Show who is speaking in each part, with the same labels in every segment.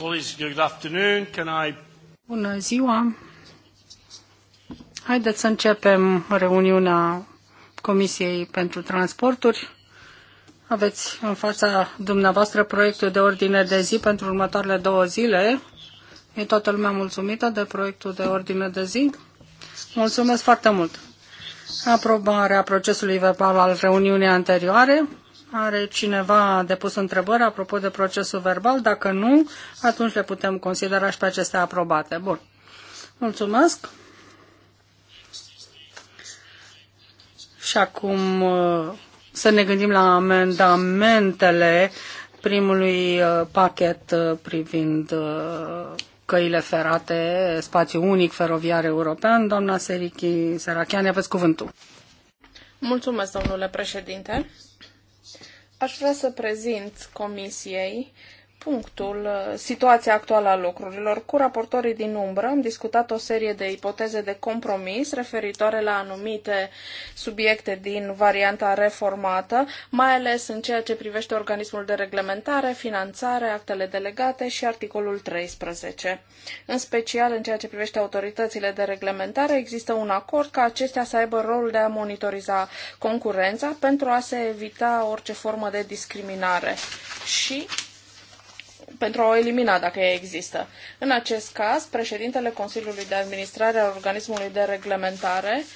Speaker 1: Colleagues, good afternoon. Can I...
Speaker 2: Bună ziua! Haideți să începem reuniunea Comisiei pentru Transporturi. Aveți în fața dumneavoastră proiectul de ordine de zi pentru următoarele două zile. E toată lumea mulțumită de proiectul de ordine de zi? Mulțumesc foarte mult! Aprobarea procesului verbal al reuniunii anterioare. Are cineva depus întrebări apropo de procesul verbal? Dacă nu, atunci le putem considera și pe acestea aprobate. Bun. Mulțumesc. Și acum uh, să ne gândim la amendamentele primului uh, pachet uh, privind căile ferate, spațiu unic feroviar european. Doamna Serichi Serachian, aveți cuvântul.
Speaker 3: Mulțumesc, domnule președinte. Aș vrea să prezint comisiei punctul, uh, situația actuală a lucrurilor. Cu raportorii din umbră am discutat o serie de ipoteze de compromis referitoare la anumite subiecte din varianta reformată, mai ales în ceea ce privește organismul de reglementare, finanțare, actele delegate și articolul 13. În special în ceea ce privește autoritățile de reglementare, există un acord ca acestea să aibă rolul de a monitoriza concurența pentru a se evita orice formă de discriminare și pentru a o elimina dacă ea există. În acest caz, președintele Consiliului de Administrare al Organismului de Reglementare uh,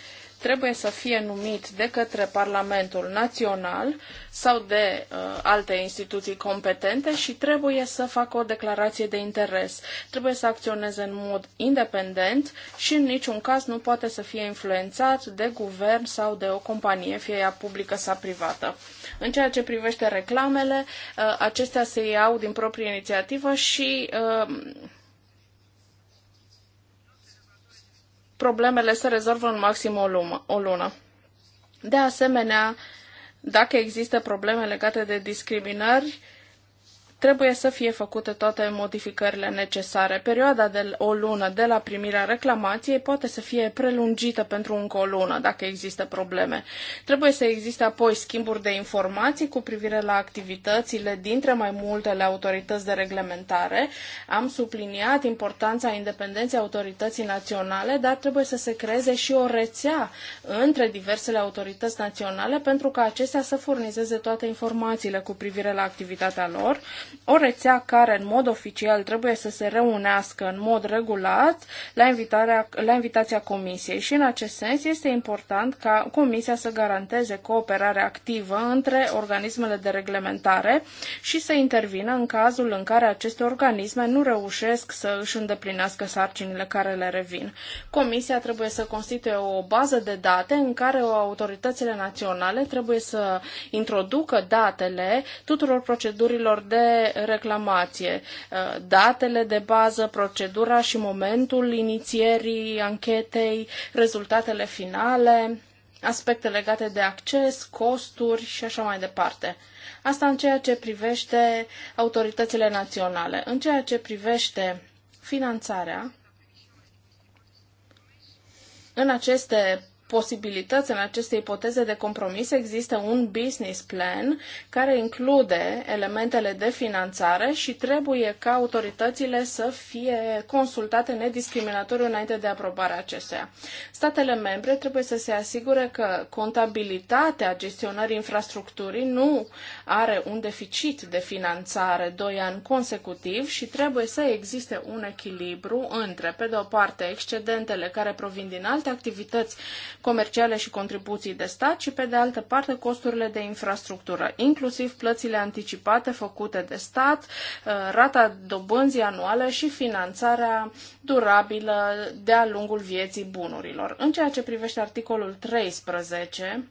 Speaker 3: trebuie să fie numit de către Parlamentul Național sau de uh, alte instituții competente și trebuie să facă o declarație de interes. Trebuie să acționeze în mod independent și în niciun caz nu poate să fie influențat de guvern sau de o companie, fie ea publică sau privată. În ceea ce privește reclamele, uh, acestea se iau din proprie inițiativă și uh, problemele se rezolvă în maxim o, lumă, o lună. De asemenea, dacă există probleme legate de discriminări, trebuie să fie făcute toate modificările necesare. Perioada de o lună de la primirea reclamației poate să fie prelungită pentru încă o lună, dacă există probleme. Trebuie să existe apoi schimburi de informații cu privire la activitățile dintre mai multele autorități de reglementare. Am subliniat importanța independenței autorității naționale, dar trebuie să se creeze și o rețea între diversele autorități naționale pentru ca acestea să furnizeze toate informațiile cu privire la activitatea lor o rețea care în mod oficial trebuie să se reunească în mod regulat la, invitarea, la invitația Comisiei și în acest sens este important ca Comisia să garanteze cooperare activă între organismele de reglementare și să intervină în cazul în care aceste organisme nu reușesc să își îndeplinească sarcinile care le revin. Comisia trebuie să constituie o bază de date în care autoritățile naționale trebuie să introducă datele tuturor procedurilor de reclamație, uh, datele de bază, procedura și momentul inițierii anchetei, rezultatele finale, aspecte legate de acces, costuri și așa mai departe. Asta în ceea ce privește autoritățile naționale. În ceea ce privește finanțarea, în aceste posibilități în aceste ipoteze de compromis există un business plan care include elementele de finanțare și trebuie ca autoritățile să fie consultate nediscriminatoriu înainte de aprobarea acesteia. Statele membre trebuie să se asigure că contabilitatea gestionării infrastructurii nu are un deficit de finanțare doi ani consecutiv și trebuie să existe un echilibru între, pe de o parte, excedentele care provin din alte activități comerciale și contribuții de stat și, pe de altă parte, costurile de infrastructură, inclusiv plățile anticipate făcute de stat, uh, rata dobânzii anuale și finanțarea durabilă de-a lungul vieții bunurilor. În ceea ce privește articolul 13,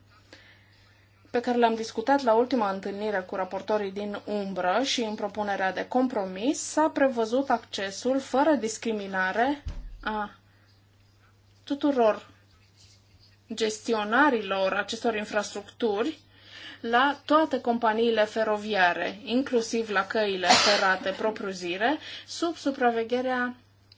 Speaker 3: pe care l-am discutat la ultima întâlnire cu raportorii din umbră și în propunerea de compromis, s-a prevăzut accesul fără discriminare a tuturor gestionarilor acestor infrastructuri la toate companiile feroviare, inclusiv la căile ferate propriu-zire, sub supravegherea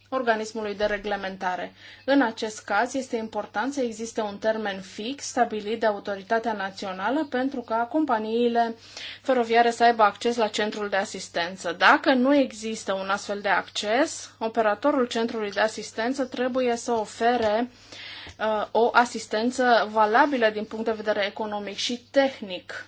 Speaker 3: organismului de reglementare. În acest caz, este important să existe un termen fix stabilit de autoritatea națională pentru ca companiile feroviare să aibă acces la centrul de asistență. Dacă nu există un astfel de acces, operatorul centrului de asistență trebuie să ofere uh, Uh, o asistență valabilă din punct de vedere economic și tehnic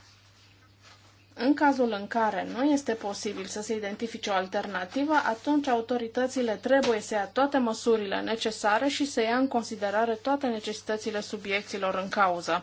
Speaker 3: în cazul în care nu este posibil să se identifice o alternativă, atunci autoritățile trebuie să ia toate măsurile necesare și să ia în considerare toate necesitățile subiecților în cauză.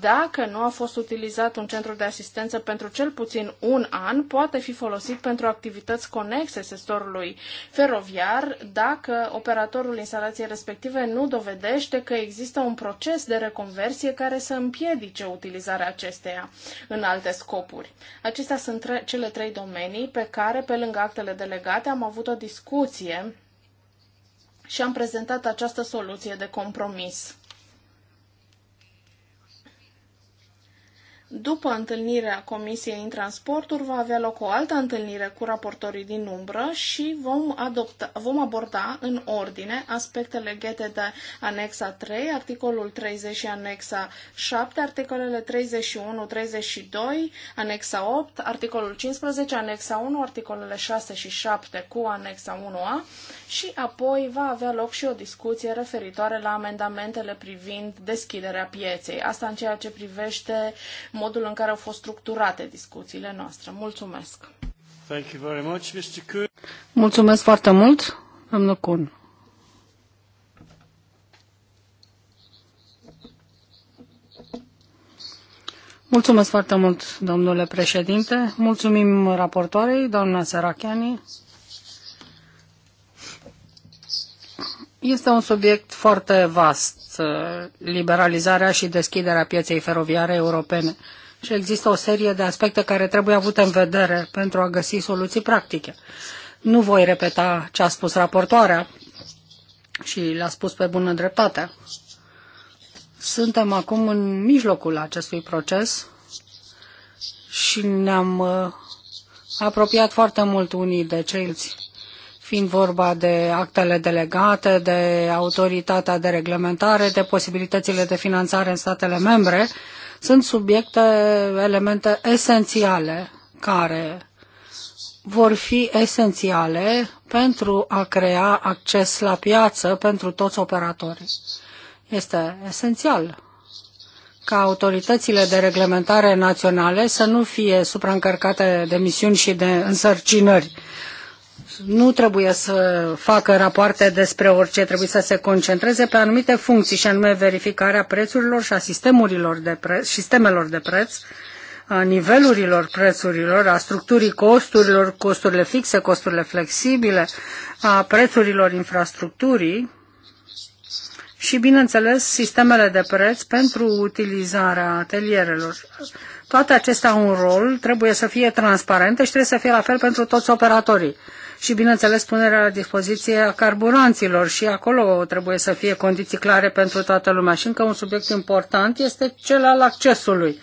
Speaker 3: Dacă nu a fost utilizat un centru de asistență pentru cel puțin un an, poate fi folosit pentru activități conexe sectorului feroviar dacă operatorul instalației respective nu dovedește că există un proces de reconversie care să împiedice utilizarea acesteia în alte scopuri lucruri. Acestea sunt tre- cele trei domenii pe care, pe lângă actele delegate, am avut o discuție și am prezentat această soluție de compromis. După întâlnirea Comisiei în Transporturi va avea loc o altă întâlnire cu raportorii din umbră și vom, adopta, vom aborda în ordine aspectele legate de anexa 3, articolul 30 și anexa 7, articolele 31, 32, anexa 8, articolul 15, anexa 1, articolele 6 și 7 cu anexa 1A și apoi va avea loc și o discuție referitoare la amendamentele privind deschiderea pieței. Asta în ceea ce privește modul în care au fost structurate discuțiile noastre. Mulțumesc!
Speaker 2: Thank you
Speaker 4: very much, Mr. Kuhn.
Speaker 2: Mulțumesc foarte mult, domnul Kuhn. Mulțumesc foarte mult, domnule președinte. Mulțumim raportoarei, doamna Serachiani. Este un subiect foarte vast, uh, liberalizarea și deschiderea pieței feroviare europene. Și există o serie de aspecte care trebuie avute în vedere pentru a găsi soluții practice. Nu voi repeta ce a spus raportoarea și le-a spus pe bună dreptate. Suntem acum în mijlocul acestui proces și ne-am uh, apropiat foarte mult unii de ceilalți fiind vorba de actele delegate, de autoritatea de reglementare, de posibilitățile de finanțare în statele membre, sunt subiecte, elemente esențiale care vor fi esențiale pentru a crea acces la piață pentru toți operatorii. Este esențial ca autoritățile de reglementare naționale să nu fie supraîncărcate de misiuni și de însărcinări nu trebuie să facă rapoarte despre orice, trebuie să se concentreze pe anumite funcții, și anume verificarea prețurilor și a sistemurilor de preț, sistemelor de preț, a nivelurilor prețurilor, a structurii costurilor, costurile fixe, costurile flexibile, a prețurilor infrastructurii și, bineînțeles, sistemele de preț pentru utilizarea atelierelor. Toate acestea au un rol, trebuie să fie transparente și trebuie să fie la fel pentru toți operatorii și, bineînțeles, punerea la dispoziție a carburanților și acolo trebuie să fie condiții clare pentru toată lumea. Și încă un subiect important este cel al accesului,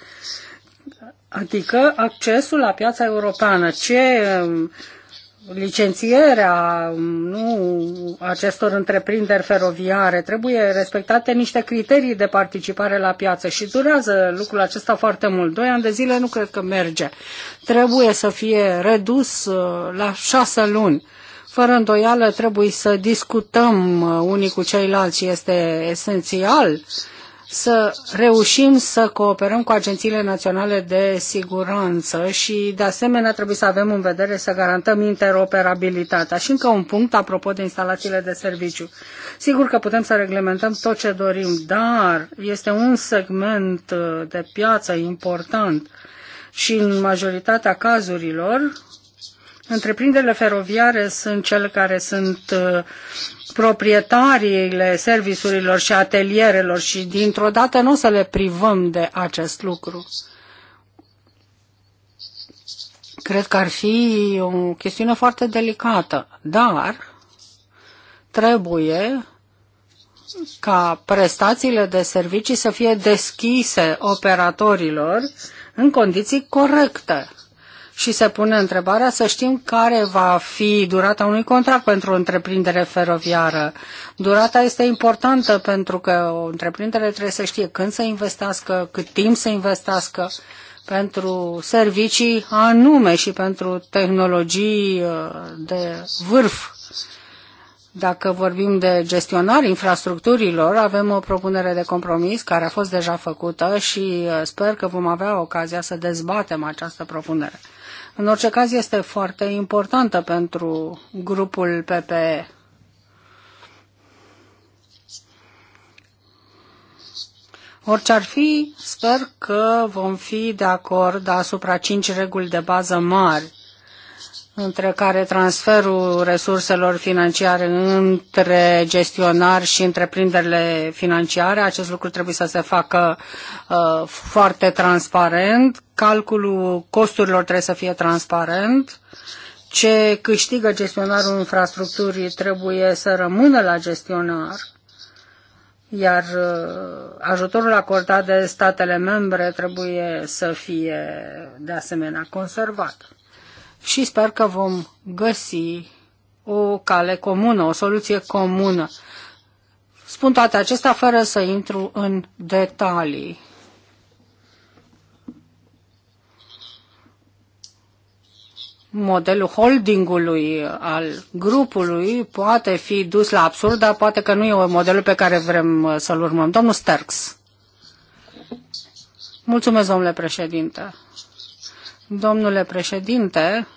Speaker 2: adică accesul la piața europeană. Ce licențierea nu, acestor întreprinderi feroviare. Trebuie respectate niște criterii de participare la piață și durează lucrul acesta foarte mult. Doi ani de zile nu cred că merge. Trebuie să fie redus uh, la șase luni. Fără îndoială trebuie să discutăm uh, unii cu ceilalți și este esențial uh, să reușim să cooperăm cu agențiile naționale de siguranță și, de asemenea, trebuie să avem în vedere să garantăm interoperabilitatea. Și încă un punct, apropo de instalațiile de serviciu. Sigur că putem să reglementăm tot ce dorim, dar este un segment uh, de piață important și, în majoritatea cazurilor, întreprinderile feroviare sunt cele care sunt uh, proprietariile serviciurilor și atelierelor și dintr-o dată nu o să le privăm de acest lucru. Cred că ar fi o chestiune foarte delicată, dar trebuie ca prestațiile de servicii să fie deschise operatorilor în condiții corecte și se pune întrebarea să știm care va fi durata unui contract pentru o întreprindere feroviară. Durata este importantă pentru că o întreprindere trebuie să știe când să investească, cât timp să investească pentru servicii anume și pentru tehnologii uh, de vârf. Dacă vorbim de gestionare infrastructurilor, avem o propunere de compromis care a fost deja făcută și uh, sper că vom avea ocazia să dezbatem această propunere. În orice caz este foarte importantă pentru grupul PPE. Orice ar fi, sper că vom fi de acord asupra cinci reguli de bază mari între care transferul resurselor financiare între gestionari și întreprinderile financiare. Acest lucru trebuie să se facă uh, foarte transparent. Calculul costurilor trebuie să fie transparent. Ce câștigă gestionarul infrastructurii trebuie să rămână la gestionar iar uh, ajutorul acordat de statele membre trebuie să fie de asemenea conservat și sper că vom găsi o cale comună, o soluție comună. Spun toate acestea fără să intru în detalii. modelul holdingului al grupului poate fi dus la absurd, dar poate că nu e modelul pe care vrem uh, să-l urmăm. Domnul Sterks. Mulțumesc, domnule președinte. Domnule președinte,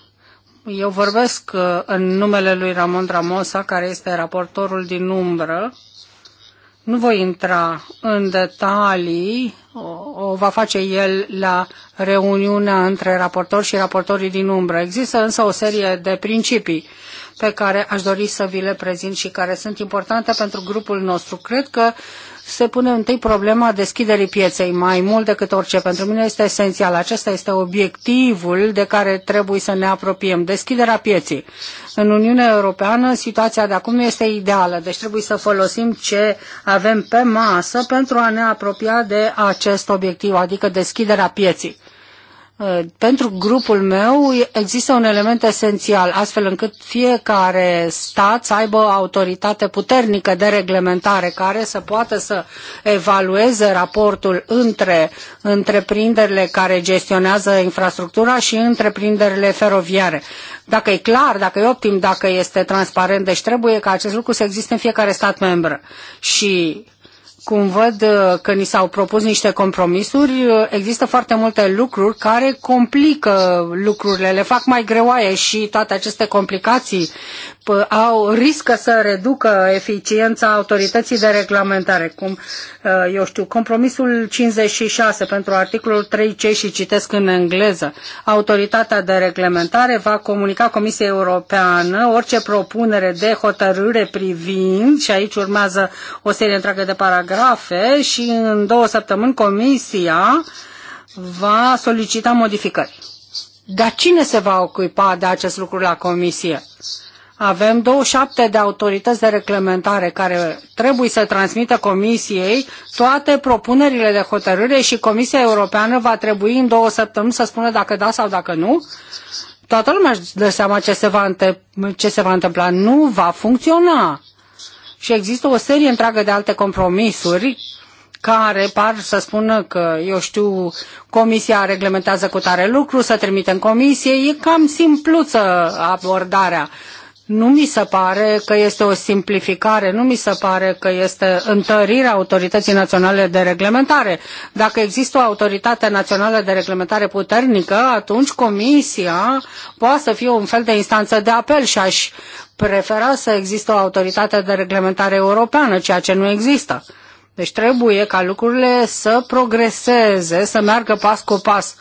Speaker 2: eu vorbesc uh, în numele lui Ramon Ramosa, care este raportorul din umbră. Nu voi intra în detalii, o, o va face el la reuniunea între raportor și raportorii din umbră. Există însă o serie de principii pe care aș dori să vi le prezint și care sunt importante pentru grupul nostru. Cred că uh, se pune întâi problema deschiderii pieței mai mult decât orice. Pentru mine este esențial. Acesta este obiectivul de care trebuie să ne apropiem. Deschiderea pieței. În Uniunea Europeană situația de acum nu este ideală, deci trebuie să folosim ce avem pe masă pentru a ne apropia de acest obiectiv, adică deschiderea pieței Uh, pentru grupul meu există un element esențial, astfel încât fiecare stat să aibă o autoritate puternică de reglementare care să poată să evalueze raportul între întreprinderile care gestionează infrastructura și întreprinderile feroviare. Dacă e clar, dacă e optim, dacă este transparent, deci trebuie ca acest lucru să existe în fiecare stat membru. Și cum văd uh, că ni s-au propus niște compromisuri, uh, există foarte multe lucruri care complică lucrurile, le fac mai greoaie și toate aceste complicații au riscă să reducă eficiența autorității de reglementare, cum, uh, eu știu, compromisul 56 pentru articolul 3 c și citesc în engleză. Autoritatea de reglementare va comunica Comisiei Europeană orice propunere de hotărâre privind, și aici urmează o serie întreagă de paragrafe, și în două săptămâni Comisia va solicita modificări. Dar cine se va ocupa de acest lucru la Comisie? Avem 27 de autorități de reglementare care trebuie să transmită Comisiei toate propunerile de hotărâre și Comisia Europeană va trebui în două săptămâni să spună dacă da sau dacă nu. Toată lumea își dă seama ce se va, ce se va întâmpla. Nu va funcționa. Și există o serie întreagă de alte compromisuri care par să spună că, eu știu, comisia reglementează cu tare lucru, să trimitem comisie, e cam simpluță abordarea. Nu mi se pare că este o simplificare, nu mi se pare că este întărirea autorității naționale de reglementare. Dacă există o autoritate națională de reglementare puternică, atunci Comisia poate să fie un fel de instanță de apel și aș prefera să există o autoritate de reglementare europeană, ceea ce nu există. Deci trebuie ca lucrurile să progreseze, să meargă pas cu pas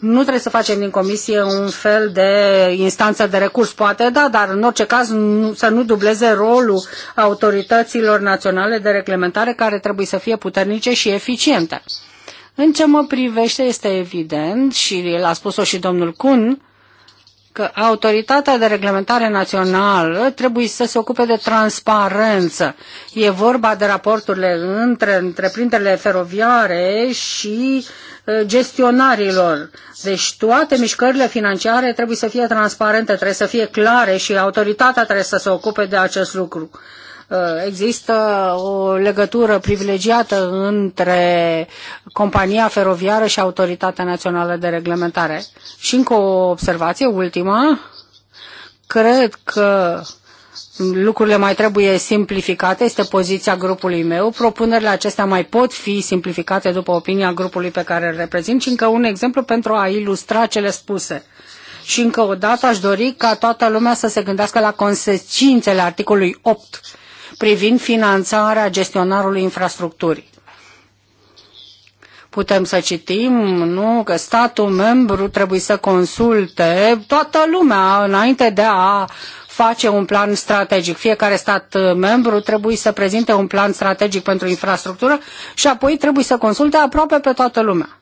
Speaker 2: nu trebuie să facem din comisie un fel de instanță de recurs, poate, da, dar în orice caz nu, să nu dubleze rolul autorităților naționale de reglementare care trebuie să fie puternice și eficiente. În ce mă privește este evident și l-a spus-o și domnul Kun, că autoritatea de reglementare națională trebuie să se ocupe de transparență. E vorba de raporturile între întreprinderile feroviare și uh, gestionarilor. Deci toate mișcările financiare trebuie să fie transparente, trebuie să fie clare și autoritatea trebuie să se ocupe de acest lucru. Uh, există o legătură privilegiată între compania feroviară și Autoritatea Națională de Reglementare. Și încă o observație, ultimă: cred că lucrurile mai trebuie simplificate, este poziția grupului meu. Propunerile acestea mai pot fi simplificate după opinia grupului pe care îl reprezint și încă un exemplu pentru a ilustra cele spuse. Și încă o dată aș dori ca toată lumea să se gândească la consecințele articolului 8 privind finanțarea gestionarului infrastructurii. Putem să citim, nu, că statul membru trebuie să consulte toată lumea înainte de a face un plan strategic. Fiecare stat membru trebuie să prezinte un plan strategic pentru infrastructură și apoi trebuie să consulte aproape pe toată lumea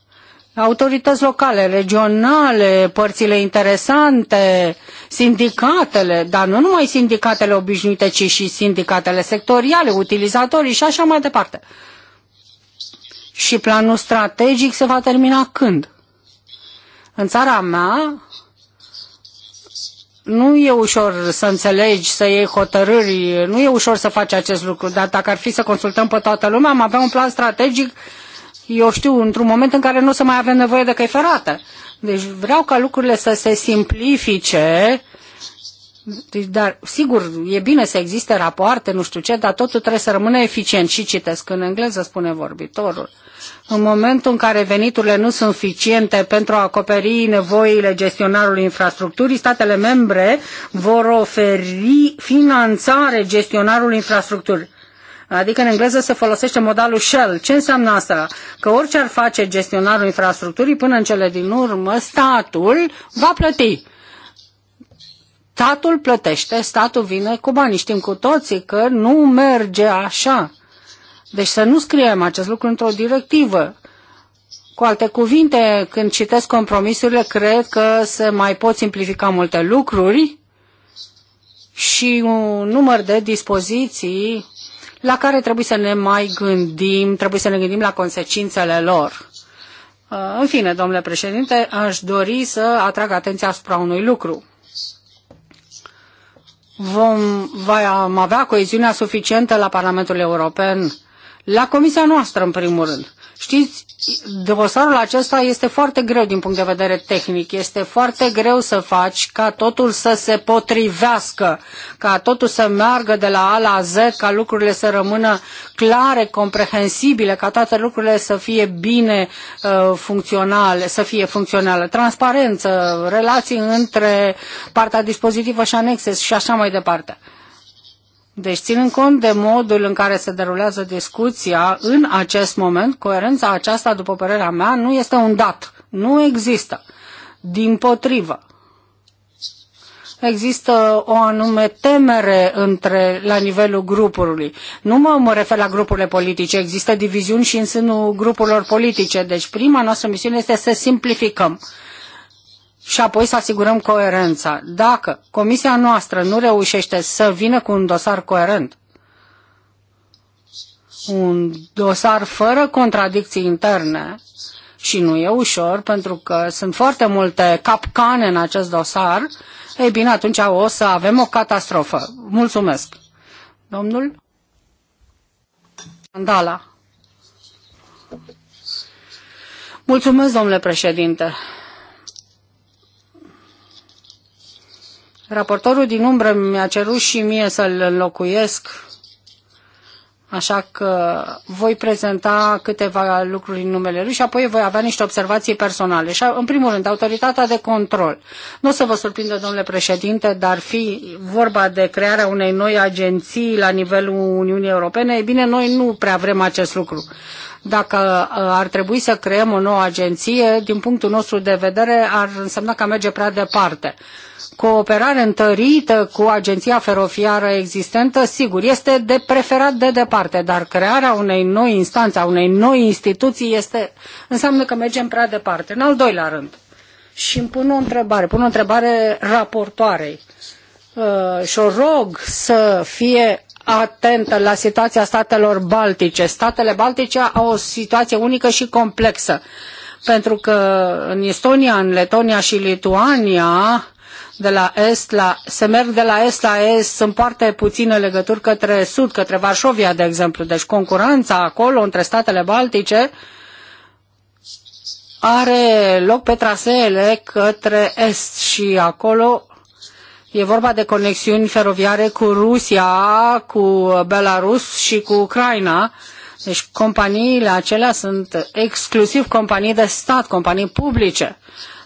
Speaker 2: autorități locale, regionale, părțile interesante, sindicatele, dar nu numai sindicatele obișnuite, ci și sindicatele sectoriale, utilizatorii și așa mai departe. Și planul strategic se va termina când? În țara mea nu e ușor să înțelegi, să iei hotărâri, nu e ușor să faci acest lucru, dar dacă ar fi să consultăm pe toată lumea, am avea un plan strategic eu știu, într-un moment în care nu o să mai avem nevoie de căi ferată. Deci vreau ca lucrurile să se simplifice, deci, dar sigur, e bine să existe rapoarte, nu știu ce, dar totul trebuie să rămână eficient. Și citesc în engleză, spune vorbitorul. În momentul în care veniturile nu sunt suficiente pentru a acoperi nevoile gestionarului infrastructurii, statele membre vor oferi finanțare gestionarului infrastructurii. Adică în engleză se folosește modalul shell. Ce înseamnă asta? Că orice ar face gestionarul infrastructurii, până în cele din urmă, statul va plăti. Statul plătește, statul vine cu bani. Știm cu toții că nu merge așa. Deci să nu scriem acest lucru într-o directivă. Cu alte cuvinte, când citesc compromisurile, cred că se mai pot simplifica multe lucruri și un număr de dispoziții la care trebuie să ne mai gândim, trebuie să ne gândim la consecințele lor. Uh, în fine, domnule președinte, aș dori să atrag atenția asupra unui lucru. Vom avea coeziunea suficientă la Parlamentul European, la Comisia noastră, în primul rând. Știți, dosarul acesta este foarte greu din punct de vedere tehnic. Este foarte greu să faci ca totul să se potrivească, ca totul să meargă de la A la Z, ca lucrurile să rămână clare, comprehensibile, ca toate lucrurile să fie bine uh, funcționale, să fie funcționale. Transparență, relații între partea dispozitivă și anexe și așa mai departe. Deci, ținând cont de modul în care se derulează discuția în acest moment, coerența aceasta, după părerea mea, nu este un dat. Nu există. Din potrivă, există o anume temere între, la nivelul grupului. Nu mă, mă refer la grupurile politice, există diviziuni și în sânul grupurilor politice. Deci prima noastră misiune este să simplificăm și apoi să asigurăm coerența. Dacă comisia noastră nu reușește să vină cu un dosar coerent, un dosar fără contradicții interne, și nu e ușor pentru că sunt foarte multe capcane în acest dosar, ei bine, atunci o să avem o catastrofă. Mulțumesc. Domnul? Andala. Mulțumesc, domnule președinte. Raportorul din umbră mi-a cerut și mie să-l înlocuiesc, așa că voi prezenta câteva lucruri în numele lui și apoi voi avea niște observații personale. Și, în primul rând, autoritatea de control. Nu o să vă surprindă, domnule președinte, dar fi vorba de crearea unei noi agenții la nivelul Uniunii Europene, e bine, noi nu prea vrem acest lucru. Dacă uh, ar trebui să creăm o nouă agenție, din punctul nostru de vedere, ar însemna că merge prea departe. Cooperare întărită cu agenția ferofiară existentă, sigur, este de preferat de departe, dar crearea unei noi instanțe, a unei noi instituții, este, înseamnă că mergem prea departe. În al doilea rând, și îmi pun o întrebare, pun o întrebare raportoarei uh, și o rog să fie atentă la situația statelor baltice. Statele baltice au o situație unică și complexă, pentru că în Estonia, în Letonia și Lituania de la est la, se merg de la est la est, sunt foarte puține legături către sud, către Varșovia, de exemplu. Deci concurența acolo între statele baltice are loc pe traseele către est și acolo E vorba de conexiuni feroviare cu Rusia, cu Belarus și cu Ucraina. Deci companiile acelea sunt exclusiv companii de stat, companii publice.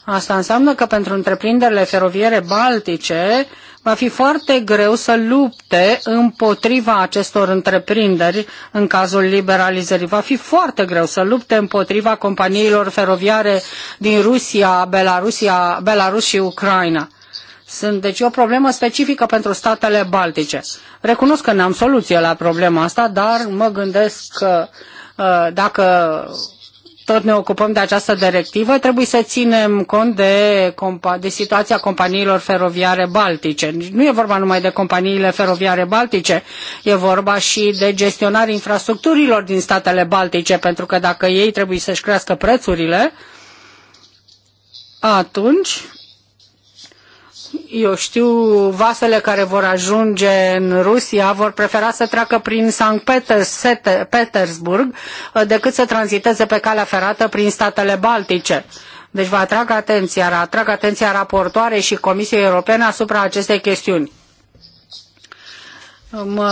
Speaker 2: Asta înseamnă că pentru întreprinderile feroviere baltice va fi foarte greu să lupte împotriva acestor întreprinderi în cazul liberalizării. Va fi foarte greu să lupte împotriva companiilor feroviare din Rusia, Belarusia, Belarus și Ucraina. Sunt deci o problemă specifică pentru statele baltice. Recunosc că n-am soluție la problema asta, dar mă gândesc că uh, dacă tot ne ocupăm de această directivă, trebuie să ținem cont de, de situația companiilor feroviare baltice. Nu e vorba numai de companiile feroviare baltice, e vorba și de gestionarea infrastructurilor din statele baltice, pentru că dacă ei trebuie să-și crească prețurile, atunci eu știu, vasele care vor ajunge în Rusia vor prefera să treacă prin Sankt Petersburg uh, decât să tranziteze pe calea ferată prin statele Baltice. Deci vă atrag atenția, atrag atenția raportoare și Comisiei Europene asupra acestei chestiuni. Mă,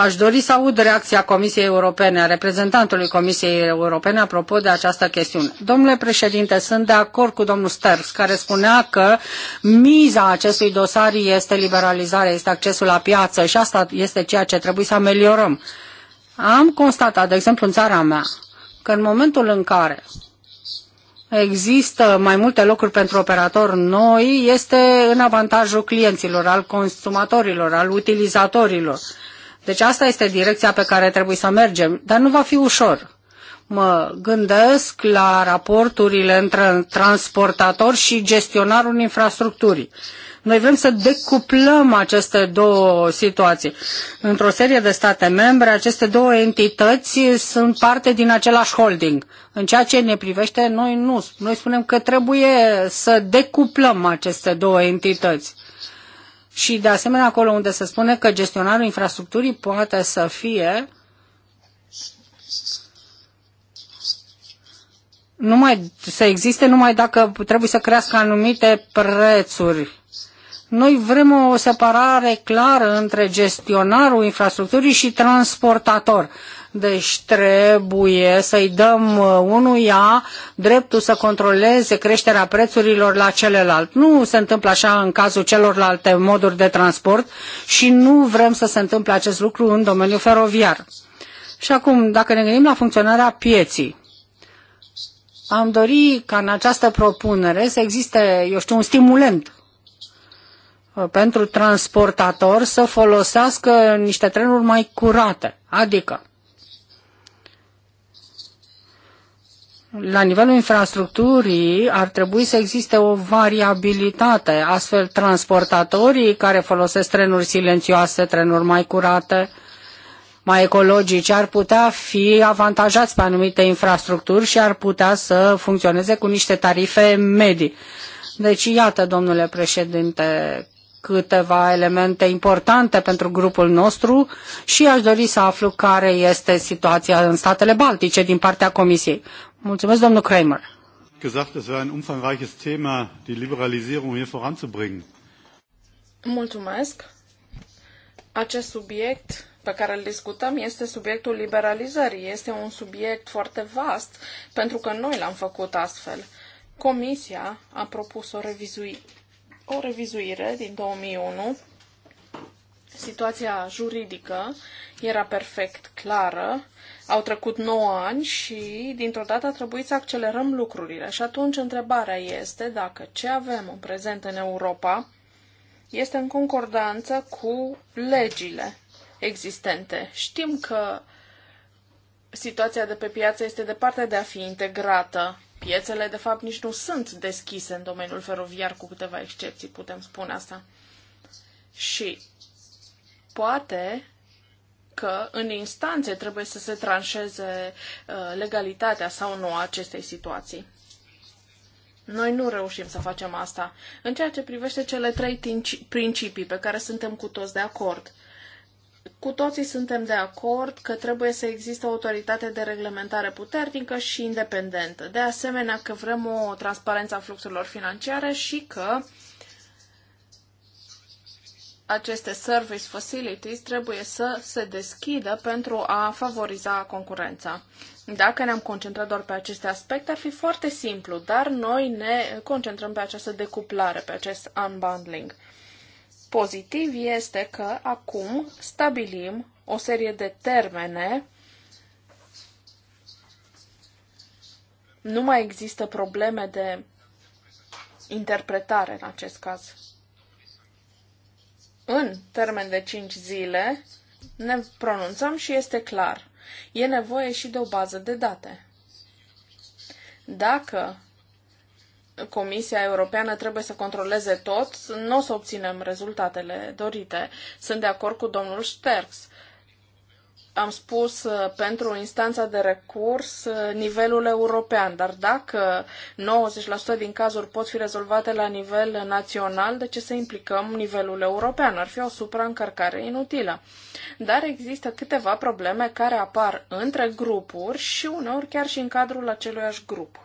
Speaker 2: aș dori să aud reacția Comisiei Europene, a reprezentantului Comisiei Europene, apropo de această chestiune. Domnule președinte, sunt de acord cu domnul Sterks, care spunea că miza acestui dosar este liberalizarea, este accesul la piață și asta este ceea ce trebuie să ameliorăm. Am constatat, de exemplu, în țara mea, că în momentul în care există mai multe locuri pentru operatori noi, este în avantajul clienților, al consumatorilor, al utilizatorilor. Deci asta este direcția pe care trebuie să mergem, dar nu va fi ușor. Mă gândesc la raporturile între transportator și gestionarul infrastructurii. Noi vrem să decuplăm aceste două situații. Într-o serie de state membre, aceste două entități sunt parte din același holding. În ceea ce ne privește, noi nu. Noi spunem că trebuie să decuplăm aceste două entități. Și de asemenea acolo unde se spune că gestionarul infrastructurii poate să fie numai, să existe numai dacă trebuie să crească anumite prețuri. Noi vrem o separare clară între gestionarul infrastructurii și transportator. Deci trebuie să-i dăm uh, unuia dreptul să controleze creșterea prețurilor la celălalt. Nu se întâmplă așa în cazul celorlalte moduri de transport și nu vrem să se întâmple acest lucru în domeniul feroviar. Și acum, dacă ne gândim la funcționarea pieții, am dori ca în această propunere să existe, eu știu, un stimulent Uh, pentru transportator să folosească niște trenuri mai curate, adică la nivelul infrastructurii ar trebui să existe o variabilitate, astfel transportatorii care folosesc trenuri silențioase, trenuri mai curate, mai ecologice, ar putea fi avantajați pe anumite infrastructuri și ar putea să funcționeze cu niște tarife medii. Deci, iată, domnule președinte, câteva elemente importante pentru grupul nostru și aș dori să aflu care este situația în statele baltice din partea Comisiei. Mulțumesc, domnul Kramer. gesagt, es wäre ein umfangreiches Thema, die Liberalisierung hier voranzubringen.
Speaker 3: Mulțumesc. Acest subiect pe care îl discutăm este subiectul liberalizării. Este un subiect foarte vast, pentru că noi l-am făcut astfel. Comisia a propus o revizuire o revizuire din 2001. Situația juridică era perfect clară. Au trecut 9 ani și, dintr-o dată, a trebuit să accelerăm lucrurile. Și atunci întrebarea este dacă ce avem în prezent în Europa este în concordanță cu legile existente. Știm că situația de pe piață este departe de a fi integrată Piețele, de fapt, nici nu sunt deschise în domeniul feroviar, cu câteva excepții, putem spune asta. Și poate că în instanțe trebuie să se tranșeze uh, legalitatea sau nu a acestei situații. Noi nu reușim să facem asta. În ceea ce privește cele trei principii pe care suntem cu toți de acord – cu toții suntem de acord că trebuie să existe o autoritate de reglementare puternică și independentă. De asemenea, că vrem o transparență a fluxurilor financiare și că aceste service facilities trebuie să se deschidă pentru a favoriza concurența. Dacă ne-am concentrat doar pe aceste aspecte, ar fi foarte simplu, dar noi ne concentrăm pe această decuplare, pe acest unbundling pozitiv este că acum stabilim o serie de termene. Nu mai există probleme de interpretare în acest caz. În termen de 5 zile ne pronunțăm și este clar. E nevoie și de o bază de date. Dacă Comisia Europeană trebuie să controleze tot, nu o să obținem rezultatele dorite. Sunt de acord cu domnul Sterckx. Am spus uh, pentru instanța de recurs uh, nivelul european, dar dacă 90% din cazuri pot fi rezolvate la nivel național, de ce să implicăm nivelul european? Ar fi o supraîncărcare inutilă. Dar există câteva probleme care apar între grupuri și uneori chiar și în cadrul aceluiași grup.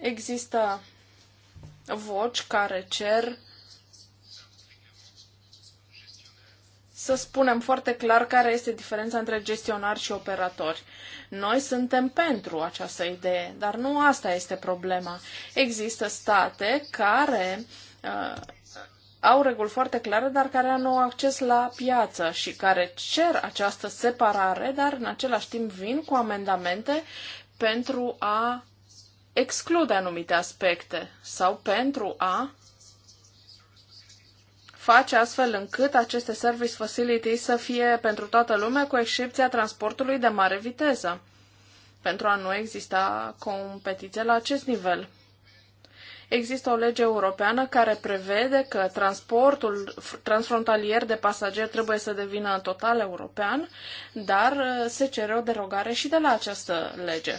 Speaker 3: Există voci care cer să spunem foarte clar care este diferența între gestionari și operatori. Noi suntem pentru această idee, dar nu asta este problema. Există state care uh, au reguli foarte clare, dar care nu au acces la piață și care cer această separare, dar în același timp vin cu amendamente pentru a exclude anumite aspecte sau pentru a face astfel încât aceste service facilities să fie pentru toată lumea, cu excepția transportului de mare viteză, pentru a nu exista competiție la acest nivel. Există o lege europeană care prevede că transportul transfrontalier de pasageri trebuie să devină total european, dar uh, se cere o derogare și de la această lege.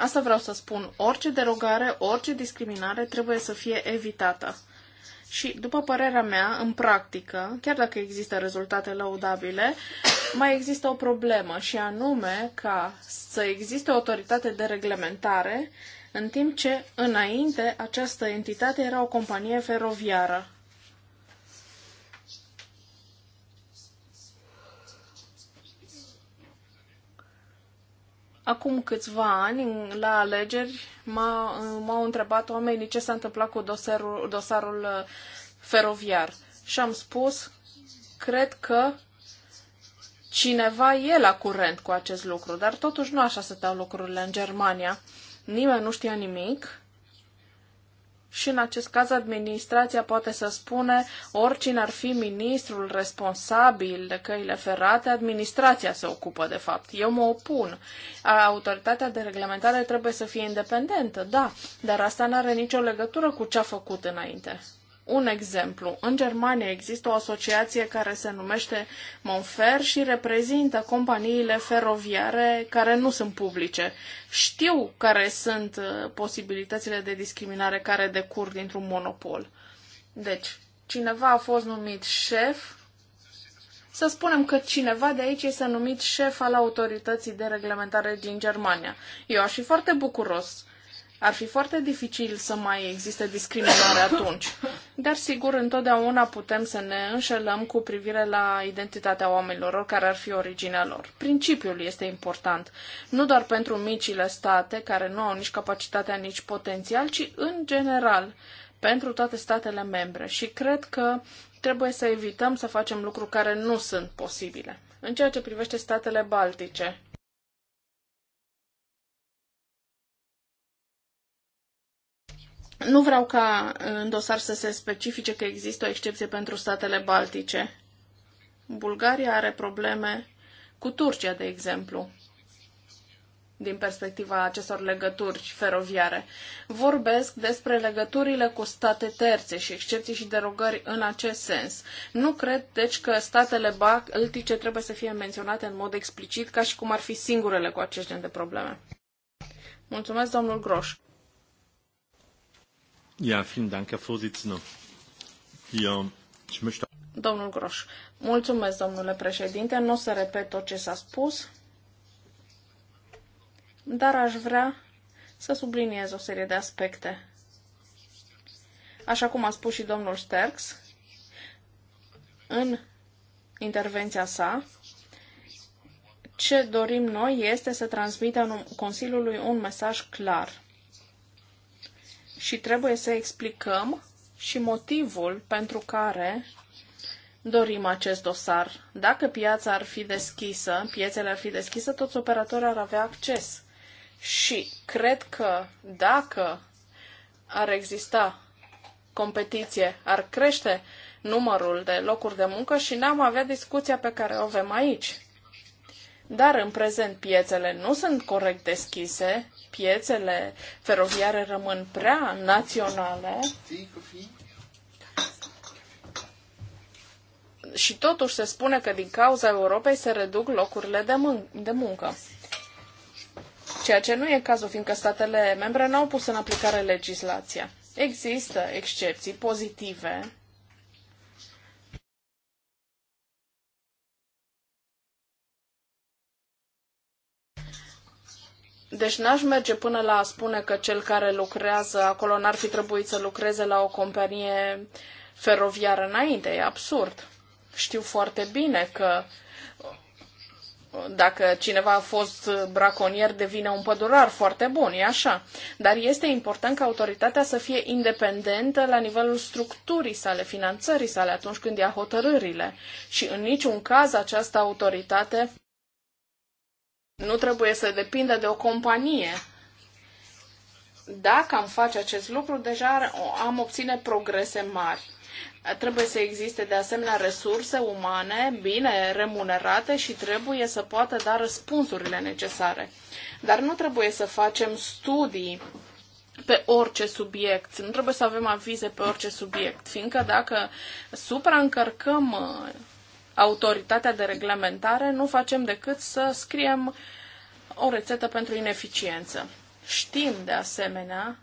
Speaker 3: Asta vreau să spun. Orice derogare, orice discriminare trebuie să fie evitată. Și, după părerea mea, în practică, chiar dacă există rezultate laudabile, mai există o problemă și anume ca să existe o autoritate de reglementare, în timp ce, înainte, această entitate era o companie feroviară. Acum câțiva ani, la alegeri, m-au întrebat oamenii ce s-a întâmplat cu dosarul, dosarul uh, feroviar. Și am spus, cred că cineva e la curent cu acest lucru, dar totuși nu așa stăteau lucrurile în Germania. Nimeni nu știa nimic și în acest caz administrația poate să spune oricine ar fi ministrul responsabil de căile ferate, administrația se ocupă de fapt. Eu mă opun. Autoritatea de reglementare trebuie să fie independentă, da, dar asta nu are nicio legătură cu ce a făcut înainte. Un exemplu, în Germania există o asociație care se numește Monfer și reprezintă companiile feroviare care nu sunt publice. Știu care sunt uh, posibilitățile de discriminare care decur dintr-un monopol. Deci, cineva a fost numit șef, să spunem că cineva de aici este numit șef al autorității de reglementare din Germania. Eu aș fi foarte bucuros ar fi foarte dificil să mai existe discriminare atunci. Dar, sigur, întotdeauna putem să ne înșelăm cu privire la identitatea oamenilor, care ar fi originea lor. Principiul este important, nu doar pentru micile state, care nu au nici capacitatea, nici potențial, ci în general pentru toate statele membre. Și cred că trebuie să evităm să facem lucruri care nu sunt posibile. În ceea ce privește statele baltice, Nu vreau ca în dosar să se specifice că există o excepție pentru statele baltice. Bulgaria are probleme cu Turcia, de exemplu, din perspectiva acestor legături feroviare. Vorbesc despre legăturile cu state terțe și excepții și derogări în acest sens. Nu cred, deci, că statele baltice trebuie să fie menționate în mod explicit, ca și cum ar fi singurele cu acest gen de probleme. Mulțumesc, domnul Groș.
Speaker 2: Ja, vielen Dank, Herr Vorsitzender. Ja, ich möchte...
Speaker 3: Domnul Groș. Mulțumesc, domnule președinte. Nu o să repet tot ce s-a spus, dar aș vrea să subliniez o serie de aspecte. Așa cum a spus și domnul Sterks, în intervenția sa, ce dorim noi este să transmitem Consiliului un mesaj clar și trebuie să explicăm și motivul pentru care dorim acest dosar. Dacă piața ar fi deschisă, piețele ar fi deschise, toți operatorii ar avea acces. Și cred că dacă ar exista competiție, ar crește numărul de locuri de muncă și n-am avea discuția pe care o avem aici. Dar în prezent piețele nu sunt corect deschise piețele feroviare rămân prea naționale și totuși se spune că din cauza Europei se reduc locurile de, mun- de muncă. Ceea ce nu e cazul, fiindcă statele membre n-au pus în aplicare legislația. Există excepții pozitive Deci n-aș merge până la a spune că cel care lucrează acolo n-ar fi trebuit să lucreze la o companie feroviară înainte. E absurd. Știu foarte bine că dacă cineva a fost braconier, devine un pădurar foarte bun, e așa. Dar este important ca autoritatea să fie independentă la nivelul structurii sale, finanțării sale, atunci când ia hotărârile. Și în niciun caz această autoritate nu trebuie să depindă de o companie. Dacă am face acest lucru, deja am obține progrese mari. Trebuie să existe de asemenea resurse umane bine remunerate și trebuie să poată da răspunsurile necesare. Dar nu trebuie să facem studii pe orice subiect, nu trebuie să avem avize pe orice subiect, fiindcă dacă supraîncărcăm autoritatea de reglementare, nu facem decât să scriem o rețetă pentru ineficiență. Știm de asemenea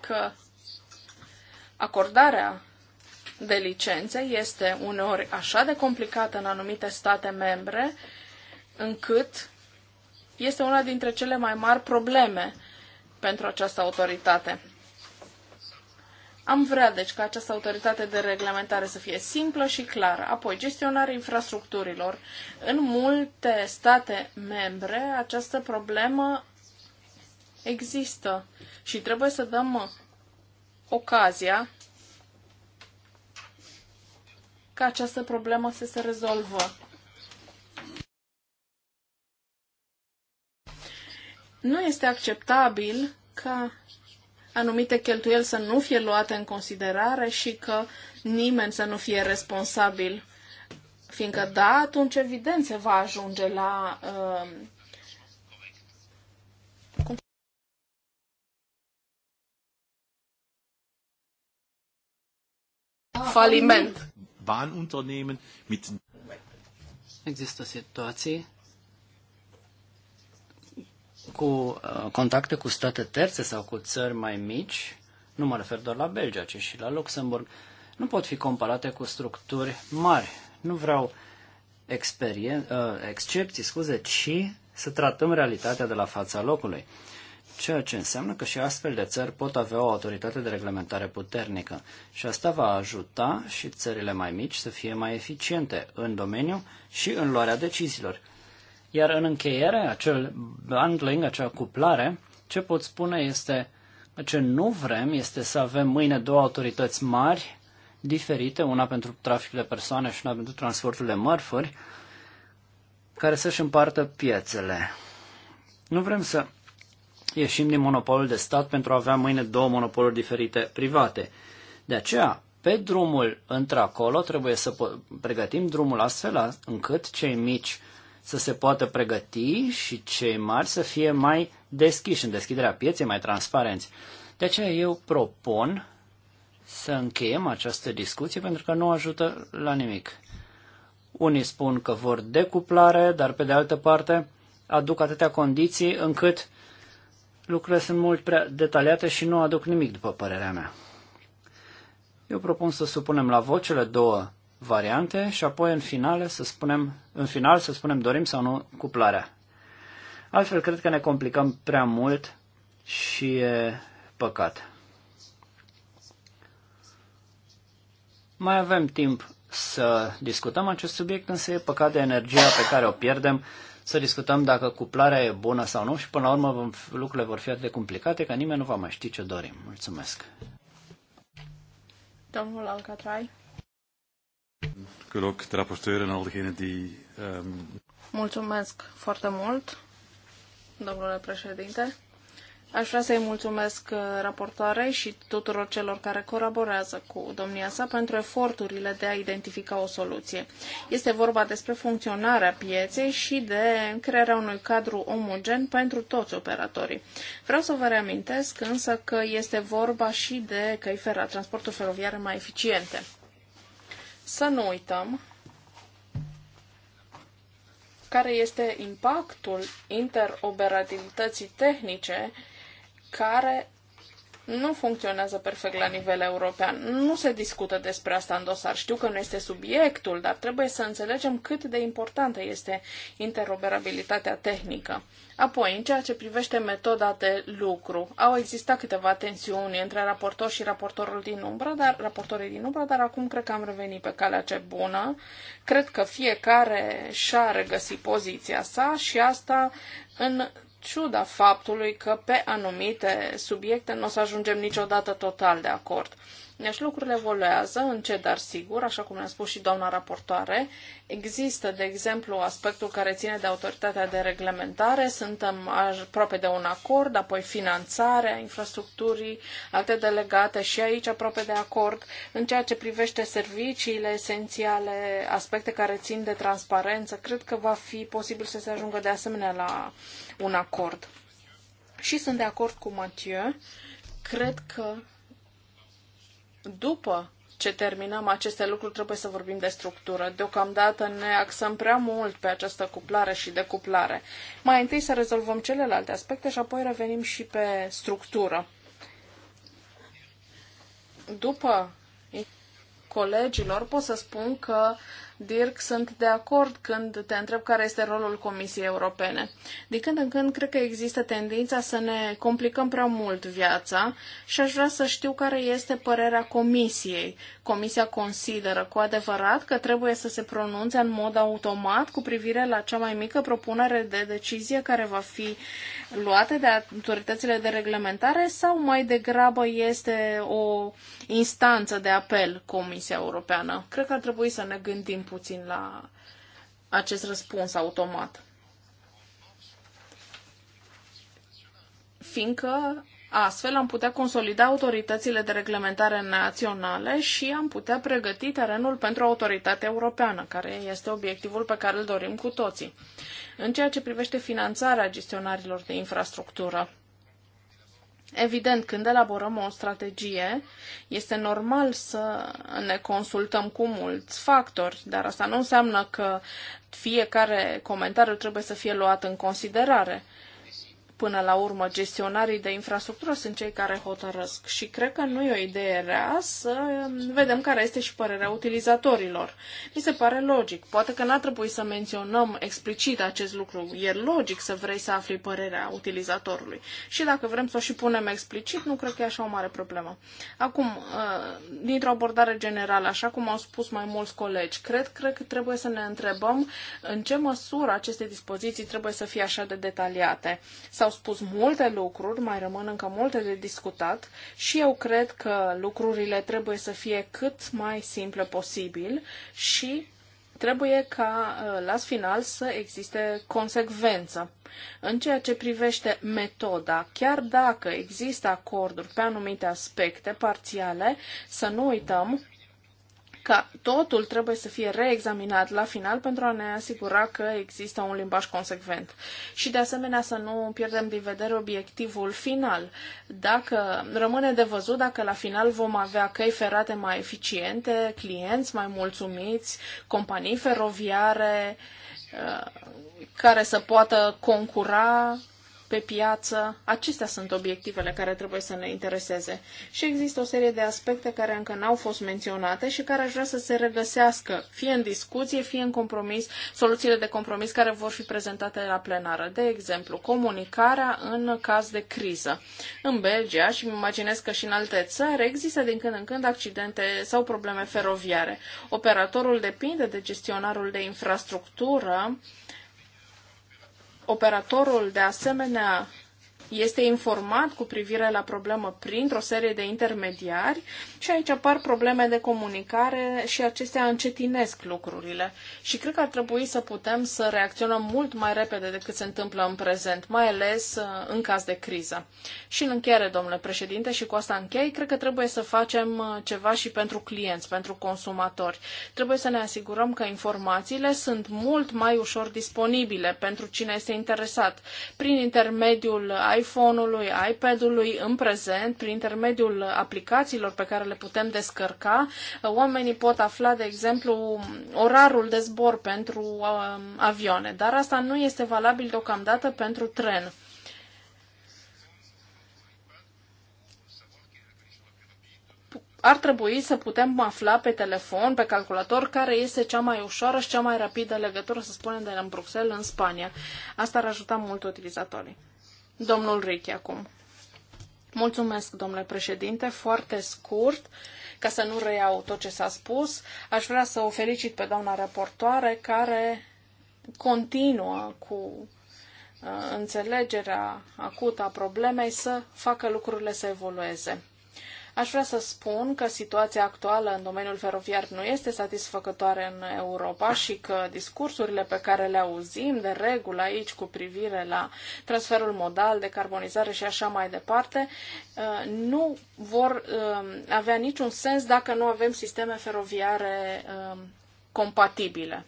Speaker 3: că acordarea de licențe este uneori așa de complicată în anumite state membre, încât este una dintre cele mai mari probleme pentru această autoritate. Am vrea, deci, ca această autoritate de reglementare să fie simplă și clară. Apoi, gestionarea infrastructurilor. În multe state membre, această problemă există și trebuie să dăm ocazia ca această problemă să se rezolvă. Nu este acceptabil ca anumite cheltuieli să nu fie luate în considerare și că nimeni să nu fie responsabil. Fiindcă da, atunci evident se va ajunge la uh, ah,
Speaker 4: faliment. Există situații cu uh, contacte cu state terțe sau cu țări mai mici, nu mă refer doar la Belgia, ci și la Luxemburg, nu pot fi comparate cu structuri mari. Nu vreau experien- uh, excepții, scuze, ci să tratăm realitatea de la fața locului. Ceea ce înseamnă că și astfel de țări pot avea o autoritate de reglementare puternică și asta va ajuta și țările mai mici să fie mai eficiente în domeniu și în luarea deciziilor. Iar în încheiere, acel bundling, acea cuplare, ce pot spune este ce nu vrem este să avem mâine două autorități mari diferite, una pentru traficul de persoane și una pentru transportul de mărfuri, care să-și împartă piețele. Nu vrem să ieșim din monopolul de stat pentru a avea mâine două monopoluri diferite private. De aceea, pe drumul într-acolo trebuie să pregătim drumul astfel încât cei mici să se poată pregăti și cei mari să fie mai deschiși în deschiderea pieței, mai transparenți. De aceea eu propun să încheiem această discuție pentru că nu ajută la nimic. Unii spun că vor decuplare, dar pe de altă parte aduc atâtea condiții încât lucrurile sunt mult prea detaliate și nu aduc nimic, după părerea mea. Eu propun să supunem la vot cele două variante și apoi în final să spunem, în final să spunem dorim sau nu cuplarea. Altfel cred că ne complicăm prea mult și e păcat. Mai avem timp să discutăm acest subiect, însă e păcat de energia pe care o pierdem să discutăm dacă cuplarea e bună sau nu și până la urmă lucrurile vor fi atât de complicate că nimeni nu va mai ști ce dorim. Mulțumesc!
Speaker 3: Domnul Alcatrai.
Speaker 1: Ik de rapporteur en al die... Um...
Speaker 3: Mulțumesc foarte mult, domnule președinte. Aș vrea să-i mulțumesc uh, raportoarei și tuturor celor care colaborează cu domnia sa pentru eforturile de a identifica o soluție. Este vorba despre funcționarea pieței și de crearea unui cadru omogen pentru toți operatorii. Vreau să vă reamintesc însă că este vorba și de căi fera, transportul feroviar mai eficiente să nu uităm care este impactul interoperabilității tehnice care nu funcționează perfect la nivel european. Nu se discută despre asta în dosar. Știu că nu este subiectul, dar trebuie să înțelegem cât de importantă este interoperabilitatea tehnică. Apoi, în ceea ce privește metoda de lucru, au existat câteva tensiuni între raportor și raportorul din umbră, dar, raportorii din umbră, dar acum cred că am revenit pe calea ce bună. Cred că fiecare și-a regăsit poziția sa și asta în ciuda faptului că pe anumite subiecte nu o să ajungem niciodată total de acord. Deci lucrurile evoluează încet, dar sigur, așa cum ne-a spus și doamna raportoare. Există, de exemplu, aspectul care ține de autoritatea de reglementare, suntem aproape de un acord, apoi finanțarea infrastructurii, alte delegate și aici aproape de acord. În ceea ce privește serviciile esențiale, aspecte care țin de transparență, cred că va fi posibil să se ajungă de asemenea la un acord. Și sunt de acord cu Mathieu. Cred că după ce terminăm aceste lucruri, trebuie să vorbim de structură. Deocamdată ne axăm prea mult pe această cuplare și decuplare. Mai întâi să rezolvăm celelalte aspecte și apoi revenim și pe structură. După colegilor pot să spun că uh, Dirk, sunt de acord când te întreb care este rolul Comisiei Europene. Din când în când, cred că există tendința să ne complicăm prea mult viața și aș vrea să știu care este părerea Comisiei. Comisia consideră cu adevărat că trebuie să se pronunțe în mod automat cu privire la cea mai mică propunere de decizie care va fi luată de autoritățile de reglementare sau mai degrabă este o instanță de apel Comisia Europeană. Cred că ar trebui să ne gândim puțin la acest răspuns automat. Fiindcă astfel am putea consolida autoritățile de reglementare naționale și am putea pregăti terenul pentru autoritatea europeană, care este obiectivul pe care îl dorim cu toții. În ceea ce privește finanțarea gestionarilor de infrastructură, Evident, când elaborăm o strategie, este normal să ne consultăm cu mulți factori, dar asta nu înseamnă că fiecare comentariu trebuie să fie luat în considerare. Până la urmă, gestionarii de infrastructură sunt cei care hotărăsc și cred că nu e o idee rea să vedem care este și părerea utilizatorilor. Mi se pare logic. Poate că n a trebuit să menționăm explicit acest lucru. E logic să vrei să afli părerea utilizatorului. Și dacă vrem să o și punem explicit, nu cred că e așa o mare problemă. Acum, ă, dintr-o abordare generală, așa cum au spus mai mulți colegi, cred, cred că trebuie să ne întrebăm în ce măsură aceste dispoziții trebuie să fie așa de detaliate sau s-au spus multe lucruri, mai rămân încă multe de discutat și eu cred că lucrurile trebuie să fie cât mai simple posibil și trebuie ca uh, la final să existe consecvență. În ceea ce privește metoda, chiar dacă există acorduri pe anumite aspecte parțiale, să nu uităm ca totul trebuie să fie reexaminat la final pentru a ne asigura că există un limbaj consecvent. Și de asemenea să nu pierdem din vedere obiectivul final. Dacă rămâne de văzut dacă la final vom avea căi ferate mai eficiente, clienți mai mulțumiți, companii feroviare uh, care să poată concura pe piață. Acestea sunt obiectivele care trebuie să ne intereseze. Și există o serie de aspecte care încă n-au fost menționate și care aș vrea să se regăsească, fie în discuție, fie în compromis, soluțiile de compromis care vor fi prezentate la plenară. De exemplu, comunicarea în caz de criză. În Belgia, și îmi imaginez că și în alte țări, există din când în când accidente sau probleme feroviare. Operatorul depinde de gestionarul de infrastructură operatorul de asemenea este informat cu privire la problemă printr-o serie de intermediari și aici apar probleme de comunicare și acestea încetinesc lucrurile. Și cred că ar trebui să putem să reacționăm mult mai repede decât se întâmplă în prezent, mai ales uh, în caz de criză. Și în încheiere, domnule președinte, și cu asta închei, cred că trebuie să facem uh, ceva și pentru clienți, pentru consumatori. Trebuie să ne asigurăm că informațiile sunt mult mai ușor disponibile pentru cine este interesat, prin intermediul iPhone-ului, iPad-ului în prezent, prin intermediul aplicațiilor pe care le putem descărca, oamenii pot afla, de exemplu, orarul de zbor pentru um, avioane, dar asta nu este valabil deocamdată pentru tren. ar trebui să putem afla pe telefon, pe calculator, care este cea mai ușoară și cea mai rapidă legătură, să spunem, de la Bruxelles în Spania. Asta ar ajuta mult utilizatorii. Domnul Richi acum. Mulțumesc, domnule președinte. Foarte scurt, ca să nu reiau tot ce s-a spus, aș vrea să o felicit pe doamna raportoare care continuă cu uh, înțelegerea acută a problemei să facă lucrurile să evolueze. Aș vrea să spun că situația actuală în domeniul feroviar nu este satisfăcătoare în Europa și că discursurile pe care le auzim de regulă aici cu privire la transferul modal, decarbonizare și așa mai departe, uh, nu vor um, avea niciun sens dacă nu avem sisteme feroviare um, compatibile.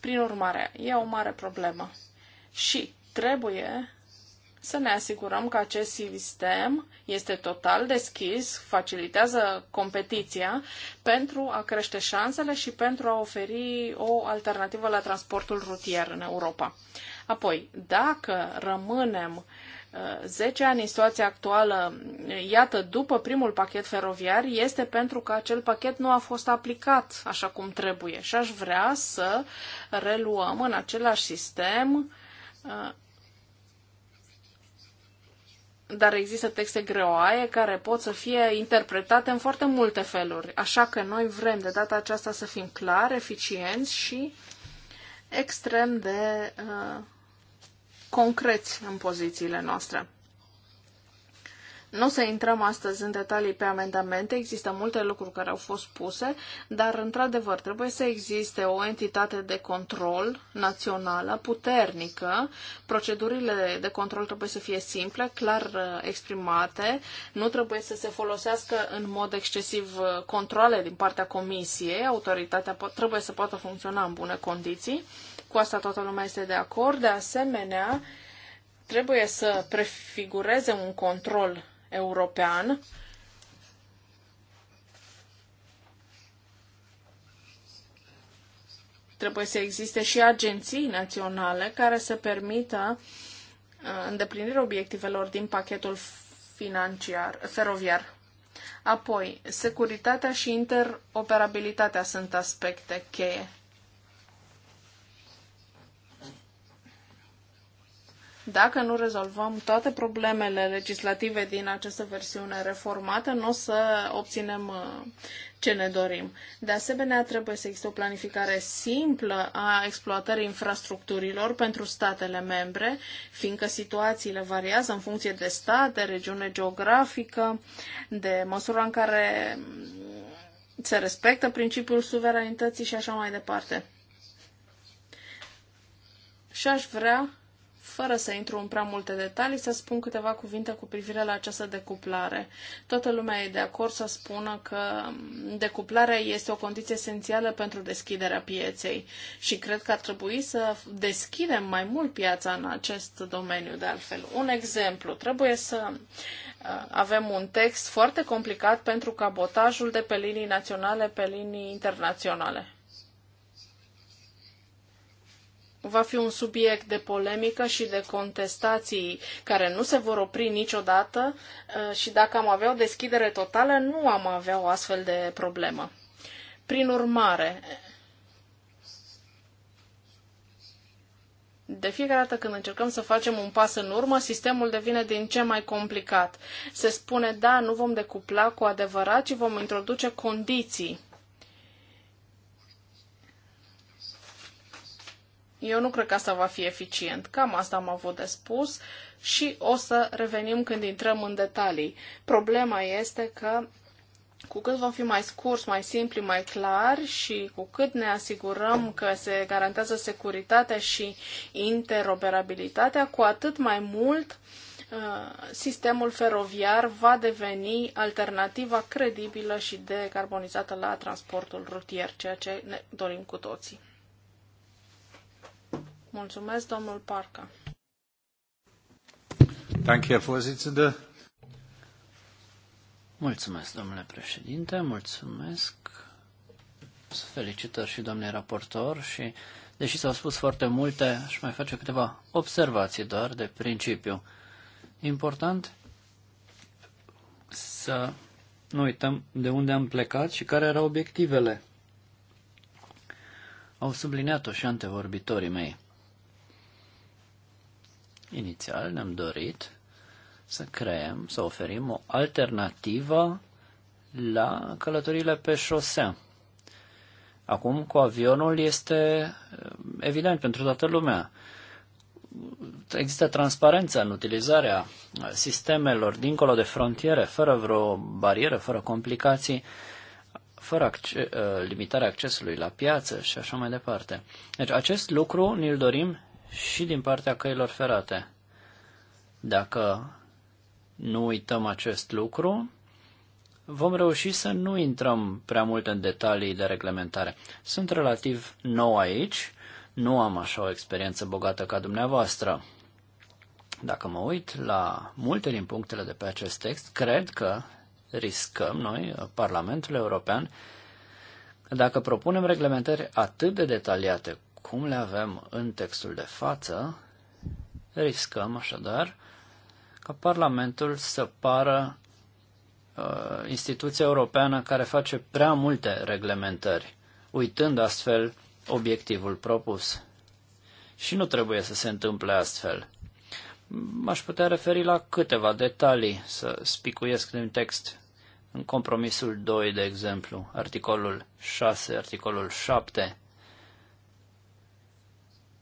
Speaker 3: Prin urmare, e o mare problemă. Și trebuie să ne asigurăm că acest sistem este total deschis, facilitează competiția pentru a crește șansele și pentru a oferi o alternativă la transportul rutier în Europa. Apoi, dacă rămânem 10 uh, ani în situația actuală, iată, după primul pachet feroviar, este pentru că acel pachet nu a fost aplicat așa cum trebuie și aș vrea să reluăm în același sistem uh, dar există texte greoaie care pot să fie interpretate în foarte multe feluri. Așa că noi vrem de data aceasta să fim clar, eficienți și extrem de uh, concreți în pozițiile noastre. Nu o să intrăm astăzi în detalii pe amendamente, există multe lucruri care au fost puse, dar, într-adevăr, trebuie să existe o entitate de control națională puternică. Procedurile de control trebuie să fie simple, clar uh, exprimate, nu trebuie să se folosească în mod excesiv uh, controle din partea comisiei, autoritatea trebuie să poată funcționa în bune condiții. Cu asta toată lumea este de acord. De asemenea, trebuie să prefigureze un control european. Trebuie să existe și agenții naționale care să permită uh, îndeplinirea obiectivelor din pachetul financiar, feroviar. Apoi, securitatea și interoperabilitatea sunt aspecte cheie. Dacă nu rezolvăm toate problemele legislative din această versiune reformată, nu o să obținem uh, ce ne dorim. De asemenea, trebuie să existe o planificare simplă a exploatării infrastructurilor pentru statele membre, fiindcă situațiile variază în funcție de stat, de regiune geografică, de măsura în care se respectă principiul suveranității și așa mai departe. Și aș vrea fără să intru în prea multe detalii, să spun câteva cuvinte cu privire la această decuplare. Toată lumea e de acord să spună că decuplarea este o condiție esențială pentru deschiderea pieței și cred că ar trebui să deschidem mai mult piața în acest domeniu de altfel. Un exemplu, trebuie să uh, avem un text foarte complicat pentru cabotajul de pe linii naționale, pe linii internaționale. va fi un subiect de polemică și de contestații care nu se vor opri niciodată uh, și dacă am avea o deschidere totală, nu am avea o astfel de problemă. Prin urmare, De fiecare dată când încercăm să facem un pas în urmă, sistemul devine din ce mai complicat. Se spune, da, nu vom decupla cu adevărat, ci vom introduce condiții. Eu nu cred că asta va fi eficient. Cam asta am avut de spus și o să revenim când intrăm în detalii. Problema este că cu cât vom fi mai scurs, mai simpli, mai clar și cu cât ne asigurăm că se garantează securitatea și interoperabilitatea, cu atât mai mult uh, sistemul feroviar va deveni alternativa credibilă și decarbonizată la transportul rutier, ceea ce ne dorim cu toții. Mulțumesc, domnul Parca.
Speaker 4: Mulțumesc, domnule președinte, mulțumesc. Felicitări și domnului raportor și, deși s-au spus foarte multe, aș mai face câteva observații doar de principiu. Important să nu uităm de unde am plecat și care erau obiectivele. Au subliniat-o și antevorbitorii mei. Inițial ne-am dorit să creăm, să oferim o alternativă la călătorile pe șosea. Acum cu avionul este eh, evident pentru toată lumea. Există transparență în utilizarea eh, sistemelor dincolo de frontiere, fără vreo barieră, fără complicații, fără acce- eh, limitarea accesului la piață și așa mai departe. Deci acest lucru ne l dorim și din partea căilor ferate. Dacă nu uităm acest lucru, vom reuși să nu intrăm prea mult în detalii de reglementare. Sunt relativ nou aici, nu am așa o experiență bogată ca dumneavoastră. Dacă mă uit la multe din punctele de pe acest text, cred că riscăm noi, Parlamentul European, dacă propunem reglementări atât de detaliate cum le avem în textul de față, riscăm așadar ca Parlamentul să pară uh, instituția europeană care face prea multe reglementări, uitând astfel obiectivul propus. Și nu trebuie să se întâmple astfel. M-aș putea referi la câteva detalii, să spicuiesc din text. În compromisul 2, de exemplu, articolul 6, articolul 7,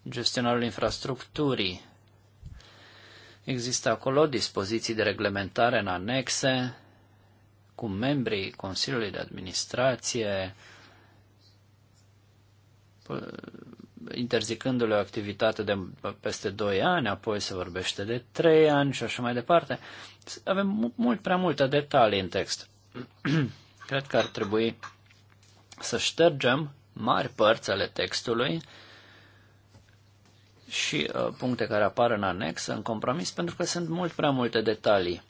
Speaker 4: gestionarul infrastructurii. Există acolo dispoziții de reglementare în anexe cu membrii Consiliului de Administrație, interzicându-le o activitate de peste 2 ani, apoi se vorbește de 3 ani și așa mai departe. Avem mult prea multe detalii în text. Cred că ar trebui să ștergem mari părți ale textului și uh, puncte care apar în anex, în compromis, pentru că sunt mult prea multe detalii.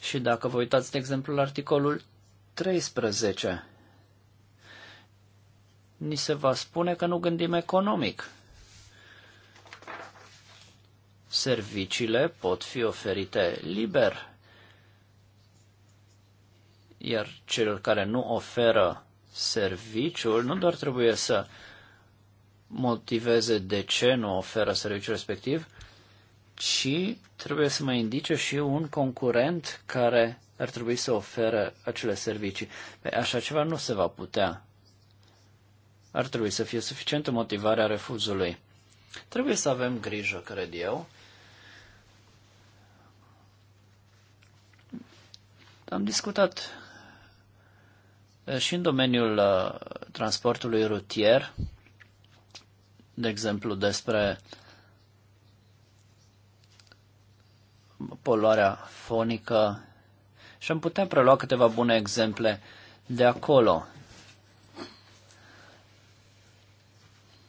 Speaker 4: Și dacă vă uitați, de exemplu, la articolul 13, ni se va spune că nu gândim economic. Serviciile pot fi oferite liber, iar cel care nu oferă serviciul nu doar trebuie să uh, motiveze de ce nu oferă serviciul respectiv, ci trebuie să mai indice și un concurent care ar trebui să ofere acele servicii. Pe păi așa ceva nu se va putea. Ar trebui să fie suficientă motivarea refuzului. Trebuie să avem grijă, cred eu. Am discutat eh, și în domeniul eh, transportului rutier, de exemplu, despre poluarea fonică și am putea prelua câteva bune exemple de acolo.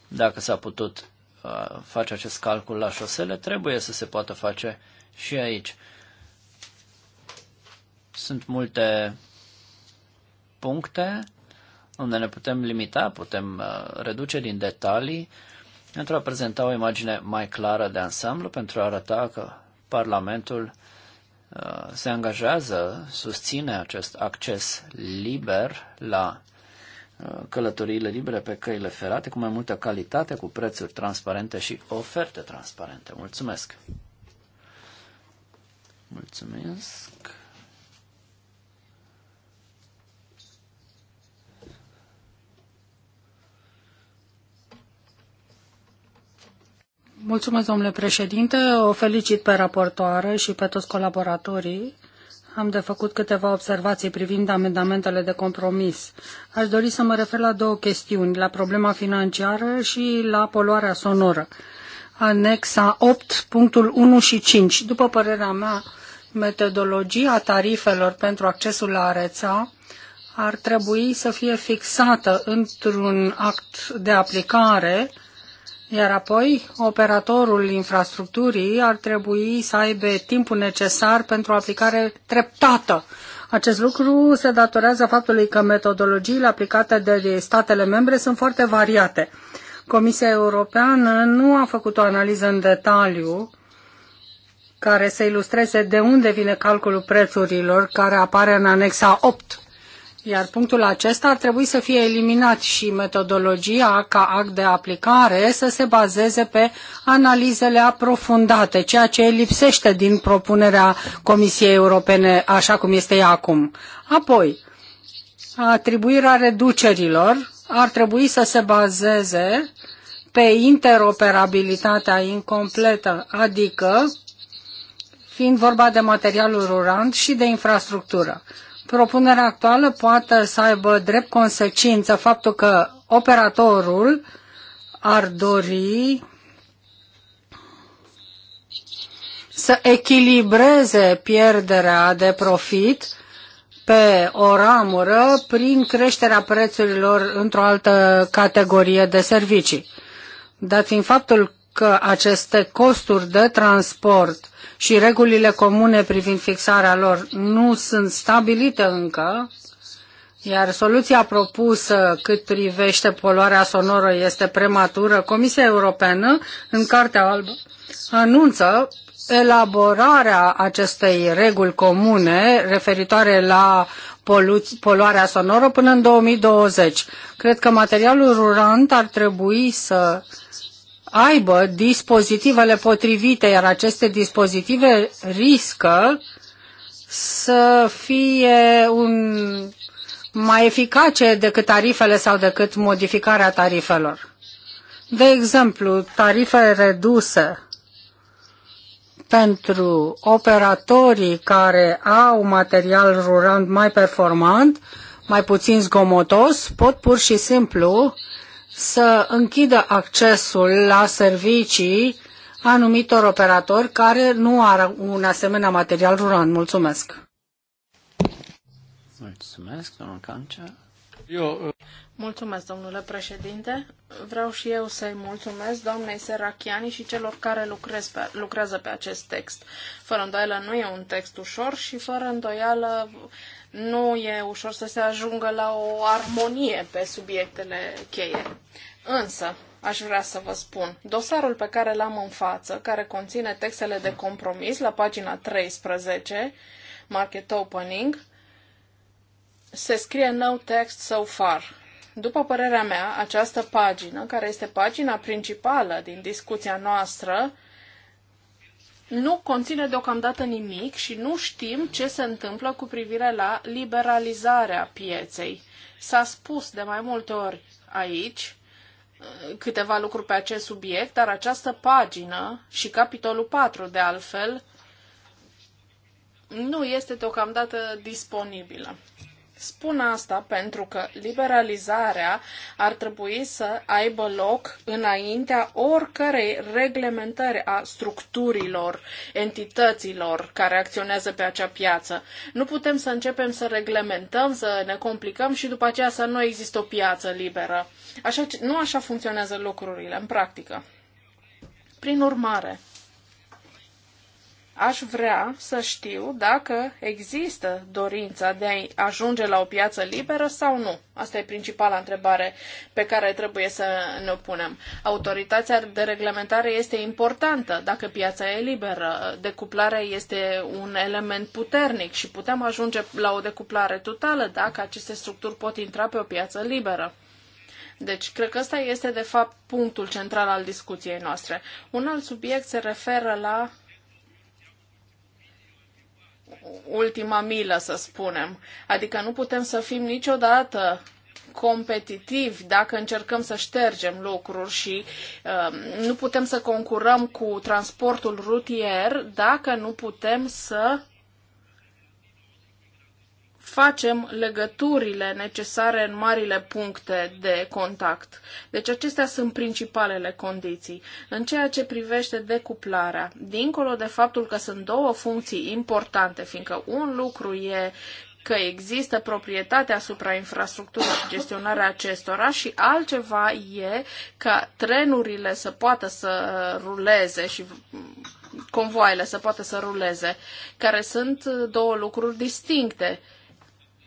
Speaker 4: Dacă s-a putut uh, face acest calcul la șosele, trebuie să se poată face și aici. Sunt multe puncte unde ne putem limita, putem uh, reduce din detalii pentru a prezenta o imagine mai clară de ansamblu, pentru a arăta că Parlamentul uh, se angajează, susține acest acces liber la uh, călătoriile libere pe căile ferate cu mai multă calitate, cu prețuri transparente și oferte transparente. Mulțumesc! Mulțumesc!
Speaker 2: Mulțumesc, domnule președinte. O felicit pe raportoare și pe toți colaboratorii. Am de făcut câteva observații privind amendamentele de compromis. Aș dori să mă refer la două chestiuni, la problema financiară și la poluarea sonoră. Anexa 8, punctul 1 și 5. După părerea mea, metodologia tarifelor pentru accesul la rețea ar trebui să fie fixată într-un act de aplicare iar apoi, operatorul infrastructurii ar trebui să aibă timpul necesar pentru o aplicare treptată. Acest lucru se datorează faptului că metodologiile aplicate de statele membre sunt foarte variate. Comisia Europeană nu a făcut o analiză în detaliu care să ilustreze de unde vine calculul prețurilor care apare în anexa 8 iar punctul acesta ar trebui să fie eliminat și metodologia ca act de aplicare să se bazeze pe analizele aprofundate, ceea ce lipsește din propunerea Comisiei Europene așa cum este ea acum. Apoi, atribuirea reducerilor ar trebui să se bazeze pe interoperabilitatea incompletă, adică fiind vorba de materialul rurant și de infrastructură propunerea actuală poate să aibă drept consecință faptul că operatorul ar dori să echilibreze pierderea de profit pe o ramură prin creșterea prețurilor într-o altă categorie de servicii. dar fiind faptul că aceste costuri de transport și regulile comune privind fixarea lor nu sunt stabilite încă, iar soluția propusă cât privește poluarea sonoră este prematură, Comisia Europeană, în Cartea Albă, anunță elaborarea acestei reguli comune referitoare la poluarea sonoră până în 2020. Cred că materialul rurant ar trebui să uh, aibă dispozitivele potrivite, iar aceste dispozitive riscă să fie un mai eficace decât tarifele sau decât modificarea tarifelor. De exemplu, tarife reduse pentru operatorii care au material rulant mai performant, mai puțin zgomotos, pot pur și simplu să închidă accesul la servicii anumitor operatori care nu au un asemenea material rulant. Mulțumesc!
Speaker 4: Mulțumesc, domnul Cancea. Eu, uh...
Speaker 3: Mulțumesc, domnule președinte. Vreau și eu să-i mulțumesc doamnei Serachiani și celor care lucrez pe, lucrează pe acest text. Fără îndoială nu e un text ușor și fără îndoială nu e ușor să se ajungă la o armonie pe subiectele cheie. Însă, aș vrea să vă spun, dosarul pe care l-am în față, care conține textele de compromis la pagina 13, Market Opening, se scrie No Text So Far. După părerea mea, această pagină, care este pagina principală din discuția noastră, nu conține deocamdată nimic și nu știm ce se întâmplă cu privire la liberalizarea pieței. S-a spus de mai multe ori aici uh, câteva lucruri pe acest subiect, dar această pagină și capitolul 4, de altfel, nu este deocamdată disponibilă. Spun asta pentru că liberalizarea ar trebui să aibă loc înaintea oricărei reglementări a structurilor, entităților care acționează pe acea piață. Nu putem să începem să reglementăm, să ne complicăm și după aceea să nu există o piață liberă. Așa, nu așa funcționează lucrurile în practică. Prin urmare, aș vrea să știu dacă există dorința de a ajunge la o piață liberă sau nu. Asta e principala întrebare pe care trebuie să ne punem. Autoritatea de reglementare este importantă dacă piața e liberă. Decuplarea este un element puternic și putem ajunge la o decuplare totală dacă aceste structuri pot intra pe o piață liberă. Deci, cred că ăsta este, de fapt, punctul central al discuției noastre. Un alt subiect se referă la ultima milă, să spunem. Adică nu putem să fim niciodată competitivi dacă încercăm să ștergem lucruri și uh, nu putem să concurăm cu transportul rutier dacă nu putem să facem legăturile necesare în marile puncte de contact. Deci acestea sunt principalele condiții. În ceea ce privește decuplarea, dincolo de faptul că sunt două funcții importante, fiindcă un lucru e că există proprietatea asupra infrastructurii și gestionarea acestora și altceva e ca trenurile să poată să ruleze și convoaiele să poată să ruleze, care sunt două lucruri distincte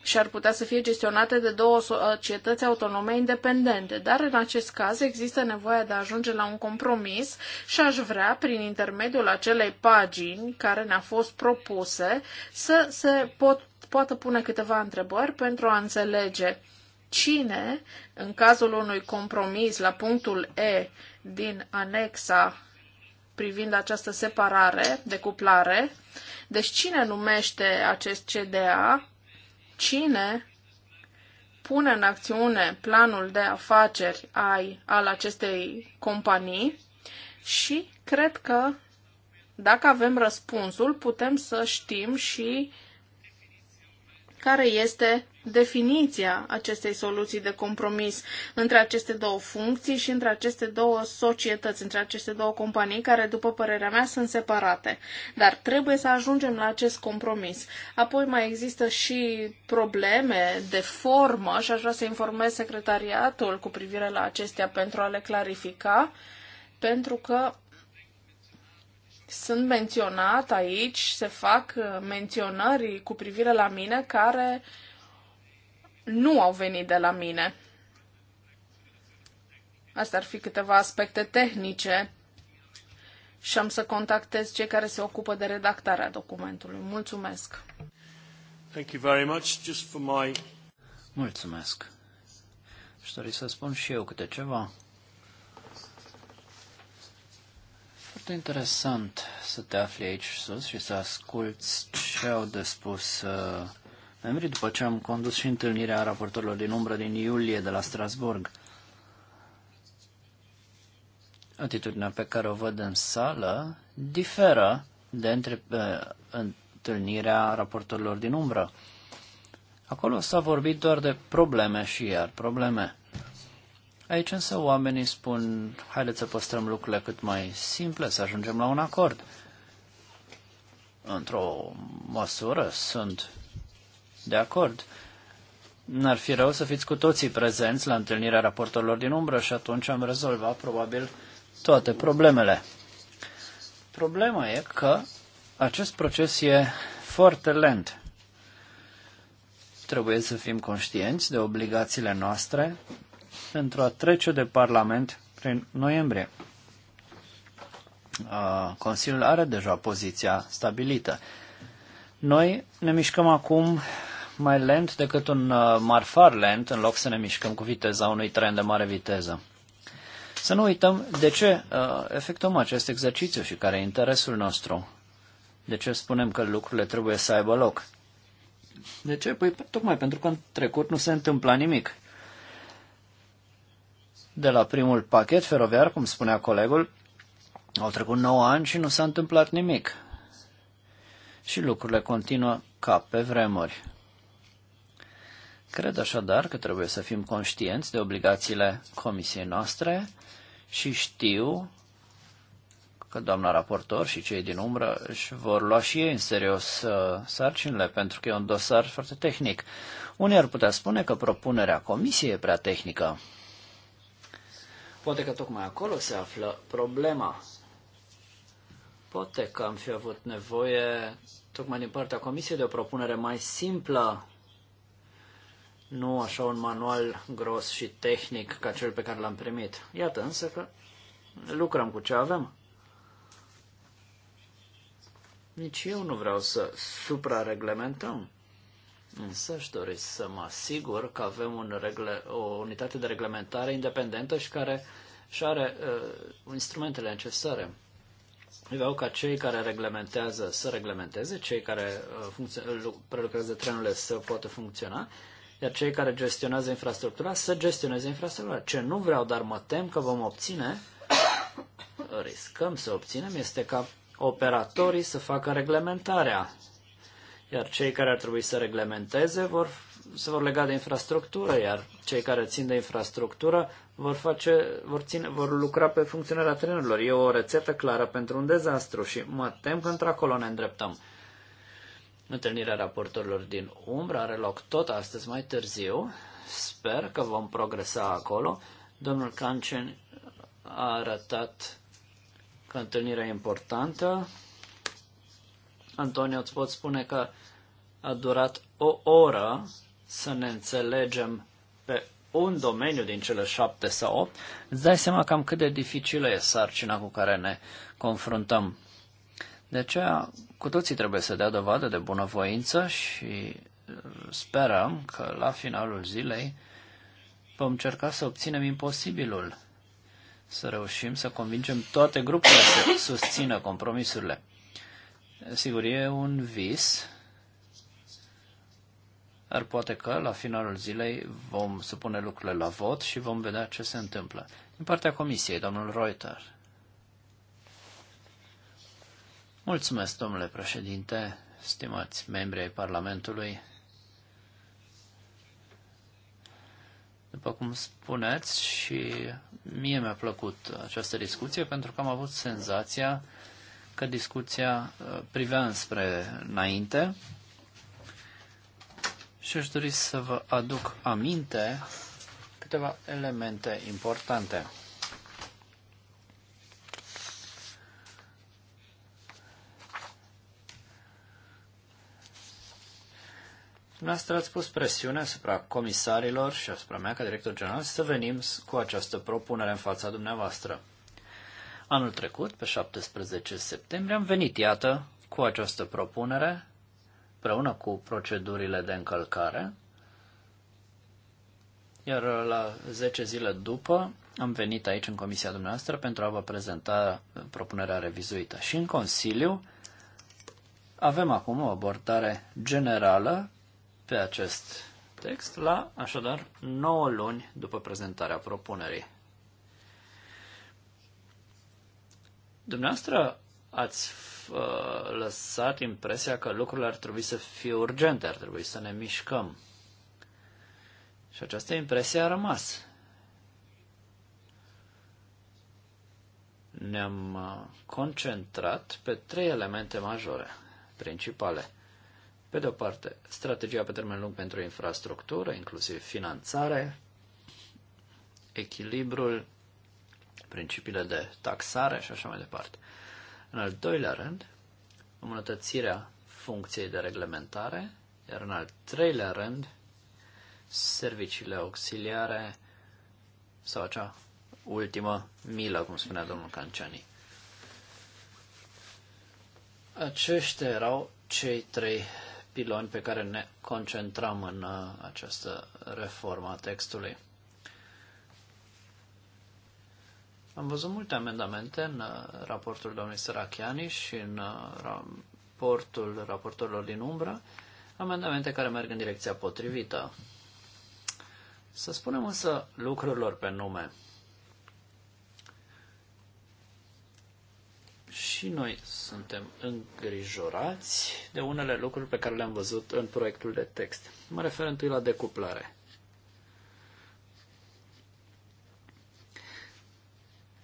Speaker 3: și ar putea să fie gestionate de două uh, societăți autonome independente, dar în acest caz există nevoia de a ajunge la un compromis și aș vrea, prin intermediul acelei pagini care ne-a fost propuse, să se pot, poată pune câteva întrebări pentru a înțelege cine, în cazul unui compromis la punctul E din anexa privind această separare, decuplare, deci cine numește acest CDA Cine pune în acțiune planul de afaceri ai, al acestei companii și cred că dacă avem răspunsul, putem să știm și care este definiția acestei soluții de compromis între aceste două funcții și între aceste două societăți, între aceste două companii, care, după părerea mea, sunt separate. Dar trebuie să ajungem la acest compromis. Apoi mai există și probleme de formă și aș vrea să informez secretariatul cu privire la acestea pentru a le clarifica, pentru că sunt menționat aici, se fac menționări cu privire la mine care nu au venit de la mine. Astea ar fi câteva aspecte tehnice și am să contactez cei care se ocupă de redactarea documentului. Mulțumesc!
Speaker 1: Thank you very much. Just for my...
Speaker 4: Mulțumesc! Și dori să spun și eu câte ceva. Foarte interesant să te afli aici sus și să asculți ce au de spus uh, membri după ce am condus și întâlnirea raportorilor din umbră din iulie de la Strasburg. Atitudinea pe care o văd în sală diferă de între, întâlnirea raportorilor din umbră. Acolo s-a vorbit doar de probleme și iar probleme. Aici însă oamenii spun, haideți să păstrăm lucrurile cât mai simple, să ajungem la un acord. Într-o măsură sunt de acord. N-ar fi rău să fiți cu toții prezenți la întâlnirea raportorilor din umbră și atunci am rezolvat probabil toate problemele. Problema e că acest proces e foarte lent. Trebuie să fim conștienți de obligațiile noastre pentru a trece de Parlament prin noiembrie. Consiliul are deja poziția stabilită. Noi ne mișcăm acum mai lent decât un uh, marfar lent, în loc să ne mișcăm cu viteza unui tren de mare viteză. Să nu uităm de ce uh, efectuăm acest exercițiu și care e interesul nostru. De ce spunem că lucrurile trebuie să aibă loc? De ce? Păi tocmai pentru că în trecut nu se întâmpla nimic. De la primul pachet feroviar, cum spunea colegul, au trecut 9 ani și nu s-a întâmplat nimic. Și lucrurile continuă ca pe vremuri. Cred așadar că trebuie să fim conștienți de obligațiile comisiei noastre și știu că doamna raportor și cei din umbră își vor lua și ei în serios uh, sarcinile, pentru că e un dosar foarte tehnic. Unii ar putea spune că propunerea comisiei e prea tehnică. Poate că tocmai acolo se află problema. Poate că am fi avut nevoie, tocmai din partea comisiei, de o propunere mai simplă nu așa un manual gros și tehnic ca cel pe care l-am primit. Iată însă că lucrăm cu ce avem. Nici eu nu vreau să suprareglementăm, însă aș dori să mă asigur că avem un regle, o unitate de reglementare independentă și care și are uh, instrumentele necesare. Vreau ca cei care reglementează să reglementeze, cei care uh, prelucrează trenurile să poată funcționa iar cei care gestionează infrastructura să gestioneze infrastructura. Ce nu vreau, dar mă tem că vom obține, riscăm să obținem, este ca operatorii să facă reglementarea. Iar cei care ar trebui să reglementeze vor, se vor lega de infrastructură, iar cei care țin de infrastructură vor, face, vor, ține, vor lucra pe funcționarea trenurilor. E o rețetă clară pentru un dezastru și mă tem că într-acolo ne îndreptăm. Întâlnirea raportorilor din umbră are loc tot astăzi, mai târziu. Sper că vom progresa acolo. Domnul Cancen a arătat că întâlnirea e importantă. Antonio, îți pot spune că a durat o oră să ne înțelegem pe un domeniu din cele șapte sau opt, îți dai seama cam cât de dificilă e sarcina cu care ne confruntăm. De aceea, cu toții trebuie să dea dovadă de bunăvoință și uh, sperăm că la finalul zilei vom încerca să obținem imposibilul, să reușim să convingem toate grupurile să susțină compromisurile. Sigur, e un vis, dar poate că la finalul zilei vom supune lucrurile la vot și vom vedea ce se întâmplă. Din partea comisiei, domnul Reuter. Mulțumesc, domnule președinte, stimați membri ai Parlamentului. După cum spuneți, și mie mi-a plăcut această discuție pentru că am avut senzația că discuția uh, privea înspre înainte și aș dori să vă aduc aminte câteva elemente importante. Dumneavoastră ați pus presiune asupra comisarilor și asupra mea ca director general să venim cu această propunere în fața dumneavoastră. Anul trecut, pe 17 septembrie, am venit, iată, cu această propunere, împreună cu procedurile de încălcare, iar la 10 zile după am venit aici în comisia dumneavoastră pentru a vă prezenta propunerea revizuită. Și în Consiliu avem acum o abordare generală pe acest text la, așadar, 9 luni după prezentarea propunerii. Dumneavoastră ați uh, lăsat impresia că lucrurile ar trebui să fie urgente, ar trebui să ne mișcăm. Și această impresie a rămas. Ne-am uh, concentrat pe trei elemente majore, principale – pe de o parte, strategia pe termen lung pentru infrastructură, inclusiv finanțare, echilibrul, principiile de taxare și așa mai departe. În al doilea rând, îmbunătățirea funcției de reglementare, iar în al treilea rând, serviciile auxiliare sau acea ultimă milă, cum spunea domnul Canciani. Aceștia erau cei trei piloni pe care ne concentrăm în uh, această reformă a textului. Am văzut multe amendamente în uh, raportul domnului Sărachiani și în uh, raportul raportorilor din umbră, amendamente care merg în direcția potrivită. Să spunem însă lucrurilor pe nume. și noi suntem îngrijorați de unele lucruri pe care le-am văzut în proiectul de text. Mă refer întâi la decuplare.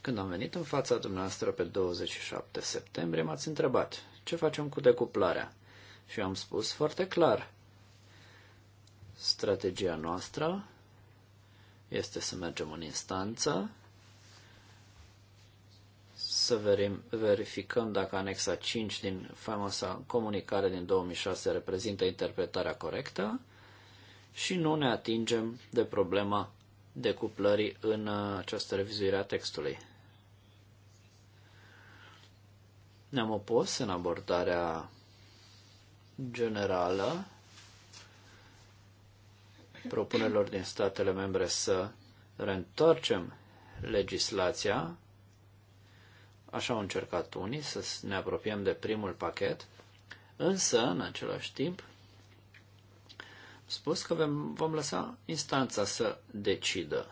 Speaker 4: Când am venit în fața dumneavoastră pe 27 septembrie, m-ați întrebat ce facem cu decuplarea. Și am spus foarte clar, strategia noastră este să mergem în instanță să verificăm dacă anexa 5 din faimoasa comunicare din 2006 reprezintă interpretarea corectă și nu ne atingem de problema decuplării în uh, această revizuire a textului. Ne-am opus în abordarea generală propunerilor din statele membre să reîntoarcem legislația Așa au încercat unii să ne apropiem de primul pachet, însă, în același timp, spus că vom lăsa instanța să decidă.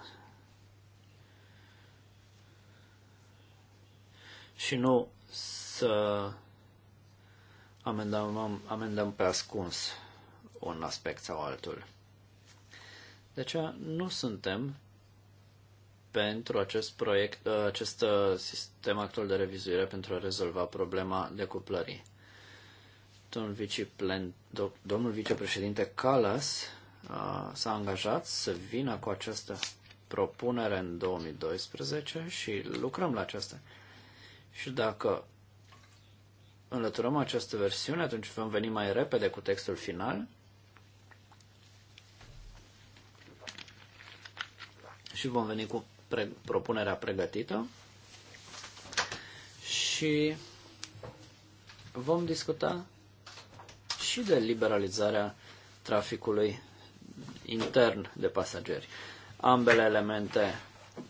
Speaker 4: Și nu să amendăm, amendăm pe ascuns un aspect sau altul. Deci nu suntem pentru acest proiect, uh, acest uh, sistem actual de revizuire pentru a rezolva problema decuplării. Domnul, viceplen, domnul vicepreședinte Calas uh, s-a angajat să vină cu această propunere în 2012 și lucrăm la aceasta. Și dacă înlăturăm această versiune, atunci vom veni mai repede cu textul final și vom veni cu pre- propunerea pregătită și vom discuta și de liberalizarea traficului intern de pasageri. Ambele elemente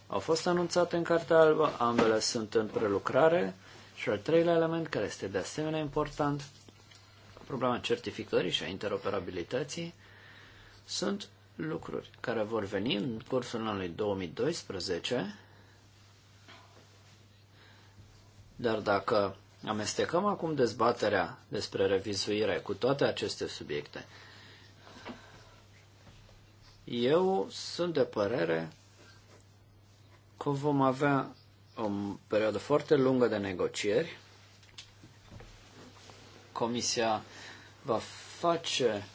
Speaker 4: au fost anunțate în Cartea Albă, ambele sunt în prelucrare și al treilea element, care este de asemenea important, problema certificării și a interoperabilității, sunt lucruri care vor veni în cursul anului 2012, dar dacă amestecăm acum dezbaterea despre revizuire cu toate aceste subiecte, eu sunt de părere că vom avea o perioadă foarte lungă de negocieri. Comisia va face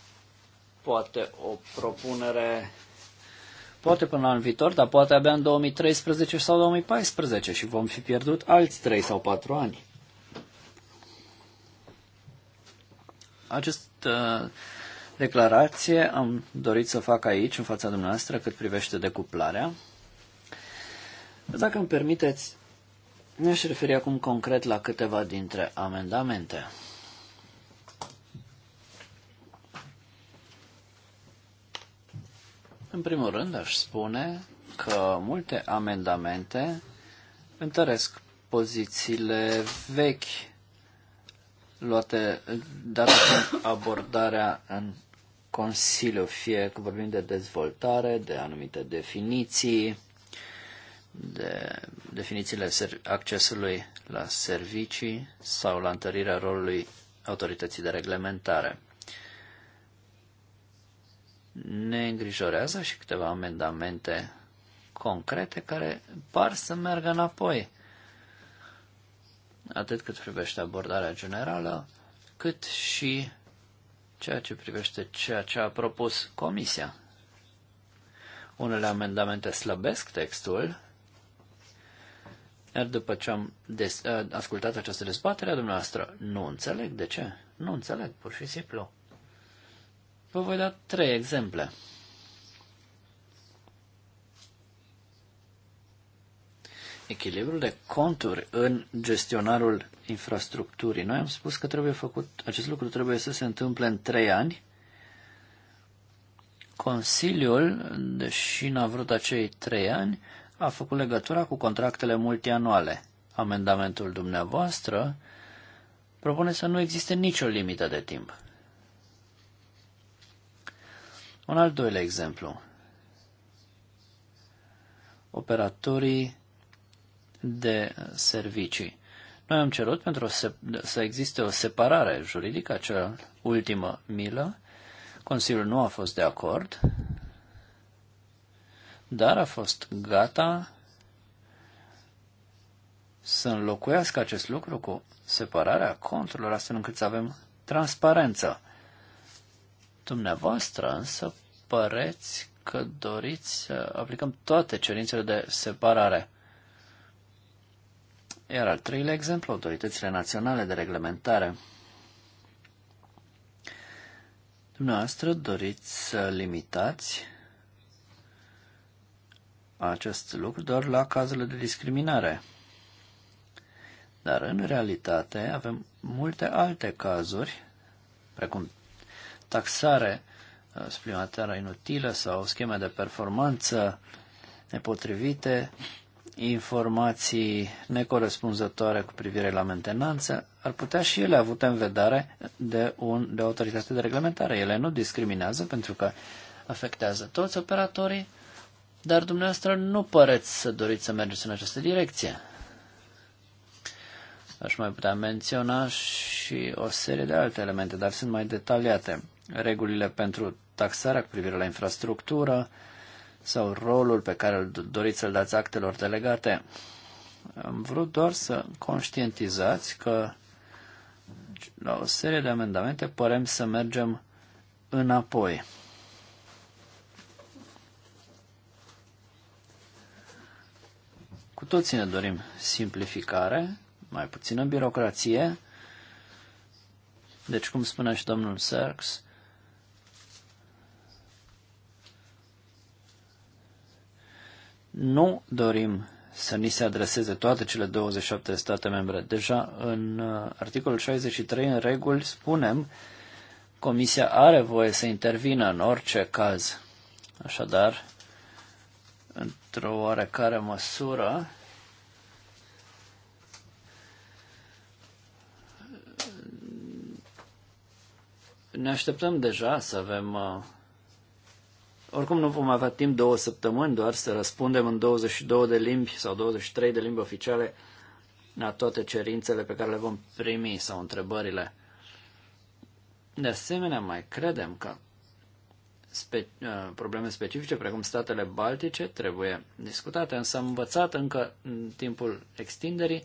Speaker 4: poate o propunere, poate până la anul viitor, dar poate abia în 2013 sau 2014 și vom fi pierdut alți 3 sau 4 ani. Această uh, declarație am dorit să fac aici, în fața dumneavoastră, cât privește decuplarea. Dacă îmi permiteți, ne-aș referi acum concret la câteva dintre amendamente. În primul rând, aș spune că multe amendamente întăresc pozițiile vechi luate dată fiind abordarea în Consiliu, fie că vorbim de dezvoltare, de anumite definiții, de definițiile accesului la servicii sau la întărirea rolului autorității de reglementare ne îngrijorează și câteva amendamente concrete care par să meargă înapoi, atât cât privește abordarea generală, cât și ceea ce privește ceea ce a propus Comisia. Unele amendamente slăbesc textul, iar după ce am des- ascultat această dezbatere a dumneavoastră, nu înțeleg de ce. Nu înțeleg, pur și simplu. Vă voi da trei exemple. Echilibrul de conturi în gestionarul infrastructurii. Noi am spus că trebuie făcut, acest lucru trebuie să se întâmple în trei ani. Consiliul, deși n-a vrut acei trei ani, a făcut legătura cu contractele multianuale. Amendamentul dumneavoastră propune să nu existe nicio limită de timp. Un al doilea exemplu. Operatorii de servicii. Noi am cerut pentru să existe o separare juridică, acea ultimă milă. Consiliul nu a fost de acord, dar a fost gata să înlocuiască acest lucru cu separarea conturilor, astfel încât să avem transparență. Dumneavoastră însă păreți că doriți să aplicăm toate cerințele de separare. Iar al treilea exemplu, autoritățile naționale de reglementare. Dumneavoastră doriți să limitați acest lucru doar la cazurile de discriminare. Dar în realitate avem multe alte cazuri, precum taxare Uh, suplimentară inutilă sau scheme de performanță nepotrivite, informații necorespunzătoare cu privire la mentenanță, ar putea și ele avute în vedere de, un, de o autoritate de reglementare. Ele nu discriminează pentru că afectează toți operatorii, dar dumneavoastră nu păreți să doriți să mergeți în această direcție. Aș mai putea menționa și o serie de alte elemente, dar sunt mai detaliate regulile pentru taxarea cu privire la infrastructură sau rolul pe care doriți să-l dați actelor delegate. Am vrut doar să conștientizați că la o serie de amendamente părem să mergem înapoi. Cu toții ne dorim simplificare, mai puțină birocrație. Deci, cum spunea și domnul Serx, nu dorim să ni se adreseze toate cele 27 de state membre. Deja în uh, articolul 63 în reguli spunem Comisia are voie să intervină în orice caz. Așadar, într-o oarecare măsură, ne așteptăm deja să avem uh, oricum nu vom avea timp două săptămâni doar să răspundem în 22 de limbi sau 23 de limbi oficiale la toate cerințele pe care le vom primi sau întrebările. De asemenea, mai credem că spe- uh, probleme specifice, precum statele baltice, trebuie discutate, însă am învățat încă în timpul extinderii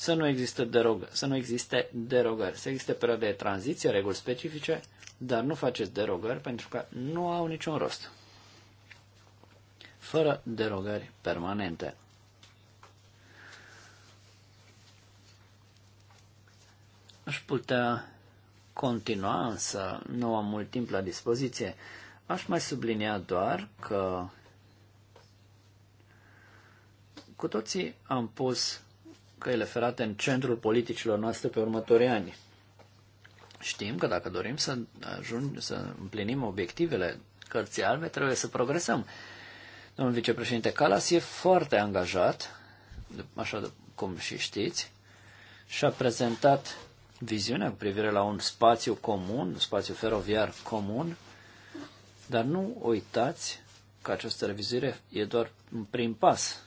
Speaker 4: să nu, există derog- să nu existe derogări. Să existe perioade de tranziție, reguli specifice, dar nu faceți derogări pentru că nu au niciun rost. Fără derogări permanente. Aș putea continua, însă nu am mult timp la dispoziție. Aș mai sublinia doar că cu toții am pus căile ferate în centrul politicilor noastre pe următorii ani. Știm că dacă dorim să ajung să împlinim obiectivele cărții albe, trebuie să progresăm. Domnul vicepreședinte Calas e foarte angajat, așa cum și știți, și a prezentat viziunea cu privire la un spațiu comun, un spațiu feroviar comun, dar nu uitați că această revizuire e doar un prim pas.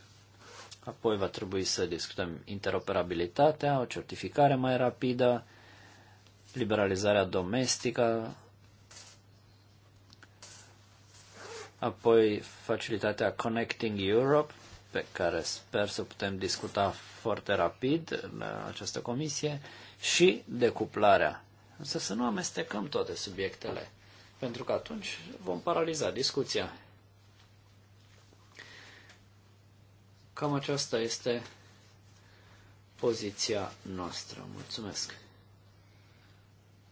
Speaker 4: Apoi va trebui să discutăm interoperabilitatea, o certificare mai rapidă, liberalizarea domestică, apoi facilitatea Connecting Europe, pe care sper să putem discuta foarte rapid în această comisie, și decuplarea. Însă să nu amestecăm toate subiectele, pentru că atunci vom paraliza discuția. Cam aceasta este poziția noastră. Mulțumesc.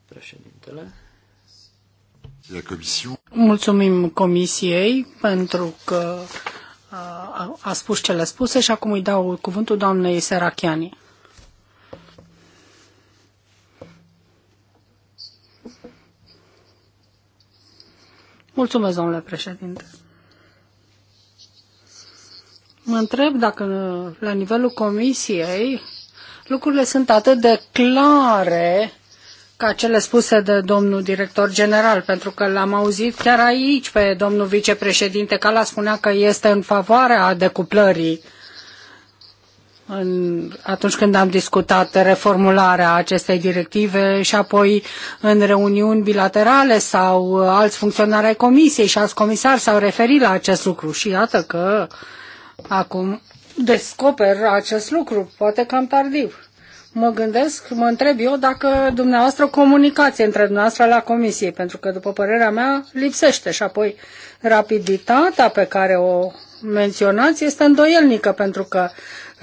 Speaker 4: Președintele.
Speaker 2: Mulțumim Comisiei pentru că a spus ce le spuse și acum îi dau cuvântul doamnei Serachiani. Mulțumesc, domnule președinte. Mă întreb dacă la nivelul comisiei lucrurile sunt atât de clare ca cele spuse de domnul director general, pentru că l-am auzit chiar aici pe domnul vicepreședinte Cala spunea că este în favoarea decuplării în, atunci când am discutat reformularea acestei directive și apoi în reuniuni bilaterale sau alți funcționari ai comisiei și alți comisari s-au referit la acest lucru și iată că uh, Acum descoper acest lucru, poate cam tardiv. Mă gândesc, mă întreb eu dacă dumneavoastră comunicați între dumneavoastră la comisie, pentru că, după părerea mea, lipsește și apoi rapiditatea pe care o menționați este îndoielnică, pentru că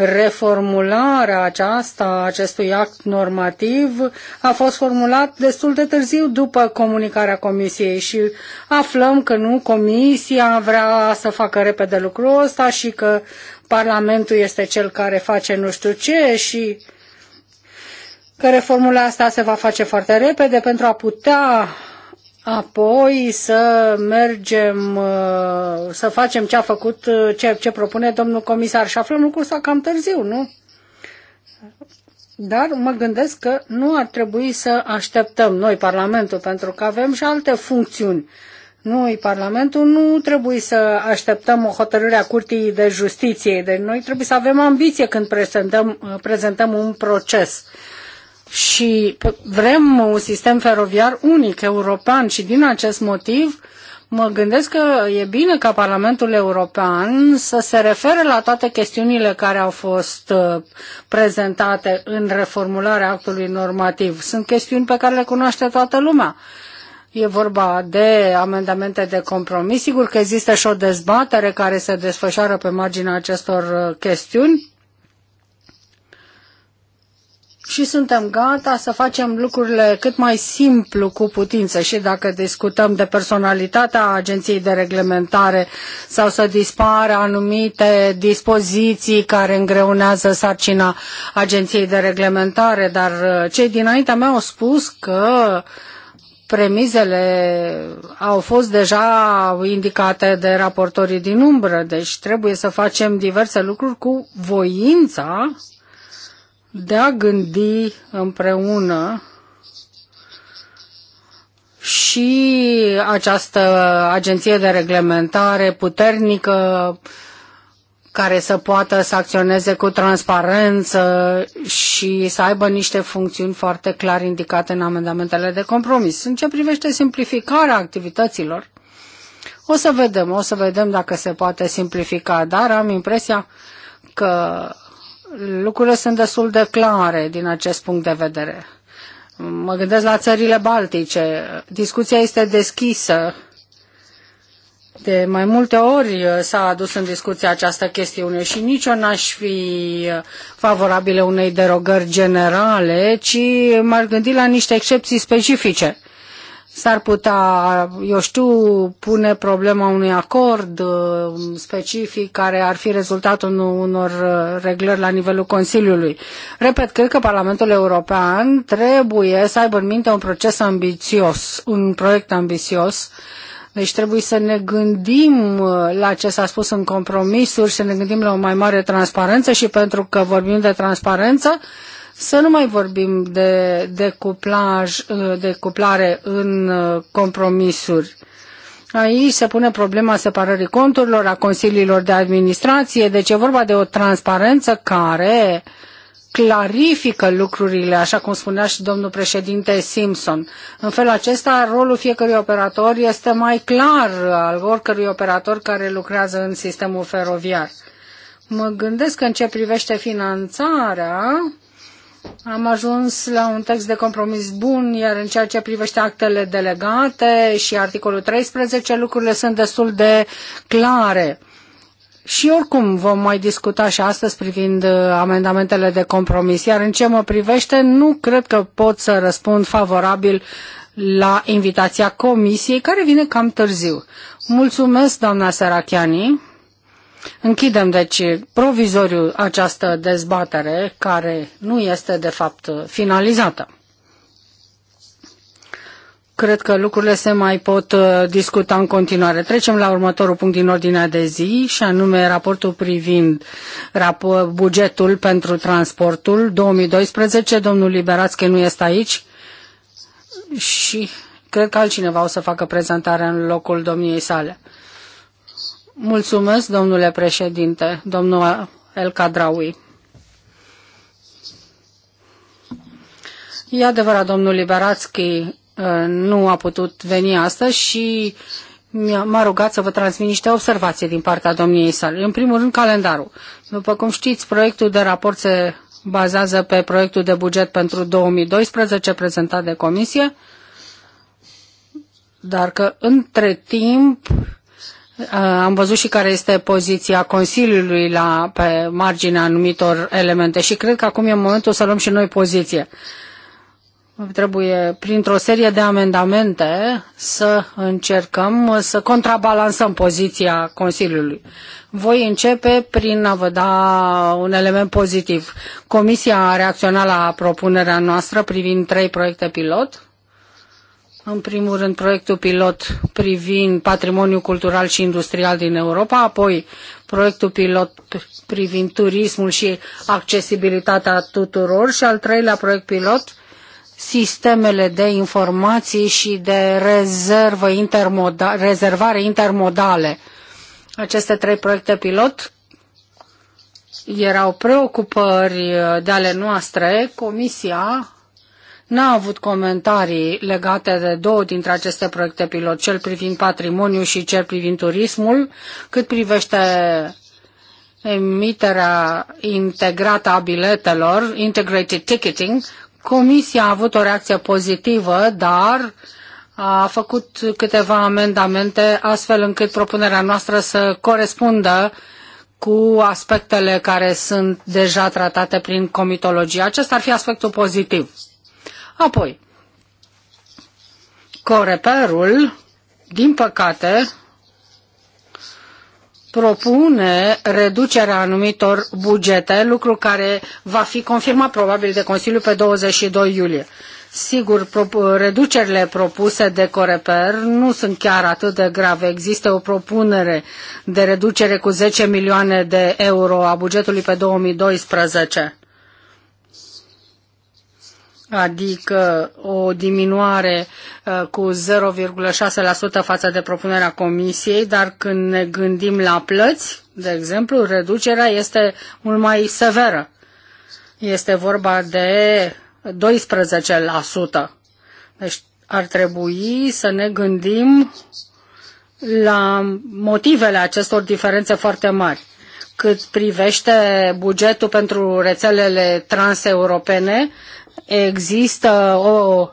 Speaker 2: reformularea aceasta, acestui act normativ, a fost formulat destul de târziu după comunicarea Comisiei și aflăm că nu, Comisia vrea să facă repede lucrul ăsta și că Parlamentul este cel care face nu știu ce și că reformula asta se va face foarte repede pentru a putea apoi să mergem, uh, să facem ce a făcut, uh, ce, ce propune domnul comisar. Și aflăm lucrul ăsta cam târziu, nu? Dar mă gândesc că nu ar trebui să așteptăm noi, Parlamentul, pentru că avem și alte funcțiuni. Noi, Parlamentul, nu trebuie să așteptăm o hotărâre a Curții de Justiție. Deci noi trebuie să avem ambiție când prezentăm, uh, prezentăm un proces. Uh, și vrem un sistem feroviar unic european și din acest motiv mă gândesc că e bine ca Parlamentul European să se refere la toate chestiunile care au fost uh, prezentate în reformularea actului normativ. Sunt chestiuni pe care le cunoaște toată lumea. E vorba de amendamente de compromis. Sigur că există și o dezbatere care se desfășoară pe marginea acestor uh, chestiuni și suntem gata să facem lucrurile cât mai simplu cu putință și dacă discutăm de personalitatea agenției de reglementare sau să dispară anumite dispoziții care îngreunează sarcina agenției de reglementare, dar uh, cei dinaintea mea au spus că premizele au fost deja indicate de raportorii din umbră, deci trebuie să facem diverse lucruri cu voința de a gândi împreună și această agenție de reglementare puternică care să poată să acționeze cu transparență și să aibă niște funcțiuni foarte clar indicate în amendamentele de compromis. În ce privește simplificarea activităților, o să vedem, o să vedem dacă se poate simplifica, dar am impresia că lucrurile sunt destul de clare din acest punct de vedere. Mă gândesc la țările baltice. Discuția este deschisă. De mai multe ori s-a adus în discuție această chestiune și nici eu n-aș fi favorabile unei derogări generale, ci m-ar gândi la niște excepții specifice. S-ar putea, eu știu, pune problema unui acord uh, specific care ar fi rezultatul unor uh, reglări la nivelul Consiliului. Repet, cred că Parlamentul European trebuie să aibă în minte un proces ambițios, un proiect ambițios deci trebuie să ne gândim uh, la ce s-a spus în compromisuri, să ne gândim la o mai mare transparență și pentru că vorbim de transparență, să nu mai vorbim de decuplaj, de cuplare în uh, compromisuri. Aici se pune problema separării conturilor, a consiliilor de administrație, deci e vorba de o transparență care clarifică lucrurile, așa cum spunea și domnul președinte Simpson. În felul acesta, rolul fiecărui operator este mai clar al oricărui operator care lucrează în sistemul feroviar. Mă gândesc că în ce privește finanțarea, am ajuns la un text de compromis bun, iar în ceea ce privește actele delegate și articolul 13, lucrurile sunt destul de clare. Și oricum vom mai discuta și astăzi privind uh, amendamentele de compromis, iar în ce mă privește, nu cred că pot să răspund favorabil la invitația comisiei, care vine cam târziu. Mulțumesc, doamna Sarachiani. Închidem, deci, provizoriu această dezbatere, care nu este, de fapt, finalizată. Cred că lucrurile se mai pot uh, discuta în continuare. Trecem la următorul punct din ordinea de zi, și anume raportul privind rap- bugetul pentru transportul 2012. Domnul Liberațche nu este aici și cred că altcineva o să facă prezentarea în locul domniei sale. Mulțumesc, domnule președinte, domnul El Cadraui. E adevărat, domnul Liberațchi uh, nu a putut veni astăzi și m-a rugat să vă transmit niște observații din partea domniei sale. În primul rând, calendarul. După cum știți, proiectul de raport se bazează pe proiectul de buget pentru 2012 prezentat de comisie, dar că între timp Uh, am văzut și care este poziția Consiliului la, pe marginea anumitor elemente și cred că acum e momentul să luăm și noi poziție. Trebuie, printr-o serie de amendamente, să încercăm să contrabalansăm poziția Consiliului. Voi începe prin a vă da un element pozitiv. Comisia a reacționat la propunerea noastră privind trei proiecte pilot în primul rând, proiectul pilot privind patrimoniul cultural și industrial din Europa, apoi proiectul pilot privind turismul și accesibilitatea tuturor și al treilea proiect pilot sistemele de informații și de rezervă intermoda, rezervare intermodale. Aceste trei proiecte pilot erau preocupări de ale noastre. Comisia n-a avut comentarii legate de două dintre aceste proiecte pilot, cel privind patrimoniu și cel privind turismul, cât privește emiterea integrată a biletelor, integrated ticketing, Comisia a avut o reacție pozitivă, dar a făcut câteva amendamente astfel încât propunerea noastră să corespundă cu aspectele care sunt deja tratate prin comitologie. Acesta ar fi aspectul pozitiv. Apoi, Coreperul, din păcate, propune reducerea anumitor bugete, lucru care va fi confirmat probabil de Consiliu pe 22 iulie. Sigur, reducerile propuse de Coreper nu sunt chiar atât de grave. Există o propunere de reducere cu 10 milioane de euro a bugetului pe 2012 adică o diminuare uh, cu 0,6% față de propunerea comisiei, dar când ne gândim la plăți, de exemplu, reducerea este mult mai severă. Este vorba de 12%. Deci ar trebui să ne gândim la motivele acestor diferențe foarte mari. Cât privește bugetul pentru rețelele transeuropene, Există o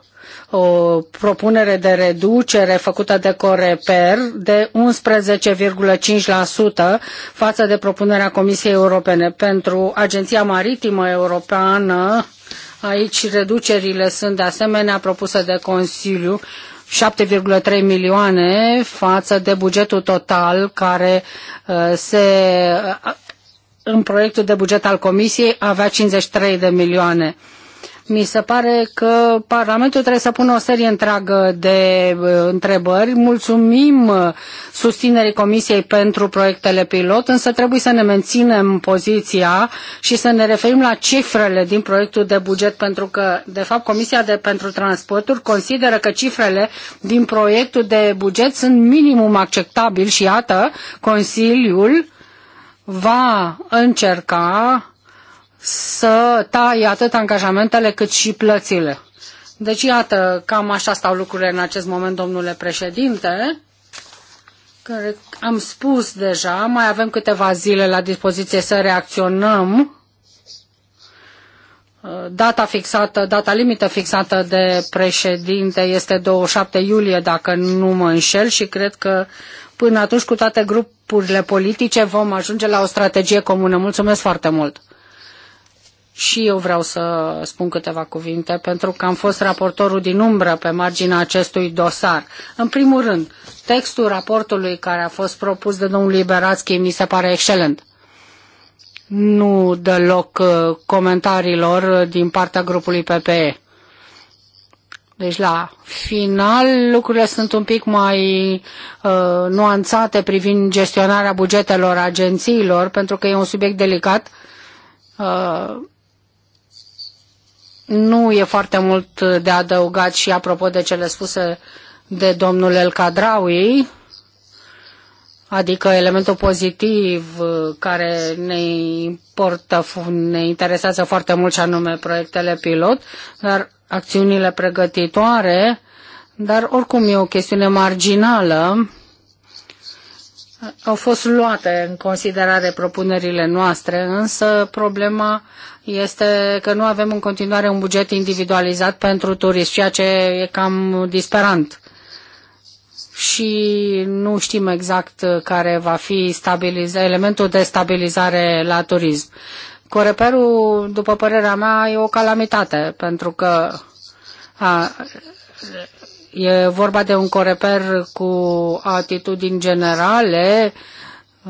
Speaker 2: o propunere de reducere făcută de Coreper de 11,5% față de propunerea Comisiei Europene. Pentru Agenția Maritimă Europeană, aici reducerile sunt de asemenea propuse de Consiliu, 7,3 milioane față de bugetul total care uh, se uh, în proiectul de buget al Comisiei avea 53 de milioane. Mi se pare că Parlamentul trebuie să pună o serie întreagă de uh, întrebări. Mulțumim uh, susținerii Comisiei pentru proiectele pilot, însă trebuie să ne menținem poziția și să ne referim la cifrele din proiectul de buget, pentru că, de fapt, Comisia de, pentru Transporturi consideră că cifrele din proiectul de buget sunt minimum acceptabil și iată, Consiliul va încerca să tai atât angajamentele cât și plățile. Deci, iată, cam așa stau lucrurile în acest moment, domnule președinte. Care am spus deja, mai avem câteva zile la dispoziție să reacționăm. Data fixată, data limită fixată de președinte este 27 iulie, dacă nu mă înșel, și cred că până atunci cu toate grupurile politice vom ajunge la o strategie comună. Mulțumesc foarte mult! și eu vreau să spun câteva cuvinte pentru că am fost raportorul din umbră pe marginea acestui dosar. În primul rând, textul raportului care a fost propus de domnul Liberațchi mi se pare excelent. Nu dă loc uh, comentariilor uh, din partea grupului PPE. Deci la final lucrurile sunt un pic mai uh, nuanțate privind gestionarea bugetelor agențiilor, pentru că e un subiect delicat. Uh, nu e foarte mult de adăugat și apropo de cele spuse de domnul El Cadraui, adică elementul pozitiv care ne importă, ne interesează foarte mult și anume proiectele pilot, dar acțiunile pregătitoare, dar oricum e o chestiune marginală au fost luate în considerare propunerile noastre, însă problema este că nu avem în continuare un buget individualizat pentru turism, ceea ce e cam disperant. Și nu știm exact care va fi elementul de stabilizare la turism. Coreperul, după părerea mea, e o calamitate, pentru că a, E vorba de un coreper cu atitudini generale.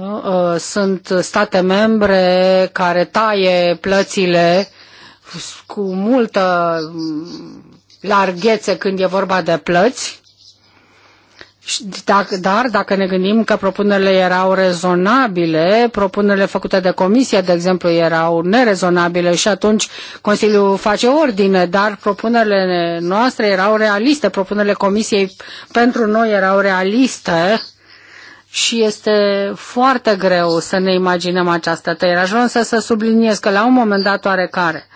Speaker 2: Uh, uh, sunt state membre care taie plățile cu multă mm, larghețe când e vorba de plăți dar dacă ne gândim că propunerile erau rezonabile, propunerile făcute de comisie, de exemplu, erau nerezonabile și atunci Consiliul face ordine, dar propunerile noastre erau realiste, propunerile comisiei pentru noi erau realiste și este foarte greu să ne imaginăm această tăiere. Aș vrea să, să subliniez că la un moment dat oarecare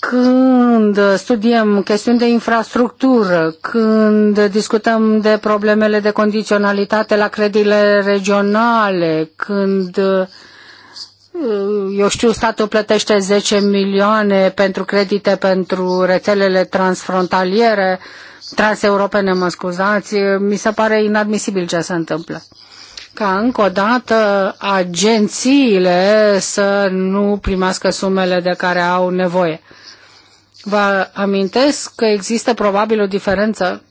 Speaker 2: când studiem chestiuni de infrastructură, când discutăm de problemele de condiționalitate la credile regionale, când eu știu, statul plătește 10 milioane pentru credite pentru rețelele transfrontaliere, transeuropene, mă scuzați, mi se pare inadmisibil ce se întâmplă. Ca încă o dată agențiile să nu primească sumele de care au nevoie. Vă amintesc că există probabil o diferență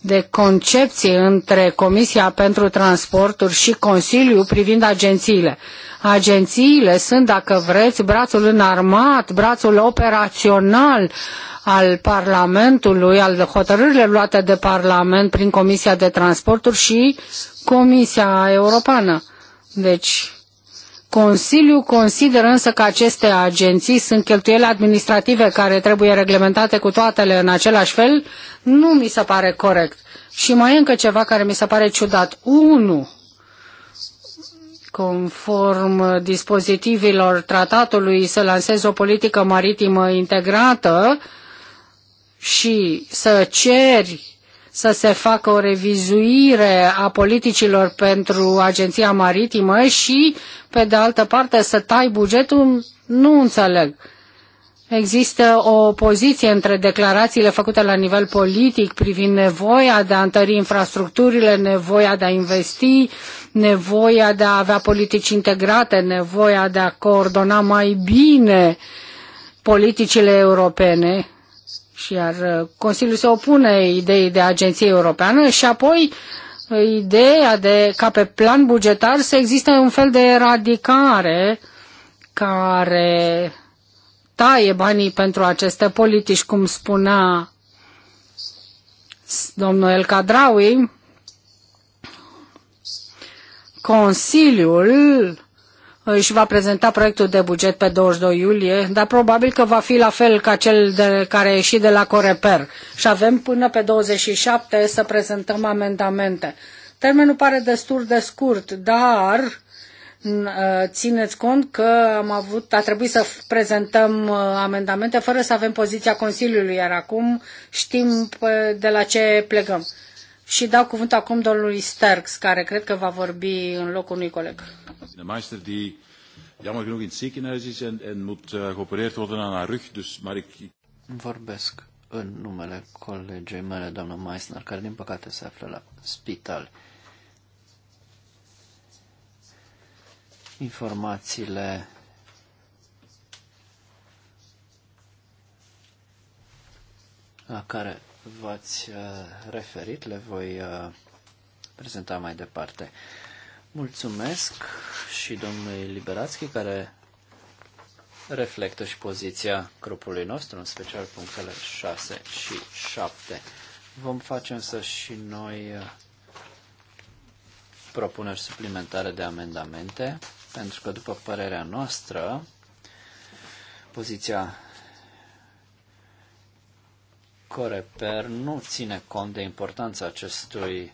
Speaker 2: de concepție între Comisia pentru Transporturi și Consiliu privind agențiile. Agențiile sunt, dacă vreți, brațul înarmat, brațul operațional al Parlamentului, al hotărârilor luate de Parlament prin Comisia de Transporturi și Comisia Europeană. Deci, Consiliul consideră însă că aceste agenții sunt cheltuieli administrative care trebuie reglementate cu toatele în același fel, nu mi se pare corect. Și mai e încă ceva care mi se pare ciudat. Unu, Conform dispozitivilor tratatului să lanseze o politică maritimă integrată și să ceri să se facă o revizuire a politicilor pentru agenția maritimă și, pe de altă parte, să tai bugetul, nu înțeleg. Există o opoziție între declarațiile făcute la nivel politic privind nevoia de a întări infrastructurile, nevoia de a investi, nevoia de a avea politici integrate, nevoia de a coordona mai bine politicile europene și iar uh, Consiliul se opune ideii de agenție europeană și apoi uh, ideea de ca pe plan bugetar să existe un fel de eradicare care taie banii pentru aceste politici, cum spunea domnul El Cadraui, Consiliul își va prezenta proiectul de buget pe 22 iulie, dar probabil că va fi la fel ca cel de care a ieșit de la Coreper. Și avem până pe 27 să prezentăm amendamente. Termenul pare destul de scurt, dar ă, țineți cont că am avut, a trebuit să prezentăm ă, amendamente fără să avem poziția Consiliului, iar acum știm ă, de la ce plecăm. Și dau cuvântul acum domnului Sterks, care cred că va vorbi în locul unui coleg.
Speaker 4: jammer genoeg in het ziekenhuis is en, en moet uh, geopereerd worden aan haar rug, dus maar ik... Vorbesc în numele colegei mele, doamna Meissner, care din păcate se află la spital. Informațiile la care v-ați uh, referit, le voi uh, prezenta mai departe. Mulțumesc și domnului Liberațchi care reflectă și poziția grupului nostru, în special punctele 6 și 7. Vom face însă și noi uh, propuneri suplimentare de amendamente, pentru că, după părerea noastră, poziția Coreper nu ține cont de importanța acestui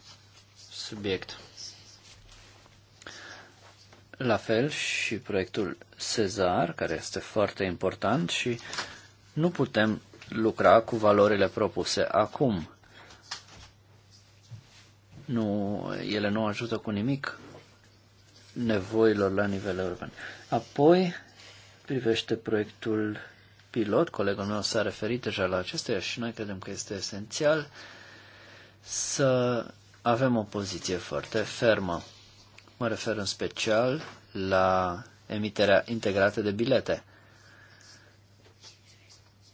Speaker 4: subiect. La fel și proiectul Cezar, care este foarte important și nu putem lucra cu valorile propuse acum. Nu, ele nu ajută cu nimic nevoilor la nivel european. Apoi privește proiectul pilot, colegul meu s-a referit deja la acestea și noi credem că este esențial să avem o poziție foarte fermă. Mă refer în special la emiterea integrată de bilete.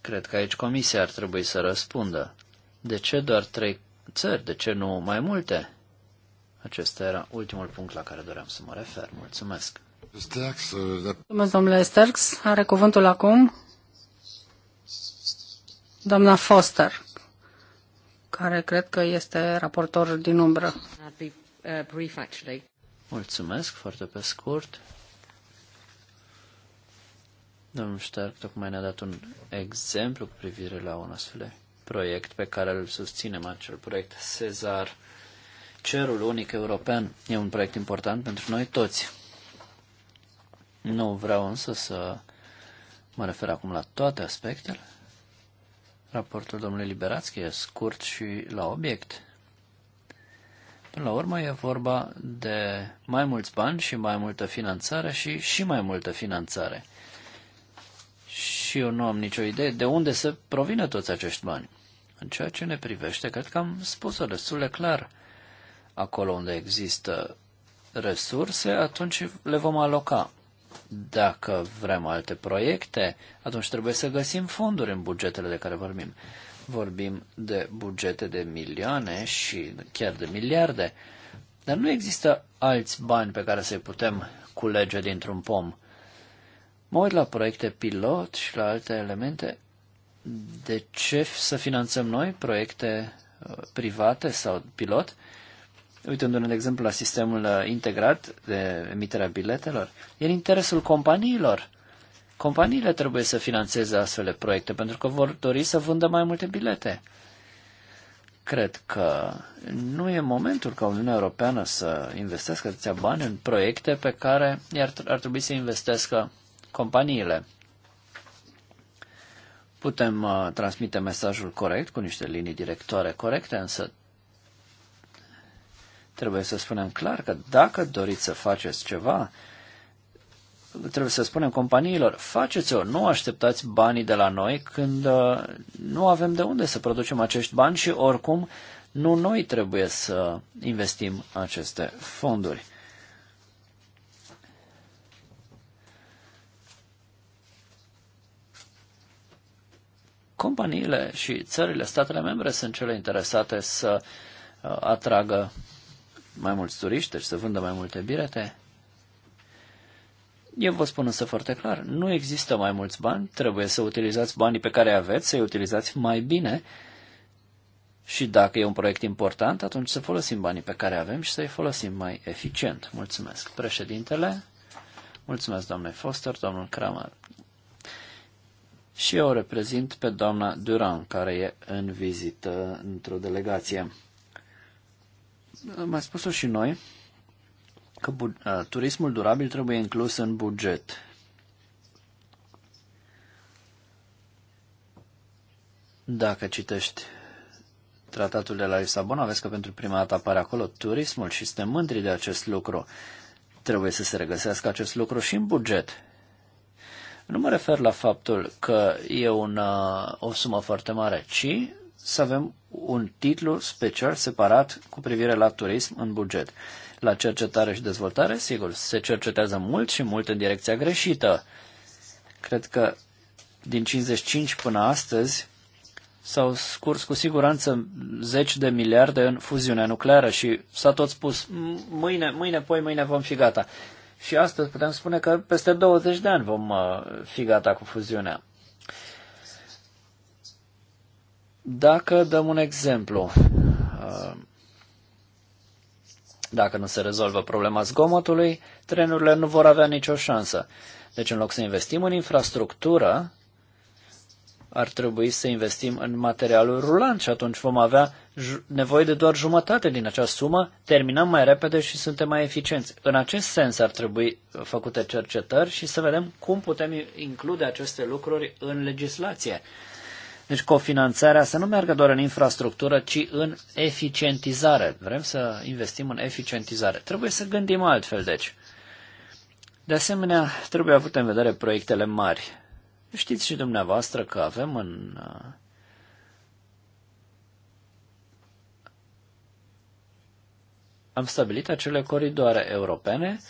Speaker 4: Cred că aici comisia ar trebui să răspundă. De ce doar trei țări? De ce nu mai multe? Acesta era ultimul punct la care doream să mă refer. Mulțumesc! Uh,
Speaker 2: Mulțumesc, domnule Sterks. Are cuvântul acum Doamna
Speaker 4: Foster,
Speaker 2: care cred că este raportor din umbră. Uh,
Speaker 4: Mulțumesc, foarte pe scurt. Domnul Stark tocmai ne-a dat un exemplu cu privire la un astfel de proiect pe care îl susținem, acel proiect Cezar. Cerul unic european e un proiect important pentru noi toți. Nu vreau însă să mă refer acum la toate aspectele, Raportul domnului Liberațchi e scurt și la obiect. Până la urmă e vorba de mai mulți bani și mai multă finanțare și și mai multă finanțare. Și eu nu am nicio idee de unde să provină toți acești bani. În ceea ce ne privește, cred că am spus-o destul de clar. Acolo unde există resurse, atunci le vom aloca. Dacă vrem alte proiecte, atunci trebuie să găsim fonduri în bugetele de care vorbim. Vorbim de bugete de milioane și chiar de miliarde, dar nu există alți bani pe care să-i putem culege dintr-un pom. Mă uit la proiecte pilot și la alte elemente. De ce să finanțăm noi proiecte uh, private sau pilot? Uh, uitându-ne, de exemplu, la sistemul uh, integrat de emiterea biletelor, e în interesul companiilor. Companiile trebuie să financeze astfel de proiecte pentru că vor dori să vândă mai multe bilete. Cred că nu e momentul ca Uniunea Europeană să investească atâția bani în proiecte pe care ar, ar trebui să investească companiile. Putem uh, transmite mesajul corect, cu niște linii directoare corecte, însă Trebuie să spunem clar că dacă doriți să faceți ceva, trebuie să spunem companiilor, faceți-o, nu așteptați banii de la noi când uh, nu avem de unde să producem acești bani și oricum nu noi trebuie să investim aceste fonduri. Companiile și țările, statele membre sunt cele interesate să uh, atragă mai mulți turiști, deci să vândă mai multe birete? Eu vă spun însă foarte clar, nu există mai mulți bani, trebuie să utilizați banii pe care aveți, să-i utilizați mai bine și dacă e un proiect important, atunci să folosim banii pe care avem și să-i folosim mai eficient. Mulțumesc, președintele. Mulțumesc, doamne Foster, domnul Kramer. Și eu reprezint pe doamna Duran, care e în vizită într-o delegație mai spus-o și noi, că turismul durabil trebuie inclus în buget. Dacă citești tratatul de la Lisabona, vezi că pentru prima dată apare acolo turismul și suntem mândri de acest lucru. Trebuie să se regăsească acest lucru și în buget. Nu mă refer la faptul că e un, o sumă foarte mare, ci să avem un titlu special separat cu privire la turism în buget. La cercetare și dezvoltare, sigur, se cercetează mult și mult în direcția greșită. Cred că din 55 până astăzi s-au scurs cu siguranță zeci de miliarde în fuziunea nucleară și s-a tot spus mâine, mâine, poi mâine vom fi gata. Și astăzi putem spune că peste 20 de ani vom uh, fi gata cu fuziunea. Dacă dăm un exemplu, uh, dacă nu se rezolvă problema zgomotului, trenurile nu vor avea nicio șansă. Deci, în loc să investim în infrastructură, ar trebui să investim în materialul rulant și atunci vom avea nevoie de doar jumătate din acea sumă, terminăm mai repede și suntem mai eficienți. În acest sens ar trebui făcute cercetări și să vedem cum putem include aceste lucruri în legislație. Deci cofinanțarea să nu meargă doar în infrastructură, ci în eficientizare. Vrem să investim în eficientizare. Trebuie să gândim altfel, deci. De asemenea, trebuie avut în vedere proiectele mari. Știți și dumneavoastră că avem în uh, am stabilit acele coridoare europene,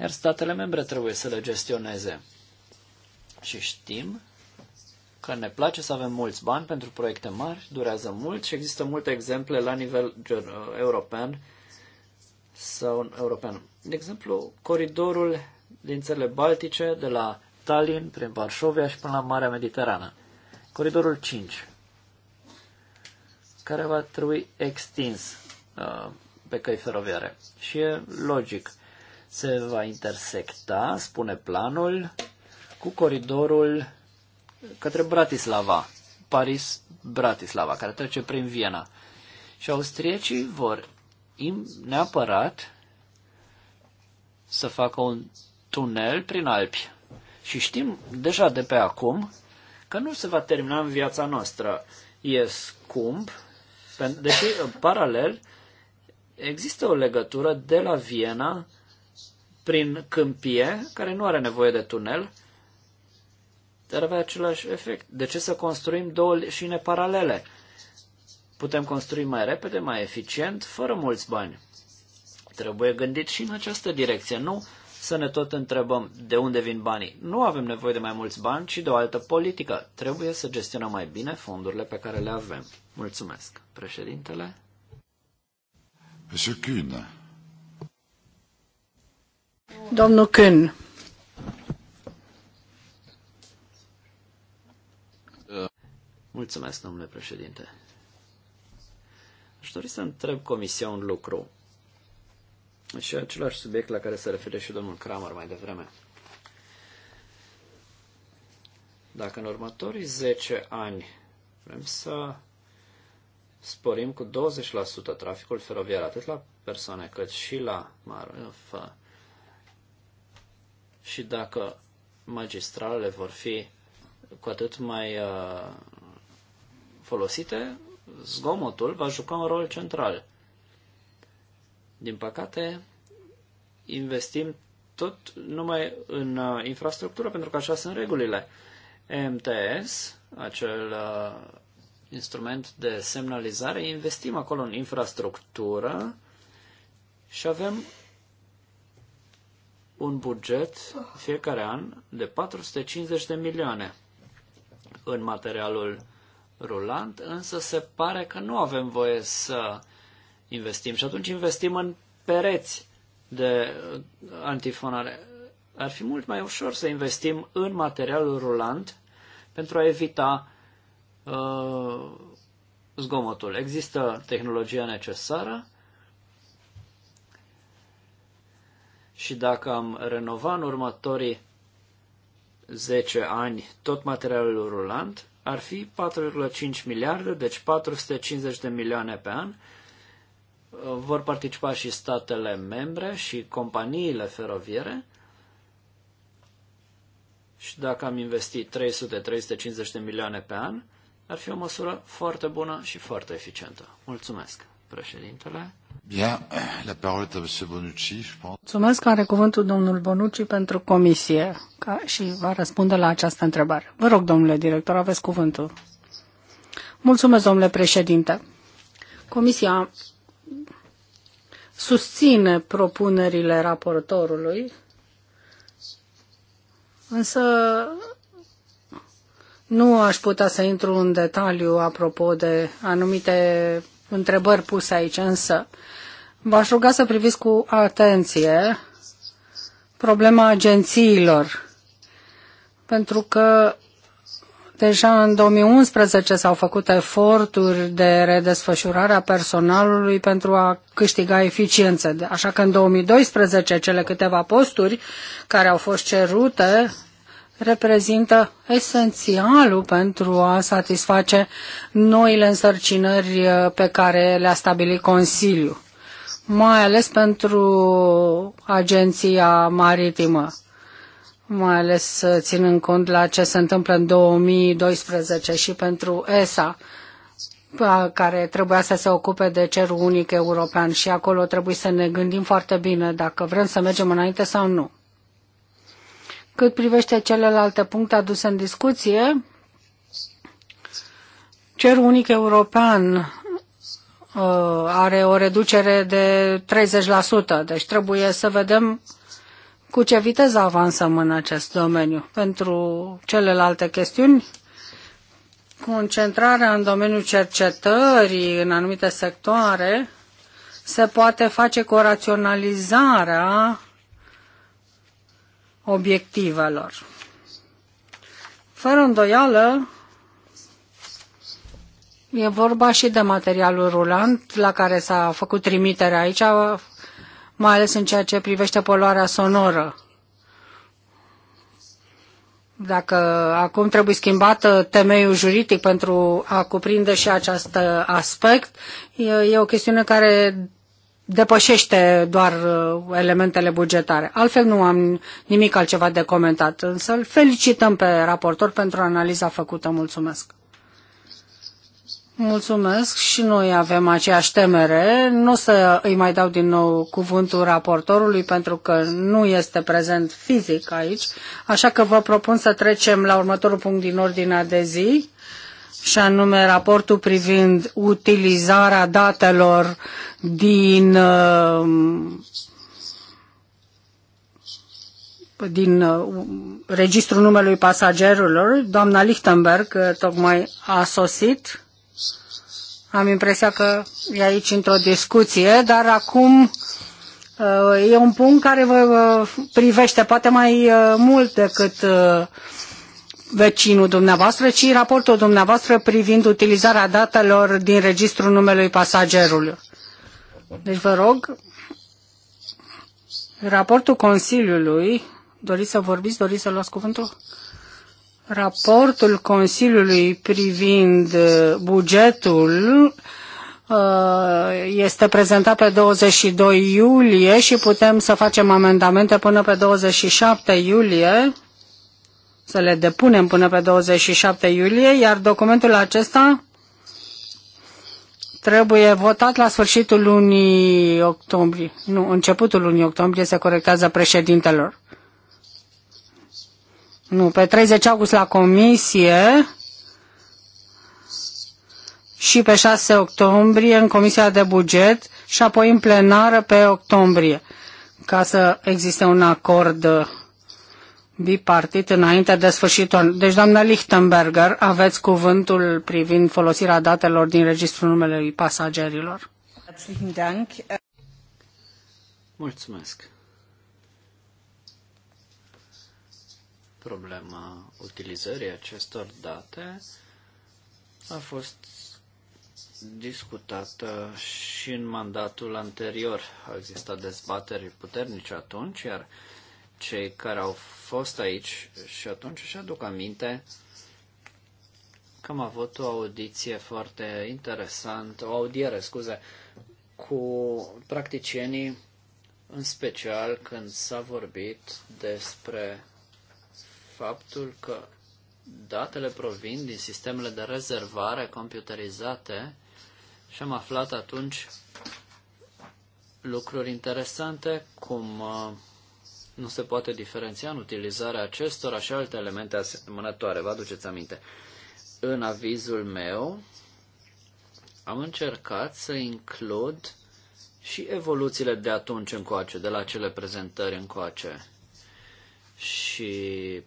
Speaker 4: iar statele membre trebuie să le gestioneze. Și știm că ne place să avem mulți bani pentru proiecte mari, durează mult și există multe exemple la nivel uh, european sau european. De exemplu, coridorul din țările Baltice, de la Tallinn, prin Varșovia și până la Marea Mediterană. Coridorul 5, care va trebui extins uh, pe căi feroviare. Și e logic. Se va intersecta, spune planul, cu coridorul către Bratislava, Paris-Bratislava, care trece prin Viena. Și austriecii vor neapărat să facă un tunel prin Alpi. Și știm deja de pe acum că nu se va termina în viața noastră. E scump, deși în paralel există o legătură de la Viena prin câmpie, care nu are nevoie de tunel, ar avea același efect. De ce să construim două șine paralele? Putem construi mai repede, mai eficient, fără mulți bani. Trebuie gândit și în această direcție, nu să ne tot întrebăm de unde vin banii. Nu avem nevoie de mai mulți bani, ci de o altă politică. Trebuie să gestionăm mai bine fondurile pe care le avem. Mulțumesc. Președintele? Monsieur Kuhn.
Speaker 2: Domnul Kuhn.
Speaker 4: Mulțumesc, domnule președinte. Aș dori să întreb Comisia un lucru. Și același subiect la care se referă și domnul Kramer mai devreme. Dacă în următorii 10 ani vrem să sporim cu 20% traficul feroviar, atât la persoane cât și la marfă, și dacă magistralele vor fi cu atât mai uh, folosite, zgomotul va juca un rol central. Din păcate, investim tot numai în uh, infrastructură, pentru că așa sunt regulile. MTS, acel uh, instrument de semnalizare, investim acolo în infrastructură și avem un buget fiecare an de 450 de milioane în materialul rulant, însă se pare că nu avem voie să investim și atunci investim în pereți de uh, antifonare. Ar fi mult mai ușor să investim în materialul rulant pentru a evita uh, zgomotul. Există tehnologia necesară și dacă am renova în următorii 10 ani tot materialul rulant, ar fi 4,5 miliarde, deci 450 de milioane pe an. Vor participa și statele membre și companiile feroviere. Și dacă am investit 300-350 de milioane pe an, ar fi o măsură foarte bună și foarte eficientă. Mulțumesc! președintele.
Speaker 2: Bien,
Speaker 3: la parole est à Bonucci, je pense.
Speaker 2: Mulțumesc, are cuvântul domnul Bonucci pentru comisie ca și va răspunde la această întrebare. Vă rog, domnule director, aveți cuvântul. Mulțumesc, domnule președinte. Comisia susține propunerile raportorului, însă nu aș putea să intru în detaliu apropo de anumite întrebări puse aici, însă v-aș ruga să priviți cu atenție problema agențiilor, pentru că Deja în 2011 s-au făcut eforturi de redesfășurare a personalului pentru a câștiga eficiență. Așa că în 2012 cele câteva posturi care au fost cerute reprezintă esențialul pentru a satisface noile însărcinări uh, pe care le-a stabilit Consiliul, mai ales pentru Agenția Maritimă, mai ales uh, ținând cont la ce se întâmplă în 2012 și pentru ESA, care trebuia să se ocupe de cerul unic european și acolo trebuie să ne gândim foarte bine dacă vrem să mergem înainte sau nu. Cât privește celelalte puncte aduse în discuție, cer unic european uh, are o reducere de 30%, deci trebuie să vedem cu ce viteză avansăm în acest domeniu. Pentru celelalte chestiuni, concentrarea în domeniul cercetării în anumite sectoare se poate face cu raționalizarea obiectivelor. Fără îndoială, e vorba și de materialul rulant la care s-a făcut trimitere aici, mai ales în ceea ce privește poluarea sonoră. Dacă acum trebuie schimbat uh, temeiul juridic pentru a cuprinde și acest uh, aspect, e o chestiune care depășește doar uh, elementele bugetare. Altfel nu am nimic altceva de comentat, însă îl felicităm pe raportor pentru analiza făcută. Mulțumesc! Mulțumesc și noi avem aceeași temere. Nu o să îi mai dau din nou cuvântul raportorului pentru că nu este prezent fizic aici, așa că vă propun să trecem la următorul punct din ordinea de zi și anume raportul privind utilizarea datelor din uh, din uh, registrul numelui pasagerilor. Doamna Lichtenberg uh, tocmai a sosit. Am impresia că e aici într-o discuție, dar acum e un punct care vă privește poate mai mult decât vecinul dumneavoastră, ci raportul dumneavoastră privind utilizarea datelor din registrul numelui pasagerului. Deci vă rog, raportul Consiliului, doriți să vorbiți, doriți să luați cuvântul? Raportul Consiliului privind uh, bugetul uh, este prezentat pe 22 iulie și putem să facem amendamente până pe 27 iulie să le depunem până pe 27 iulie, iar documentul acesta trebuie votat la sfârșitul lunii octombrie. Nu, începutul lunii octombrie se corectează președintelor. Nu, pe 30 august la comisie și pe 6 octombrie în Comisia de Buget și apoi în plenară pe octombrie, ca să existe un acord bipartit înainte de sfârșitul. Deci, doamna Lichtenberger, aveți cuvântul privind folosirea datelor din registrul numelui pasagerilor.
Speaker 4: Mulțumesc. Problema utilizării acestor date a fost discutată și în mandatul anterior. Au existat dezbateri puternice atunci, iar uh, cei care au fost aici și atunci își aduc aminte că am avut o audiție foarte interesantă, o audiere, scuze, cu practicienii, în special când s-a vorbit despre faptul că datele provin din sistemele de rezervare computerizate și am aflat atunci lucruri interesante, cum uh, nu se poate diferenția în utilizarea acestora și alte elemente asemănătoare. Vă aduceți aminte. În avizul meu am încercat să includ și evoluțiile de atunci încoace, de la cele prezentări încoace și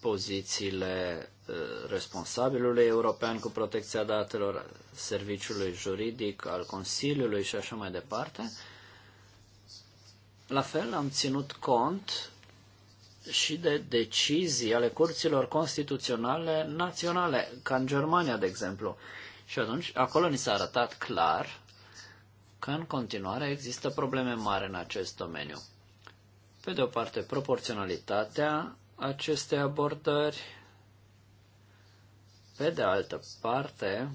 Speaker 4: pozițiile uh, responsabilului european cu protecția datelor, serviciului juridic, al Consiliului și așa mai departe. La fel am ținut cont și de decizii ale curților constituționale naționale, ca în Germania, de exemplu. Și atunci, acolo ni s-a arătat clar că în continuare există probleme mari în acest domeniu. Pe de o parte, proporționalitatea acestei abordări, pe de altă parte,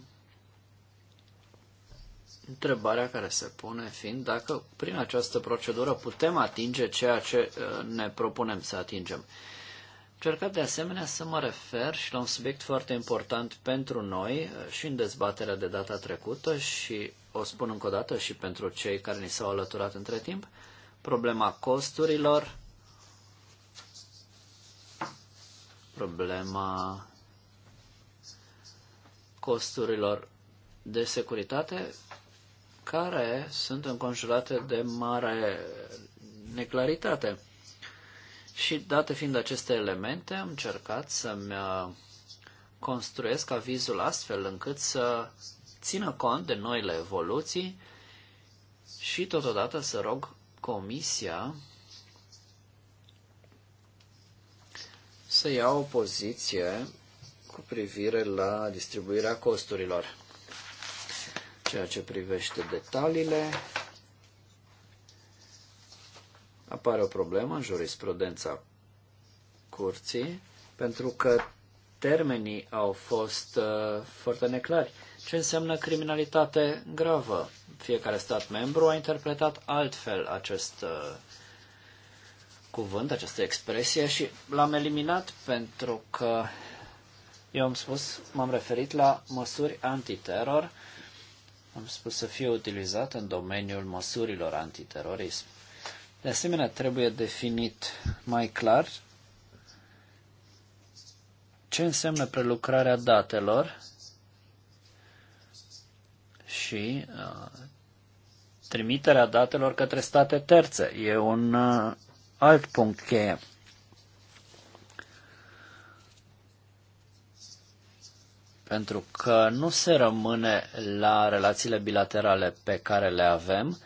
Speaker 4: Întrebarea care se pune fiind dacă prin această procedură putem atinge ceea ce uh, ne propunem să atingem. Cercat de asemenea să mă refer și la un subiect foarte important pentru noi uh, și în dezbaterea de data trecută și o spun încă o dată și pentru cei care ni s-au alăturat între timp, problema costurilor, problema costurilor de securitate care sunt înconjurate de mare neclaritate. Și date fiind aceste elemente, am încercat să-mi uh, construiesc avizul astfel încât să țină cont de noile evoluții și totodată să rog Comisia să ia o poziție cu privire la distribuirea costurilor ceea ce privește detaliile, apare o problemă în jurisprudența curții, pentru că termenii au fost uh, foarte neclari. Ce înseamnă criminalitate gravă? Fiecare stat membru a interpretat altfel acest uh, cuvânt, această expresie și l-am eliminat pentru că eu am spus, m-am referit la măsuri antiteror am spus, să fie utilizat în domeniul măsurilor antiterorism. De asemenea, trebuie definit mai clar ce înseamnă prelucrarea datelor și uh, trimiterea datelor către state terțe. E un uh, alt punct cheie. pentru că nu se rămâne la relațiile bilaterale pe care le avem,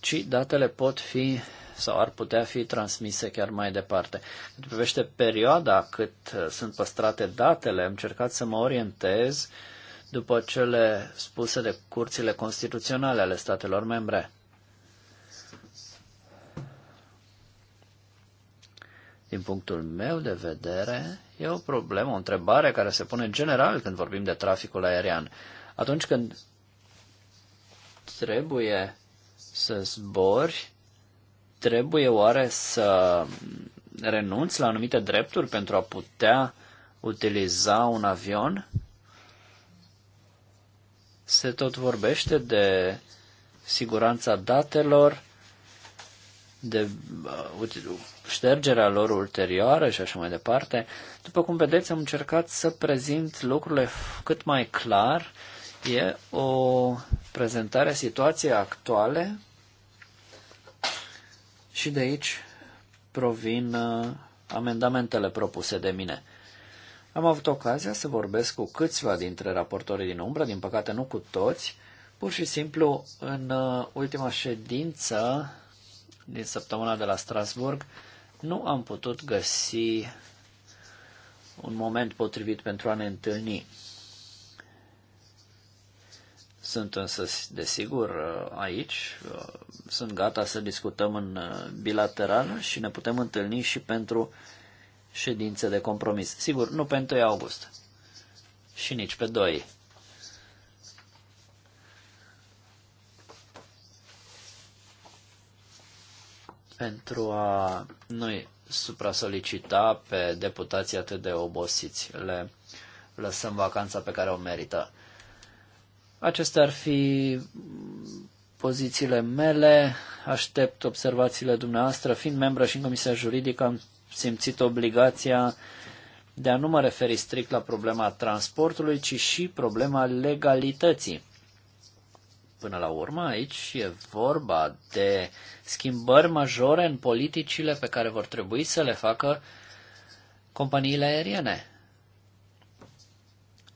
Speaker 4: ci datele pot fi sau ar putea fi transmise chiar mai departe. Cât privește perioada cât uh, sunt păstrate datele, am încercat să mă orientez după cele spuse de curțile constituționale ale statelor membre. Din punctul meu de vedere, E o problemă, o întrebare care se pune general când vorbim de traficul aerian. Atunci când trebuie să zbori, trebuie oare să renunți la anumite drepturi pentru a putea utiliza un avion? Se tot vorbește de siguranța datelor, de uh, ștergerea lor ulterioară și așa mai departe. După cum vedeți, am încercat să prezint lucrurile cât mai clar. E o prezentare a situației actuale și de aici provin uh, amendamentele propuse de mine. Am avut ocazia să vorbesc cu câțiva dintre raportorii din umbră, din păcate nu cu toți, pur și simplu în uh, ultima ședință din săptămâna de la Strasburg nu am putut găsi un moment potrivit pentru a ne întâlni. Sunt însă, desigur, aici. Sunt gata să discutăm în bilateral și ne putem întâlni și pentru ședințe de compromis. Sigur, nu pentru august și nici pe 2. pentru a noi supra-solicita pe deputații atât de obosiți. Le lăsăm vacanța pe care o merită. Acestea ar fi pozițiile mele. Aștept observațiile dumneavoastră. Fiind membră și în Comisia Juridică, am simțit obligația de a nu mă referi strict la problema transportului, ci și problema legalității. Până la urmă, aici e vorba de schimbări majore în politicile pe care vor trebui să le facă companiile aeriene.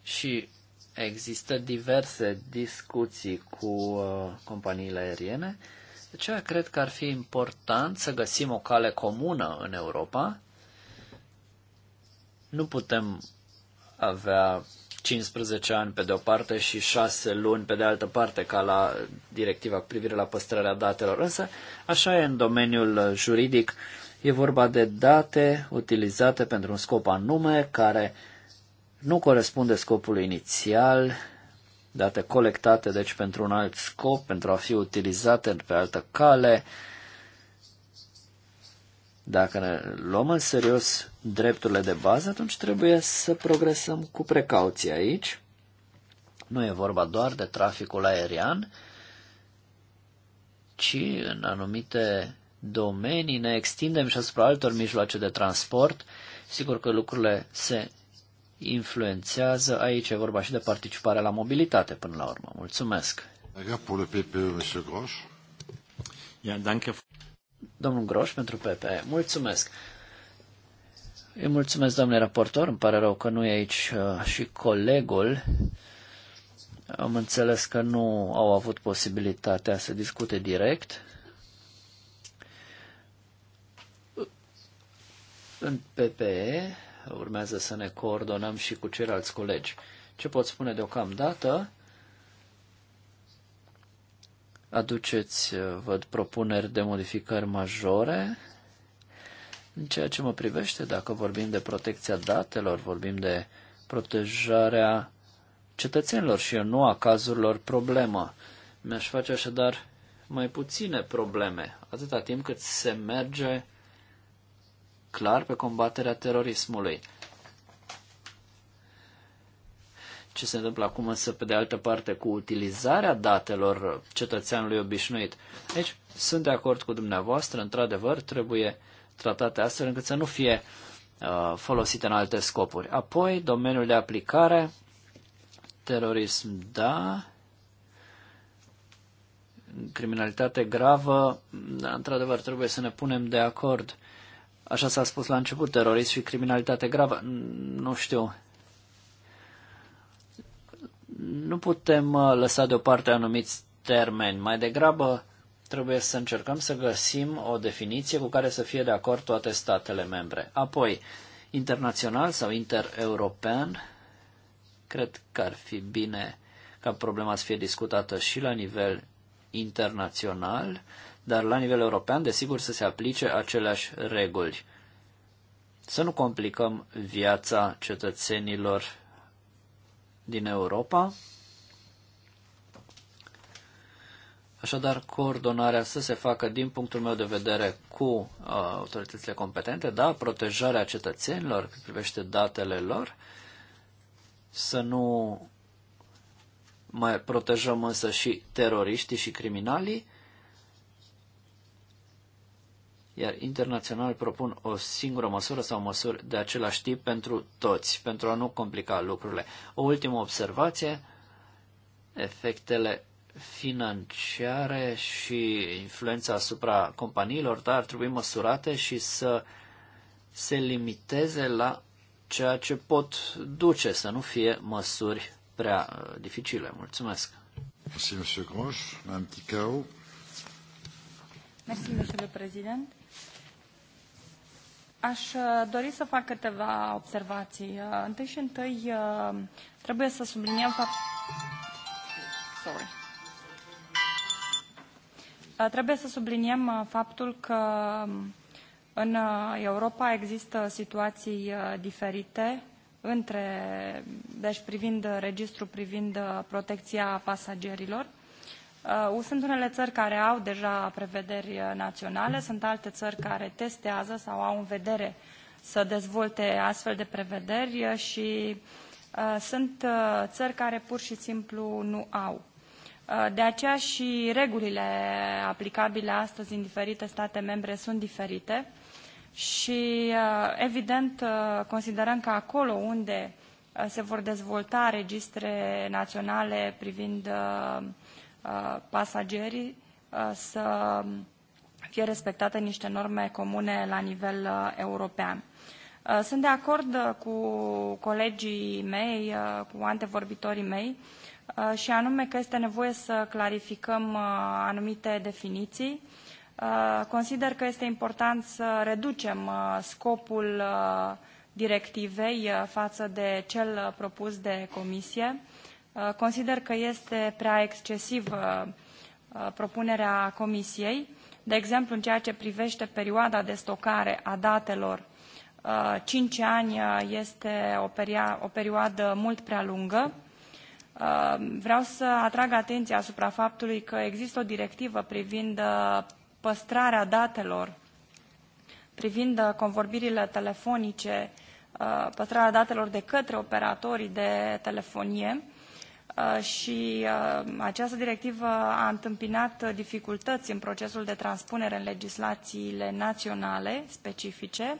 Speaker 4: Și există diverse discuții cu uh, companiile aeriene. De aceea cred că ar fi important să găsim o cale comună în Europa. Nu putem avea 15 ani pe de o parte și 6 luni pe de altă parte ca la directiva cu privire la păstrarea datelor. Însă așa e în domeniul juridic. E vorba de date utilizate pentru un scop anume care nu corespunde scopului inițial, date colectate deci pentru un alt scop, pentru a fi utilizate pe altă cale, uh, dacă ne luăm în serios drepturile de bază, atunci trebuie să progresăm cu precauție aici. Nu e vorba doar de traficul aerian, ci în anumite domenii ne extindem și asupra altor mijloace de transport. Sigur că lucrurile se influențează. Aici e vorba și de participarea la mobilitate până la urmă. Mulțumesc! Pour PPE, Grosch. Ja, danke. Domnul Groș pentru PPE. Mulțumesc! Îi mulțumesc, domnule raportor. Îmi pare rău că nu e aici uh, și colegul. Am înțeles că nu au avut posibilitatea să discute direct. În PPE urmează să ne coordonăm și cu ceilalți colegi. Ce pot spune deocamdată aduceți, uh, văd, propuneri de modificări majore. În ceea ce mă privește, dacă vorbim de protecția datelor, vorbim de protejarea cetățenilor și eu nu a cazurilor problemă. Mi-aș face așadar mai puține probleme, atâta timp cât se merge clar pe combaterea terorismului. ce se întâmplă acum însă pe de altă parte cu utilizarea datelor cetățeanului obișnuit. Deci sunt de acord cu dumneavoastră, într-adevăr trebuie tratate astfel încât să nu fie uh, folosite în alte scopuri. Apoi, domeniul de aplicare, terorism, da, criminalitate gravă, da, într-adevăr trebuie să ne punem de acord. Așa s-a spus la început, terorism și criminalitate gravă. Nu știu nu putem lăsa deoparte anumiți termeni. Mai degrabă trebuie să încercăm să găsim o definiție cu care să fie de acord toate statele membre. Apoi, internațional sau intereuropean, cred că ar fi bine ca problema să fie discutată și la nivel internațional, dar la nivel european, desigur, să se aplice aceleași reguli. Să nu complicăm viața cetățenilor din Europa. Așadar, coordonarea să se facă, din punctul meu de vedere, cu uh, autoritățile competente, da, protejarea cetățenilor cât privește datele lor, să nu mai protejăm însă și teroriștii și criminalii iar internațional propun o singură măsură sau măsuri de același tip pentru toți, pentru a nu complica lucrurile. O ultimă observație, efectele financiare și influența asupra companiilor, dar ar trebui măsurate și să se limiteze la ceea ce pot duce, să nu fie măsuri prea uh, dificile. Mulțumesc! mulțumesc
Speaker 1: domnule președinte. Aș uh, dori să fac câteva observații. Uh, întâi și întâi uh, trebuie să subliniem faptul... Trebuie să subliniem faptul că um, în Europa există situații diferite între, deci privind registrul, privind protecția pasagerilor. Uh, sunt unele țări care au deja prevederi uh, naționale, sunt alte țări care testează sau au în vedere să dezvolte astfel de prevederi uh, și sunt țări care pur și simplu nu au. De aceea și regulile aplicabile astăzi în diferite state membre sunt diferite și, evident, considerăm că acolo unde se vor dezvolta registre naționale privind Uh, pasagerii uh, să fie respectate niște norme comune la nivel uh, european. Sunt de acord cu colegii mei, cu antevorbitorii mei, și anume că este nevoie să clarificăm anumite definiții. Consider că este important să reducem scopul directivei față de cel propus de comisie Uh, consider că este prea excesivă uh, propunerea Comisiei, de exemplu în ceea ce privește perioada de stocare a datelor uh, Cinci ani este o, o perioadă mult prea lungă. Vreau să atrag atenția asupra faptului că există o directivă privind păstrarea datelor, privind convorbirile telefonice, păstrarea datelor de către operatorii de telefonie, Uh, și uh, această directivă a întâmpinat uh, dificultăți în procesul de transpunere în legislațiile naționale specifice.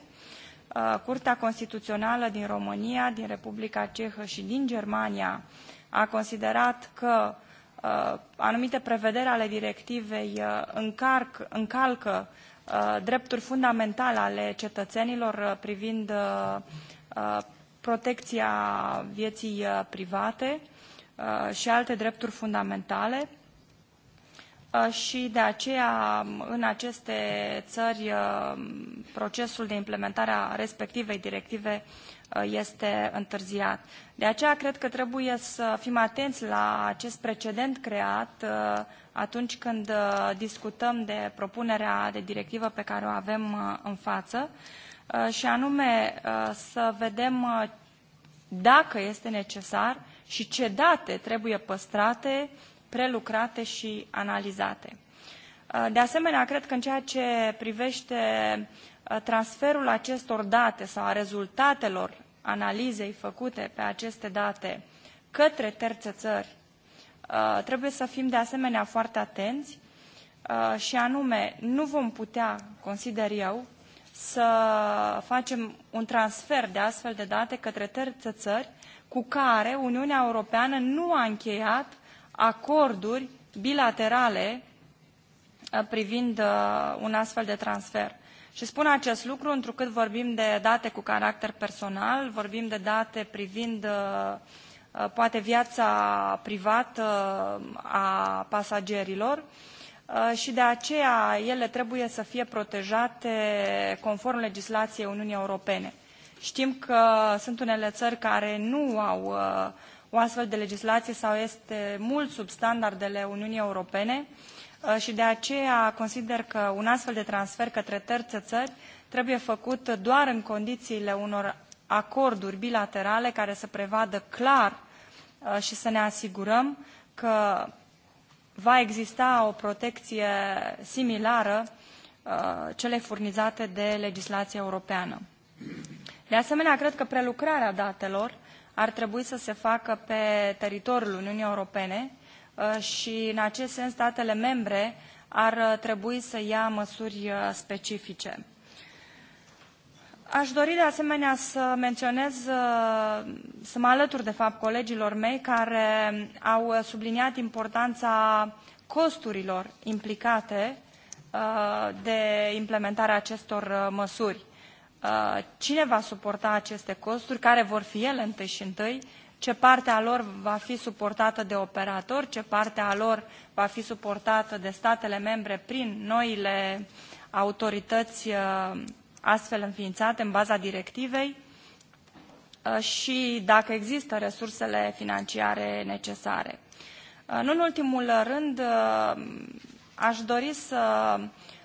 Speaker 1: Curtea Constituțională din România, din Republica Cehă și din Germania a considerat că anumite prevederi ale directivei încarc, încalcă drepturi fundamentale ale cetățenilor privind protecția vieții private Uh, și alte drepturi fundamentale uh, și de aceea um, în aceste țări uh, procesul de implementare a respectivei directive este întârziat. De aceea cred că trebuie să fim atenți la acest precedent creat atunci când discutăm de propunerea de directivă pe care o avem în față și anume să vedem dacă este necesar și ce date trebuie păstrate, prelucrate și analizate. Uh, de asemenea, cred că în ceea ce privește uh, transferul acestor date sau a rezultatelor analizei făcute pe aceste date către terțe țări, uh, trebuie să fim de asemenea foarte atenți și anume nu vom putea, consider eu, să facem un transfer de astfel de date către terțe țări cu care Uniunea Europeană nu a încheiat acorduri bilaterale uh, privind uh, un astfel de transfer. Și spun acest lucru întrucât vorbim de date cu caracter personal, vorbim de date privind uh, poate viața privată a pasagerilor și de aceea ele trebuie să fie protejate conform legislației Uniunii Europene. Știm că sunt unele țări care nu au uh, o astfel de legislație sau este mult sub standardele Uniunii Europene uh, și de aceea consider că un astfel de transfer către terțe țări trebuie făcut doar în condițiile unor acorduri bilaterale care să prevadă clar uh, și să ne asigurăm că va exista o protecție similară celei furnizate de legislația europeană. De asemenea, cred că prelucrarea datelor ar trebui să se facă pe teritoriul Uniunii Europene uh, și, în acest sens, statele membre ar uh, trebui să ia măsuri uh, specifice. Aș dori de asemenea să menționez, să mă alătur de fapt colegilor mei care um, au subliniat importanța costurilor implicate de implementarea acestor măsuri. Uh, cine va suporta aceste costuri, care vor fi ele întâi și întâi, ce parte a lor va fi suportată de operator, ce parte a lor va fi suportată de statele membre prin noile autorități uh, astfel înființate în baza directivei uh, și dacă există resursele financiare necesare. Nu în ultimul rând, aș dori să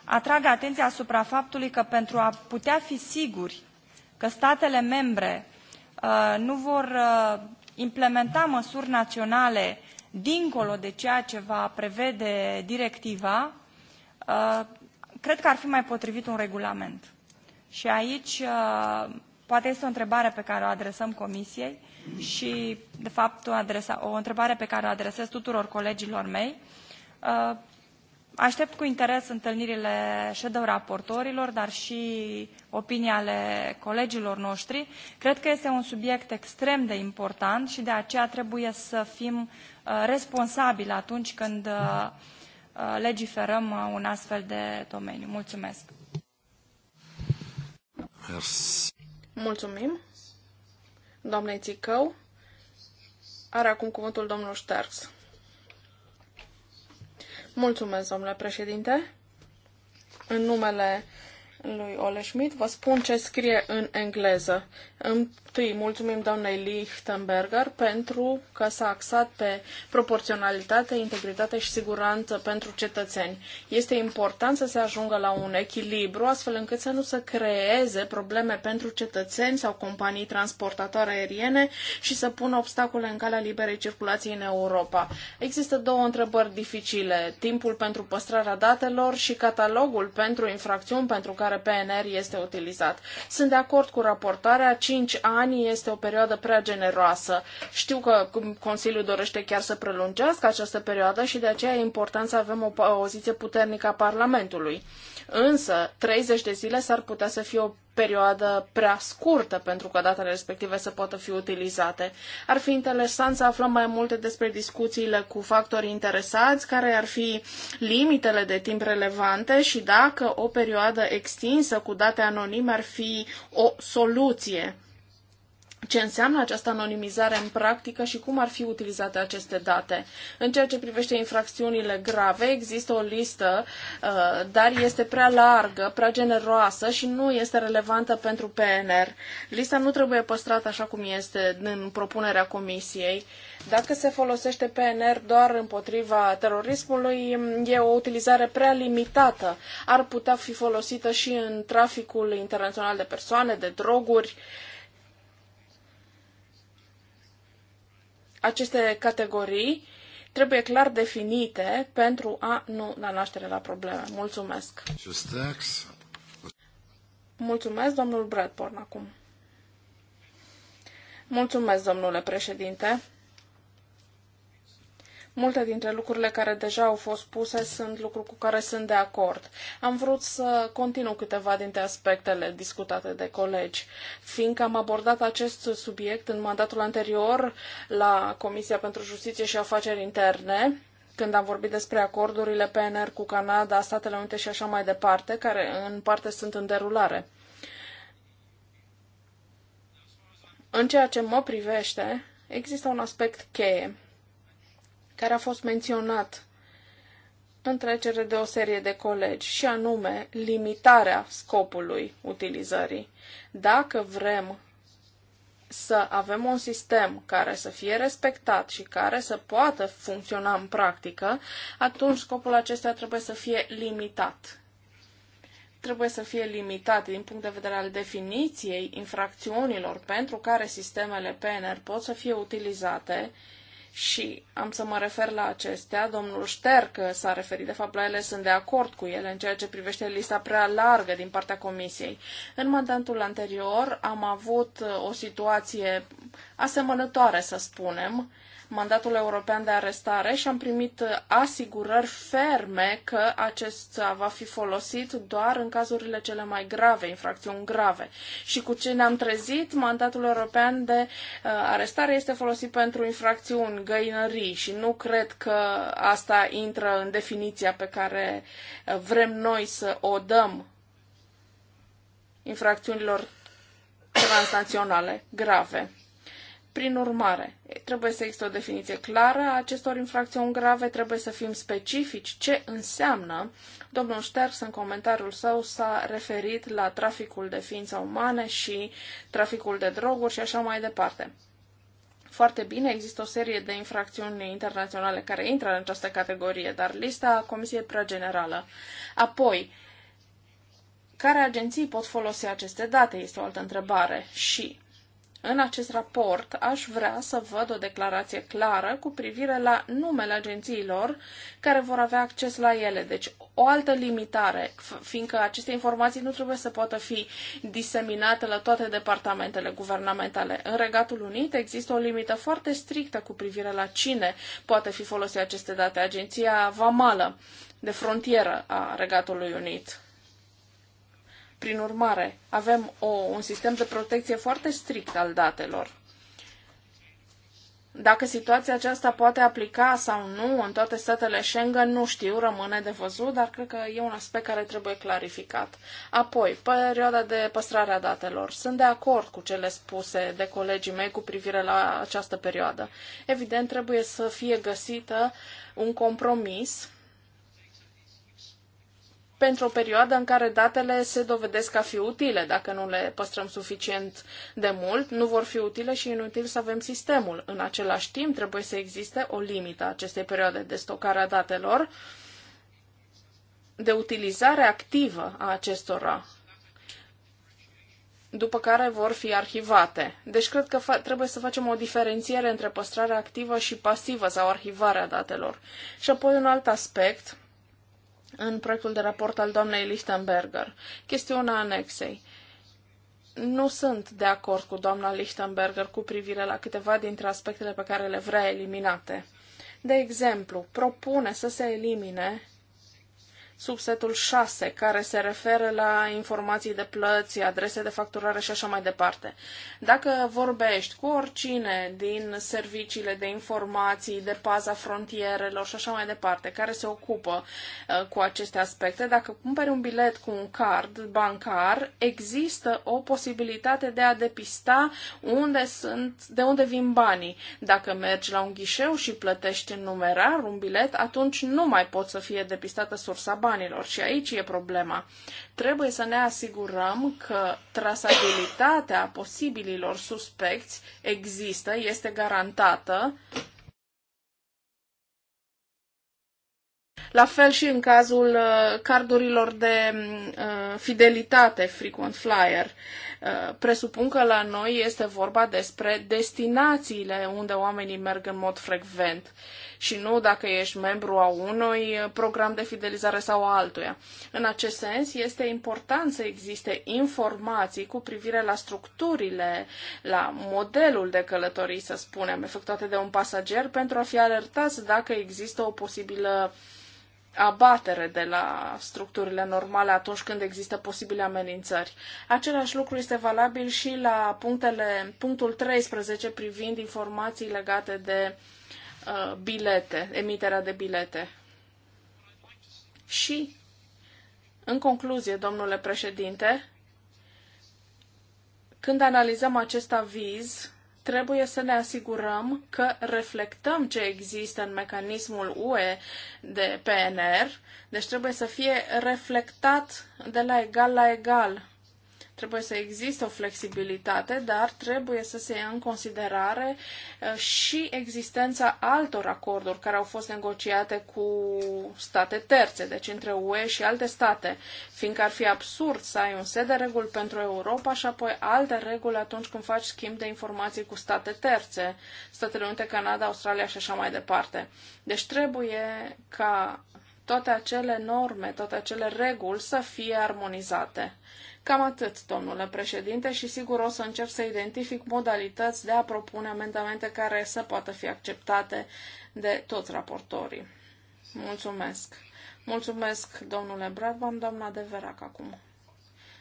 Speaker 1: atrag atenția asupra faptului că pentru a putea fi siguri că statele membre uh, nu vor uh, implementa măsuri naționale dincolo de ceea ce va prevede directiva, uh, cred că ar fi mai potrivit un regulament. Și aici uh, poate este o întrebare pe care o adresăm Comisiei și, de fapt, o, adresa, o întrebare pe care o adresez tuturor colegilor mei. Uh, Aștept cu interes întâlnirile shadow raportorilor, dar și opinia ale colegilor noștri. Cred că este un subiect extrem de important și de aceea trebuie să fim uh, responsabili atunci când uh, uh, legiferăm un astfel
Speaker 3: de domeniu. Mulțumesc! Mulțumim! Doamnei Țicău, are acum cuvântul domnul Șterx. Mulțumesc, domnule președinte. În numele lui Ole Schmidt vă spun ce scrie în engleză. Întâi, mulțumim doamnei Lichtenberger pentru că s-a axat pe proporționalitate, integritate și siguranță pentru cetățeni. Este important să se ajungă la un echilibru, astfel încât să nu se creeze probleme pentru cetățeni sau companii transportatoare aeriene și să pună obstacole în calea liberei circulației în Europa. Există două întrebări dificile, timpul pentru păstrarea datelor și catalogul pentru infracțiuni pentru care PNR este utilizat. Sunt de acord cu raportarea 5 5 ani este o perioadă prea generoasă. Știu că Consiliul dorește chiar să prelungească această perioadă și de aceea e important să avem o poziție puternică a Parlamentului. Însă, 30 de zile s-ar putea să fie o perioadă prea scurtă pentru că datele respective să poată fi utilizate. Ar fi interesant să aflăm mai multe despre discuțiile cu factorii interesați, care ar fi limitele de timp relevante și dacă o perioadă extinsă cu date anonime ar fi o soluție ce înseamnă această anonimizare în practică și cum ar fi utilizate aceste date. În ceea ce privește infracțiunile grave, există o listă, uh, dar este prea largă, prea generoasă și nu este relevantă pentru PNR. Lista nu trebuie păstrată așa cum este în propunerea Comisiei. Dacă se folosește PNR doar împotriva terorismului, e o utilizare prea limitată. Ar putea fi folosită și în traficul internațional de persoane, de droguri. aceste categorii trebuie clar definite pentru a nu da naștere la probleme. Mulțumesc! Mulțumesc, domnul Bradborn, acum. Mulțumesc, domnule președinte. Multe dintre lucrurile care deja au fost puse sunt lucruri cu care sunt de acord. Am vrut să continu câteva dintre aspectele discutate de colegi. Fiindcă am abordat acest subiect în mandatul anterior la Comisia pentru Justiție și Afaceri Interne, când am vorbit despre acordurile PNR cu Canada, Statele Unite și așa mai departe, care în parte sunt în derulare. În ceea ce mă privește, există un aspect cheie care a fost menționat în trecere de o serie de colegi, și anume limitarea scopului utilizării. Dacă vrem să avem un sistem care să fie respectat și care să poată funcționa în practică, atunci scopul acesta trebuie să fie limitat. Trebuie să fie limitat din punct de vedere al definiției infracțiunilor pentru care sistemele PNR pot să fie utilizate și am să mă refer la acestea. Domnul Ștercă s-a referit de fapt la ele, sunt de acord cu ele în ceea ce privește lista prea largă din partea Comisiei. În mandatul anterior am avut uh, o situație asemănătoare, să spunem, mandatul european de arestare și am primit uh, asigurări ferme că acesta va fi folosit doar în cazurile cele mai grave, infracțiuni grave. Și cu ce ne-am trezit, mandatul european de uh, arestare este folosit pentru infracțiuni găinării și nu cred că asta intră în definiția pe care vrem noi să o dăm infracțiunilor transnaționale grave. Prin urmare, trebuie să existe o definiție clară a acestor infracțiuni grave, trebuie să fim specifici ce înseamnă. Domnul Șters, în comentariul său, s-a referit la traficul de ființe umane și traficul de droguri și așa mai departe foarte bine. Există o serie de infracțiuni internaționale care intră în această categorie, dar lista Comisiei prea generală. Apoi, care agenții pot folosi aceste date? Este o altă întrebare. Și în acest raport aș vrea să văd o declarație clară cu privire la numele agențiilor care vor avea acces la ele. Deci o altă limitare, fiindcă aceste informații nu trebuie să poată fi diseminate la toate departamentele guvernamentale. În Regatul Unit există o limită foarte strictă cu privire la cine poate fi folosit aceste date. Agenția Vamală de frontieră a Regatului Unit prin urmare, avem o, un sistem de protecție foarte strict al datelor. Dacă situația aceasta poate aplica sau nu în toate statele Schengen, nu știu, rămâne de văzut, dar cred că e un aspect care trebuie clarificat. Apoi, perioada de păstrare a datelor. Sunt de acord cu cele spuse de colegii mei cu privire la această perioadă. Evident, trebuie să fie găsită un compromis pentru o perioadă în care datele se dovedesc a fi utile. Dacă nu le păstrăm suficient de mult, nu vor fi utile și inutil să avem sistemul. În același timp, trebuie să existe o limită a acestei perioade de stocare a datelor, de utilizare activă a acestora după care vor fi arhivate. Deci cred că trebuie să facem o diferențiere între păstrarea activă și pasivă sau arhivarea datelor. Și apoi un alt aspect în proiectul de raport al doamnei Lichtenberger. Chestiunea anexei. Nu sunt de acord cu doamna Lichtenberger cu privire la câteva dintre aspectele pe care le vrea eliminate. De exemplu, propune să se elimine subsetul 6, care se referă la informații de plăți, adrese de facturare și așa mai departe. Dacă vorbești cu oricine din serviciile de informații, de paza frontierelor și așa mai departe, care se ocupă uh, cu aceste aspecte, dacă cumperi un bilet cu un card bancar, există o posibilitate de a depista unde sunt, de unde vin banii. Dacă mergi la un ghișeu și plătești în numerar un bilet, atunci nu mai poți să fie depistată sursa banilor. Și aici e problema. Trebuie să ne asigurăm că trasabilitatea posibililor suspecți există, este garantată. La fel și în cazul uh, cardurilor de mm, uh, fidelitate, frequent flyer. Eh, presupun că la noi este vorba despre destinațiile unde oamenii merg în mod frecvent și nu dacă ești membru a unui program de fidelizare sau a altuia. În acest sens, este important să existe informații cu privire la structurile, la modelul de călătorii, să spunem, efectuate de un pasager pentru a fi alertați dacă există o posibilă uh, abatere de la structurile normale atunci când există posibile amenințări. Același lucru este valabil și la punctele, punctul 13 privind informații legate de uh, bilete, emiterea de bilete. Și, în concluzie, domnule președinte, când analizăm acest aviz, trebuie să ne asigurăm că reflectăm ce există în mecanismul UE de PNR, deci trebuie să fie reflectat de la egal la egal Trebuie să existe o flexibilitate, dar trebuie să se ia în considerare uh, și existența altor acorduri care au fost negociate cu state terțe, deci între UE și alte state, fiindcă ar fi absurd să ai un set de reguli pentru Europa și apoi alte reguli atunci când faci schimb de informații cu state terțe, Statele Unite, Canada, Australia și așa mai departe. Deci trebuie ca toate acele norme, toate acele reguli să fie armonizate. Cam atât, domnule președinte, și sigur o să încerc să identific modalități de a propune amendamente care să poată fi acceptate de toți raportorii. Mulțumesc. Mulțumesc, domnule Bradman, doamna de Verac acum.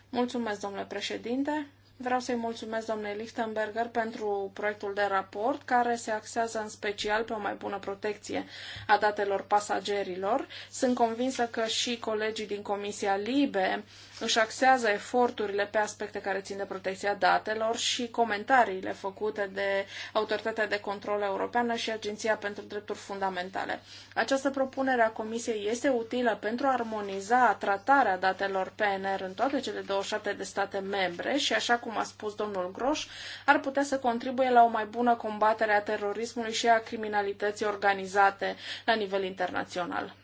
Speaker 3: Mulțumesc, domnule președinte. Vreau să-i mulțumesc domnului Lichtenberger pentru proiectul de raport, care se axează în special pe o mai bună protecție a datelor pasagerilor. Sunt convinsă că și colegii din Comisia Libe își axează eforturile pe aspecte care țin de protecția datelor și comentariile făcute de Autoritatea de Control Europeană și Agenția pentru Drepturi Fundamentale. Această propunere a Comisiei este utilă pentru a armoniza tratarea datelor PNR în toate cele 27 de state membre și, așa cum a spus domnul Groș, ar putea să contribuie la o mai bună combatere a terorismului și a criminalității organizate la nivel internațional.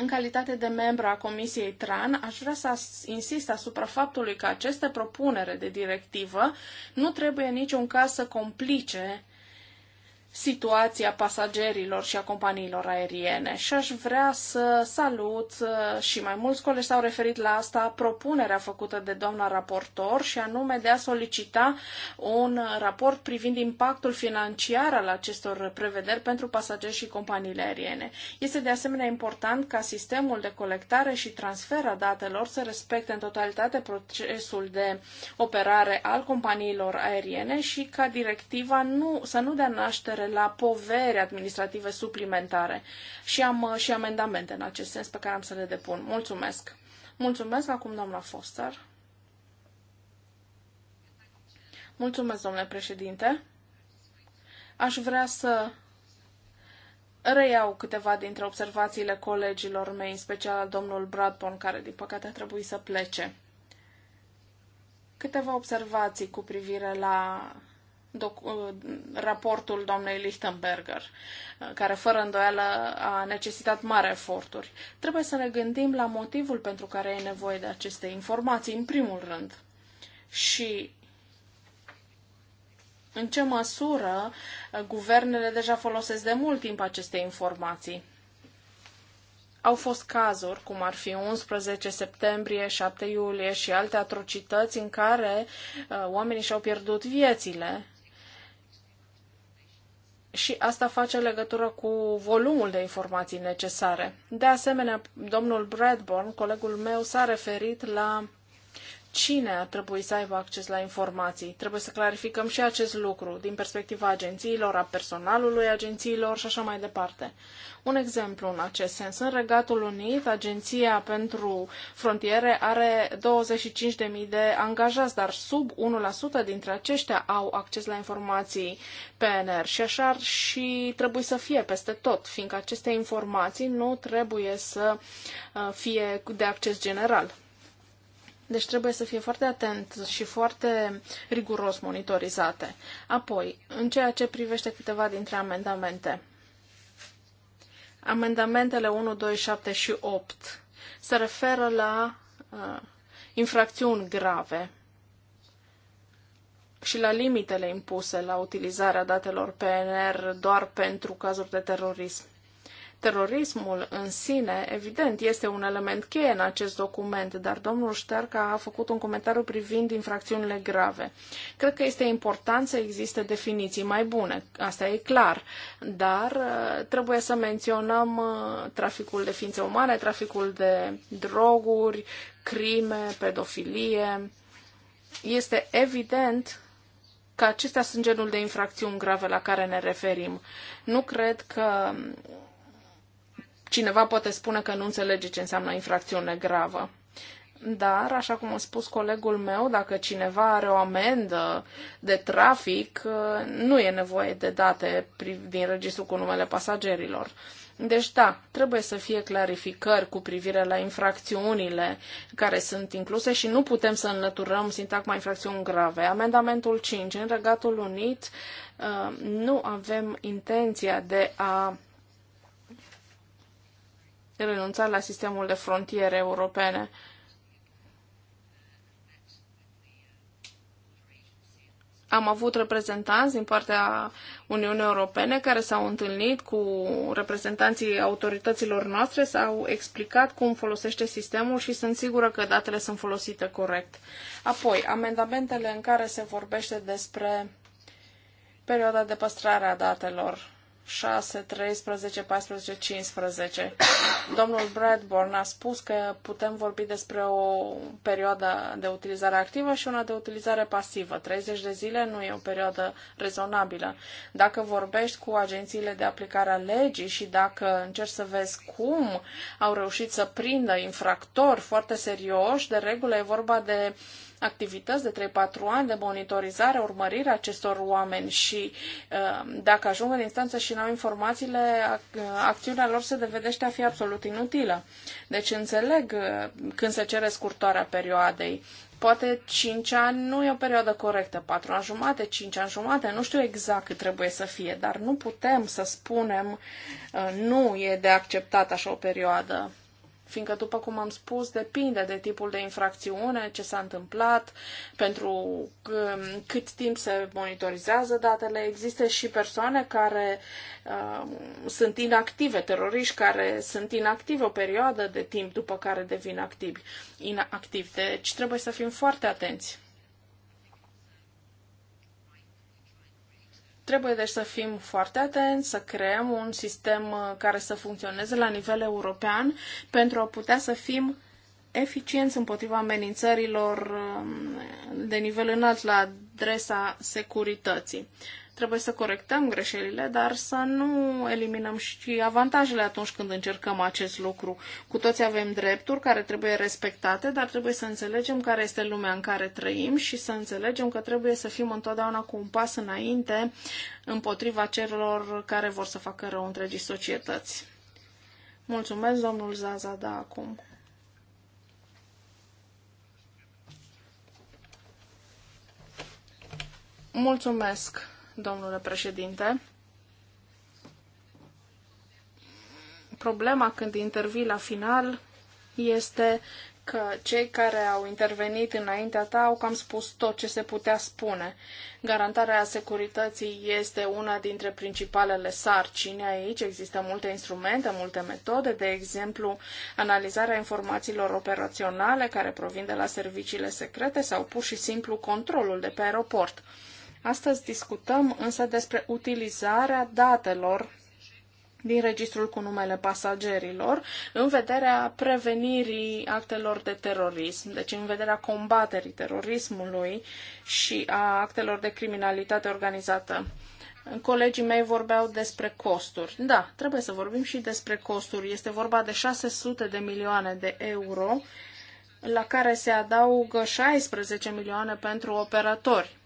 Speaker 3: În calitate de membru a Comisiei TRAN, aș vrea să insist asupra faptului că aceste propunere de directivă nu trebuie în niciun caz să complice situația pasagerilor și a companiilor aeriene și aș vrea să salut uh, și mai mulți colegi s-au referit la asta propunerea făcută de doamna raportor și anume de a solicita un raport privind impactul financiar al acestor prevederi pentru pasageri și companiile aeriene. Este de asemenea important ca sistemul de colectare și transfer a datelor să respecte în totalitate procesul de operare al companiilor aeriene și ca directiva nu, să nu dea naștere referire la povere administrative suplimentare și am uh, și amendamente în acest sens pe care am să le depun. Mulțumesc! Mulțumesc acum, doamna Foster. Mulțumesc, domnule președinte. Aș vrea să reiau câteva dintre observațiile colegilor mei, în special domnul Bradborn, care din păcate a trebuit să plece. Câteva observații cu privire la Uh, raportul doamnei Lichtenberger, uh, care fără îndoială a necesitat mari eforturi. Trebuie să ne gândim la motivul pentru care e nevoie de aceste informații, în primul rând. Și în ce măsură uh, guvernele deja folosesc de mult timp aceste informații. Au fost cazuri, cum ar fi 11 septembrie, 7 iulie și alte atrocități în care uh, oamenii și-au pierdut viețile și asta face legătură cu volumul de informații necesare. De asemenea, domnul Bradburn, colegul meu, s-a referit la cine ar trebui să aibă acces la informații. Trebuie să clarificăm și acest lucru din perspectiva agențiilor, a personalului agențiilor și așa mai departe. Un exemplu în acest sens. În Regatul Unit, Agenția pentru Frontiere are 25.000 de angajați, dar sub 1% dintre aceștia au acces la informații PNR și așa ar și trebuie să fie peste tot, fiindcă aceste informații nu trebuie să uh, fie de acces general deci trebuie să fie foarte atent și foarte riguros monitorizate. Apoi, în ceea ce privește câteva dintre amendamente. Amendamentele 1, 2, 7 și 8 se referă la uh, infracțiuni grave și la limitele impuse la utilizarea datelor PNR doar pentru cazuri de terorism. Terorismul în sine, evident, este un element cheie în acest document, dar domnul Șterca a făcut un comentariu privind infracțiunile grave. Cred că este important să existe definiții mai bune, asta e clar, dar uh, trebuie să menționăm uh, traficul de ființe umane, traficul de droguri, crime, pedofilie. Este evident că acestea sunt genul de infracțiuni grave la care ne referim. Nu cred că cineva poate spune că nu înțelege ce înseamnă infracțiune gravă. Dar, așa cum a spus colegul meu, dacă cineva are o amendă de trafic, nu e nevoie de date din registru cu numele pasagerilor. Deci, da, trebuie să fie clarificări cu privire la infracțiunile care sunt incluse și nu putem să înlăturăm sintagma infracțiuni grave. Amendamentul 5. În Regatul Unit uh, nu avem intenția de a de renunțare la sistemul de frontiere europene. Am avut reprezentanți din partea Uniunii Europene care s-au întâlnit cu reprezentanții autorităților noastre, s-au explicat cum folosește sistemul și sunt sigură că datele sunt folosite corect. Apoi, amendamentele în care se vorbește despre perioada de păstrare a datelor 6, 13, 14, 15. Domnul Bradborn a spus că putem vorbi despre o perioadă de utilizare activă și una de utilizare pasivă. 30 de zile nu e o perioadă rezonabilă. Dacă vorbești cu agențiile de aplicare a legii și dacă încerci să vezi cum au reușit să prindă infractori foarte serioși, de regulă e vorba de uh, activități de 3-4 ani de monitorizare, urmărire acestor oameni și uh, dacă ajung în instanță și n-au informațiile, uh, acțiunea lor se devedește a fi absolut inutilă. Deci înțeleg uh, când se cere scurtoarea perioadei, poate 5 ani nu e o perioadă corectă, 4 ani jumate, 5 ani jumate, nu știu exact cât trebuie să fie, dar nu putem să spunem nu e de acceptat așa o perioadă fiindcă, după cum am spus, depinde de tipul de infracțiune, ce s-a întâmplat, pentru um, cât timp se monitorizează datele. Există și persoane care uh, sunt inactive, teroriști care sunt inactive o perioadă de timp după care devin activi. Inactivi. Deci trebuie să fim foarte atenți. Trebuie deci să fim foarte atenți, să creăm un sistem uh, care să funcționeze la nivel european pentru a putea să fim eficienți împotriva amenințărilor um, de nivel înalt la adresa securității. Trebuie să corectăm greșelile, dar să nu eliminăm și avantajele atunci când încercăm acest lucru. Cu toți avem drepturi care trebuie respectate, dar trebuie să înțelegem care este lumea în care trăim și să înțelegem că trebuie să fim întotdeauna cu un pas înainte împotriva celor care vor să facă rău întregii societăți. Mulțumesc, domnul Zaza, da, acum. Mulțumesc domnule președinte. Problema când intervii la final este că cei care au intervenit înaintea ta au cam spus tot ce se putea spune. Garantarea securității este una dintre principalele sarcini aici. Există multe instrumente, multe metode, de exemplu, analizarea informațiilor operaționale care provin de la serviciile secrete sau pur și simplu controlul de pe aeroport. Astăzi discutăm însă despre utilizarea datelor din registrul cu numele pasagerilor în vederea prevenirii actelor de terorism, deci în vederea combaterii terorismului și a actelor de criminalitate organizată. Colegii mei vorbeau despre costuri. Da, trebuie să vorbim și despre costuri. Este vorba de 600 de milioane de euro, la care se adaugă 16 milioane pentru operatori.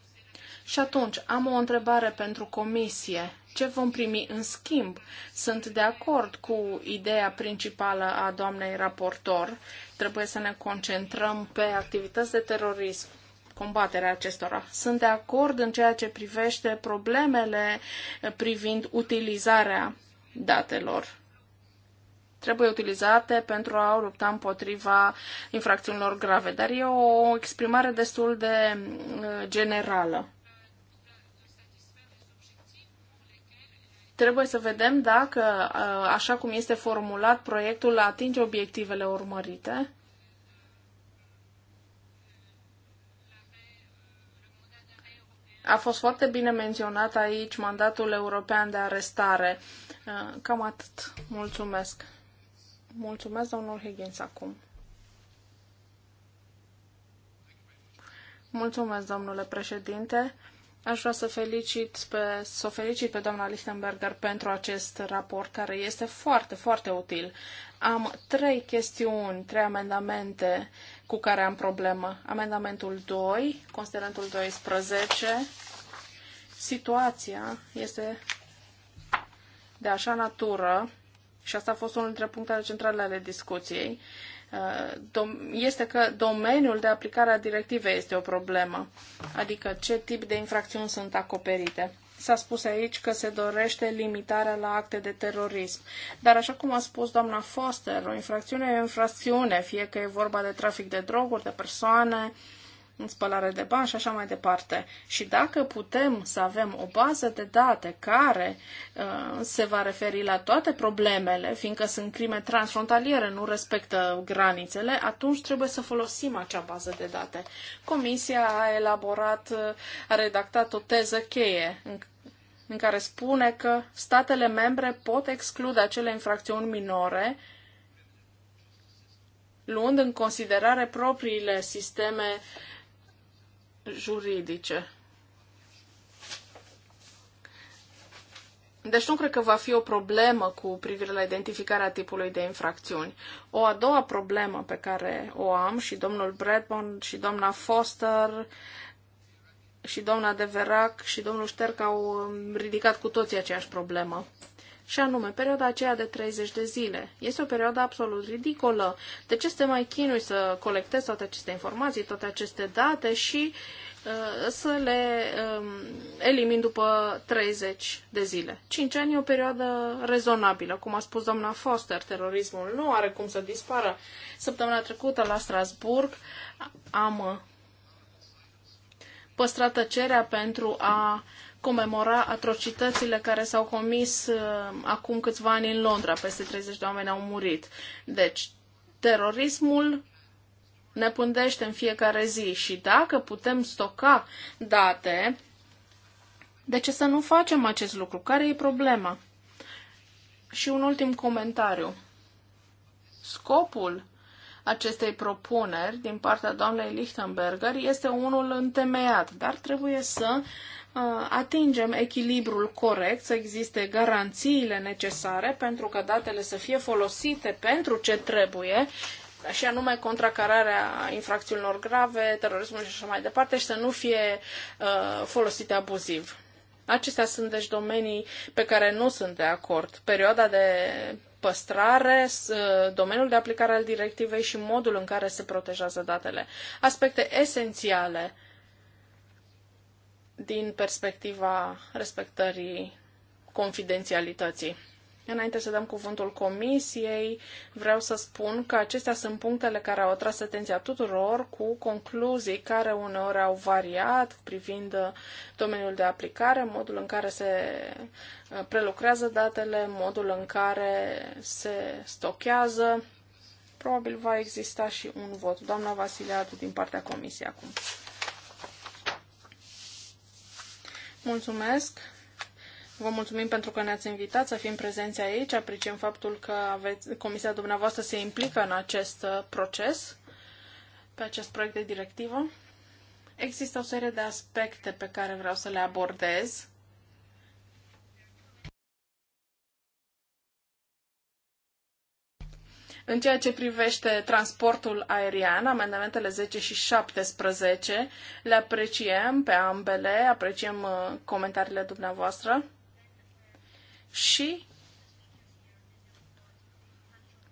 Speaker 3: Și atunci am o întrebare pentru comisie. Ce vom primi în schimb? Sunt de acord cu ideea principală a doamnei raportor. Trebuie să ne concentrăm pe activități de terorism combaterea acestora. Sunt de acord în ceea ce privește problemele privind utilizarea datelor trebuie utilizate pentru a lupta împotriva infracțiunilor grave. Dar e o exprimare destul de uh, generală. Trebuie să vedem dacă, uh, așa cum este formulat, proiectul atinge obiectivele urmărite. A fost foarte bine menționat aici mandatul european de arestare. Uh, cam atât. Mulțumesc. Mulțumesc, domnul Higgins, acum. Mulțumesc, domnule președinte. Aș vrea să, felicit pe, să o felicit pe doamna Lichtenberger pentru acest raport, care este foarte, foarte util. Am trei chestiuni, trei amendamente cu care am problemă. Amendamentul 2, considerentul 12, situația este de așa natură, și asta a fost unul dintre punctele centrale ale discuției, este că domeniul de aplicare a directivei este o problemă, adică ce tip de infracțiuni sunt acoperite. S-a spus aici că se dorește limitarea la acte de terorism. Dar așa cum a spus doamna Foster, o infracțiune e o infracțiune, fie că e vorba de trafic de droguri, de persoane, uh, în spălare de bani și așa mai departe. Și dacă putem să avem o bază de date care uh, se va referi la toate problemele, fiindcă sunt crime transfrontaliere, nu respectă granițele, atunci trebuie să folosim acea bază de date. Comisia a elaborat, uh, a redactat o teză cheie în în care spune că statele membre pot exclude acele infracțiuni minore luând în considerare propriile sisteme juridice. Deci nu cred că va fi o problemă cu privire la identificarea tipului de infracțiuni. O a doua problemă pe care o am și domnul Bradburn și doamna Foster și doamna Deverac și domnul Șterc au um, ridicat cu toții aceeași problemă și anume perioada aceea de 30 de zile. Este o perioadă absolut ridicolă. De ce este mai chinui să colectezi toate aceste informații, toate aceste date și uh, să le um, elimin după 30 de zile? 5 ani e o perioadă rezonabilă. Cum a spus doamna Foster, terorismul nu are cum să dispară. Săptămâna trecută la Strasburg am uh, păstrat tăcerea pentru a comemora atrocitățile care s-au comis uh, acum câțiva ani în Londra. Peste 30 de oameni au murit. Deci, terorismul ne pândește în fiecare zi și dacă putem stoca date, de ce să nu facem acest lucru? Care e problema? Și un ultim comentariu. Scopul acestei propuneri din partea doamnei Lichtenberger este unul întemeiat, dar trebuie să Uh, atingem echilibrul corect, să existe garanțiile necesare pentru ca datele să fie folosite pentru ce trebuie, și anume contracararea infracțiunilor grave, terorismul și așa mai departe, și să nu fie uh, folosite abuziv. Acestea sunt deci domenii pe care nu sunt de acord. Perioada de păstrare, uh, domeniul de aplicare al directivei și modul în care se protejează datele. Aspecte esențiale din perspectiva respectării confidențialității. Înainte să dăm cuvântul comisiei, vreau să spun că acestea sunt punctele care au atras atenția tuturor cu concluzii care uneori au variat privind domeniul de aplicare, modul în care se uh, prelucrează datele, modul în care se stochează. Probabil va exista și un vot. Doamna Vasileadu, din partea comisiei acum. Mulțumesc! Vă mulțumim pentru că ne-ați invitat să fim prezenți aici. Apreciem faptul că aveți, comisia dumneavoastră se implică în acest uh, proces, pe acest proiect de directivă. Există o serie de aspecte pe care vreau să le abordez În ceea ce privește transportul aerian, amendamentele 10 și 17 le apreciem pe ambele, apreciem uh, comentariile dumneavoastră și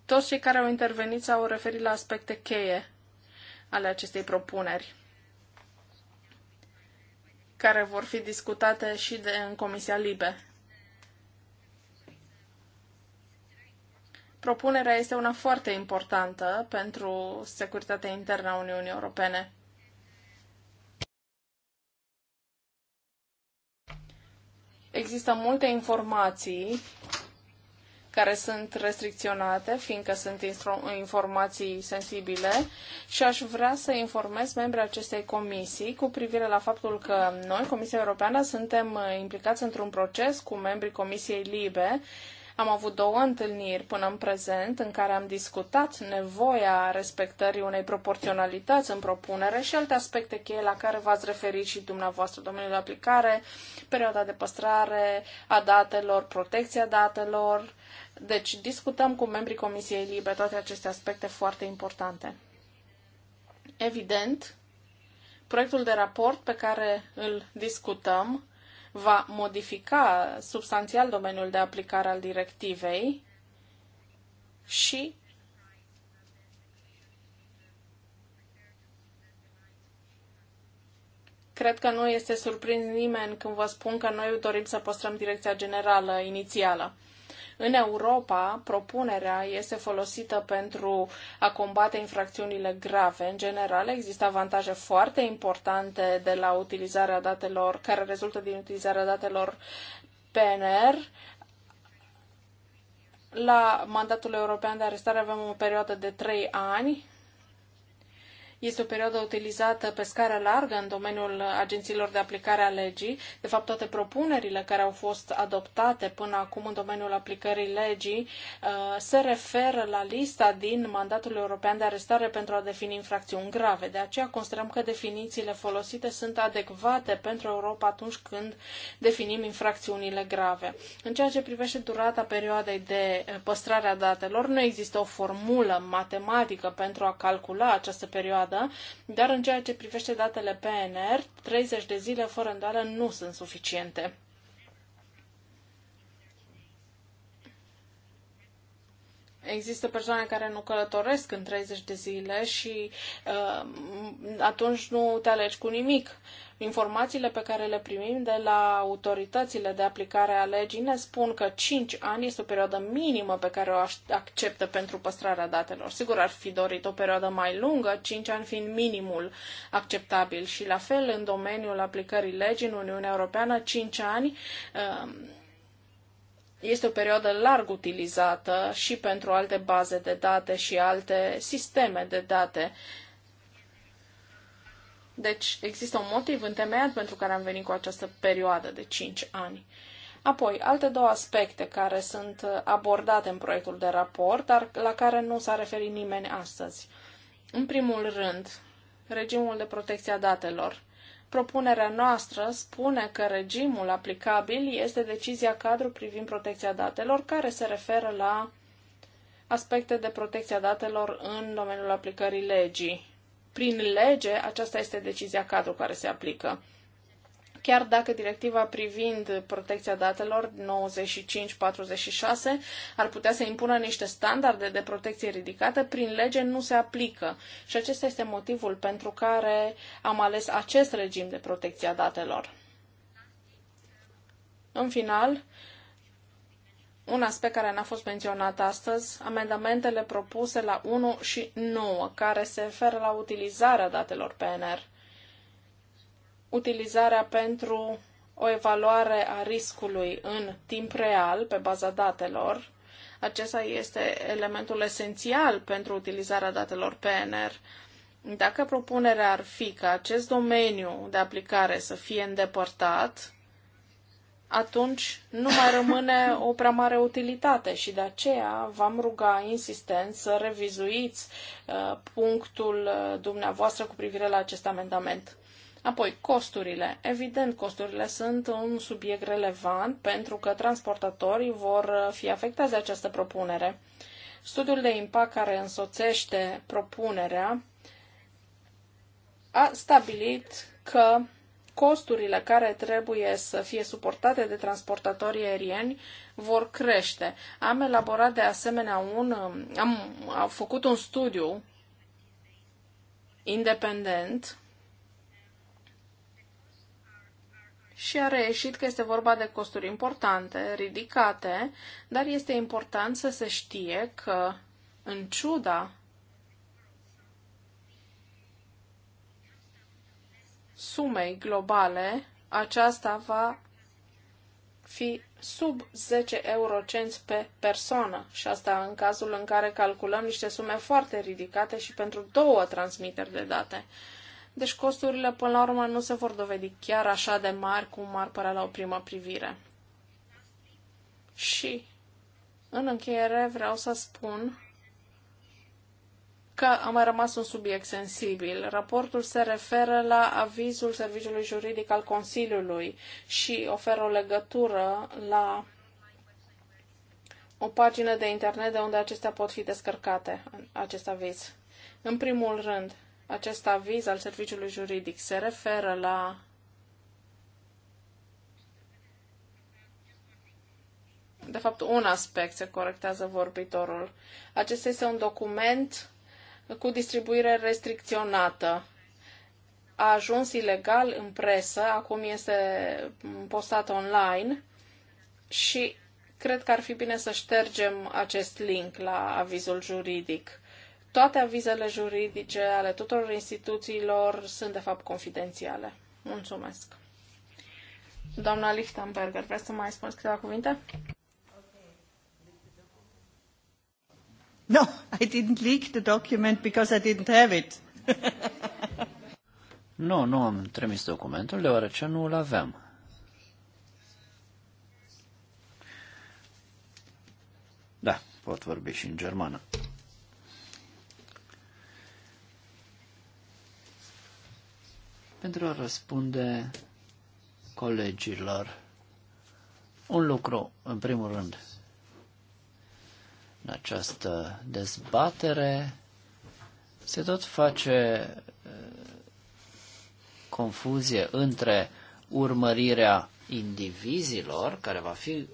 Speaker 3: toți cei care au intervenit s-au referit la aspecte cheie ale acestei propuneri care vor fi discutate și de, în Comisia Libe. Propunerea este una foarte importantă pentru securitatea internă a Uniunii Europene. Există multe informații care sunt restricționate, fiindcă sunt informații sensibile și aș vrea să informez membrii acestei comisii cu privire la faptul că noi, Comisia Europeană, suntem implicați într-un proces cu membrii Comisiei Libe am avut două întâlniri până în prezent în care am discutat nevoia respectării unei proporționalități în propunere și alte aspecte cheie la care v-ați referit și dumneavoastră, domeniul de aplicare, perioada de păstrare a datelor, protecția datelor. Deci discutăm cu membrii Comisiei Libe toate aceste aspecte foarte importante. Evident, proiectul de raport pe care îl discutăm va modifica substanțial domeniul de aplicare al directivei și cred că nu este surprins nimeni când vă spun că noi dorim să păstrăm direcția generală inițială. În Europa, propunerea este folosită pentru a combate infracțiunile grave. În general, există avantaje foarte importante de la utilizarea datelor, care rezultă din utilizarea datelor PNR, la mandatul european de arestare avem o perioadă de trei ani este o perioadă utilizată pe scară largă în domeniul agențiilor de aplicare a legii. De fapt, toate propunerile care au fost adoptate până acum în domeniul aplicării legii uh, se referă la lista din mandatul european de arestare pentru a defini infracțiuni grave. De aceea considerăm că definițiile folosite sunt adecvate pentru Europa atunci când definim infracțiunile grave. În ceea ce privește durata perioadei de uh, păstrare a datelor, nu există o formulă matematică pentru a calcula această perioadă perioadă, dar în ceea ce privește datele PNR, 30 de zile fără îndoială nu sunt suficiente. Există persoane care nu călătoresc în 30 de zile și uh, atunci nu te alegi cu nimic. Informațiile pe care le primim de la autoritățile de aplicare a legii ne spun că 5 ani este o perioadă minimă pe care o acceptă pentru păstrarea datelor. Sigur, ar fi dorit o perioadă mai lungă, 5 ani fiind minimul acceptabil. Și la fel, în domeniul aplicării legii în Uniunea Europeană, 5 ani um, este o perioadă larg utilizată și pentru alte baze de date și alte sisteme de date deci există un motiv întemeiat pentru care am venit cu această perioadă de 5 ani. Apoi, alte două aspecte care sunt abordate în proiectul de raport, dar la care nu s-a referit nimeni astăzi. În primul rând, regimul de protecție a datelor. Propunerea noastră spune că regimul aplicabil este decizia cadru privind protecția datelor, care se referă la aspecte de protecție a datelor în domeniul aplicării legii, prin lege, aceasta este decizia cadru care se aplică. Chiar dacă directiva privind protecția datelor 9546 ar putea să impună niște standarde de protecție ridicată, prin lege nu se aplică. Și acesta este motivul pentru care am ales acest regim de protecție a datelor. În final, un aspect care n-a fost menționat astăzi, amendamentele propuse la 1 și 9, care se referă la utilizarea datelor PNR. Utilizarea pentru o evaluare a riscului în timp real, pe baza datelor. Acesta este elementul esențial pentru utilizarea datelor PNR. Dacă propunerea ar fi ca acest domeniu de aplicare să fie îndepărtat, atunci nu mai rămâne o prea mare utilitate și de aceea v-am ruga insistent să revizuiți uh, punctul uh, dumneavoastră cu privire la acest amendament. Apoi, costurile. Evident, costurile sunt un subiect relevant pentru că transportatorii vor uh, fi afectați de această propunere. Studiul de impact care însoțește propunerea a stabilit că costurile care trebuie să fie suportate de transportatorii aerieni vor crește. Am elaborat de asemenea un. Um, am, am făcut un studiu independent și a reieșit că este vorba de costuri importante, ridicate, dar este important să se știe că, în ciuda sumei globale, aceasta va fi sub 10 eurocenți pe persoană și asta în cazul în care calculăm niște sume foarte ridicate și pentru două transmiteri de date. Deci costurile până la urmă nu se vor dovedi chiar așa de mari cum ar părea la o primă privire. Și în încheiere vreau să spun că a mai rămas un subiect sensibil. Raportul se referă la avizul Serviciului Juridic al Consiliului și oferă o legătură la o pagină de internet de unde acestea pot fi descărcate, acest aviz. În primul rând, acest aviz al serviciului juridic se referă la De fapt, un aspect se corectează vorbitorul. Acesta este un document cu distribuire restricționată. A ajuns ilegal în presă, acum este postat online și cred că ar fi bine să ștergem acest link la avizul juridic. Toate avizele juridice ale tuturor instituțiilor sunt, de fapt, confidențiale. Mulțumesc. Doamna Lichtenberger, vreți să mai spuneți câteva cuvinte?
Speaker 2: No, I didn't leak the document because I didn't have it.
Speaker 4: nu, nu am trimis documentul deoarece nu îl aveam. Da, pot vorbi și în germană. Pentru a răspunde colegilor, un lucru, în primul rând, în această dezbatere se tot face uh, confuzie între urmărirea indivizilor, care va fi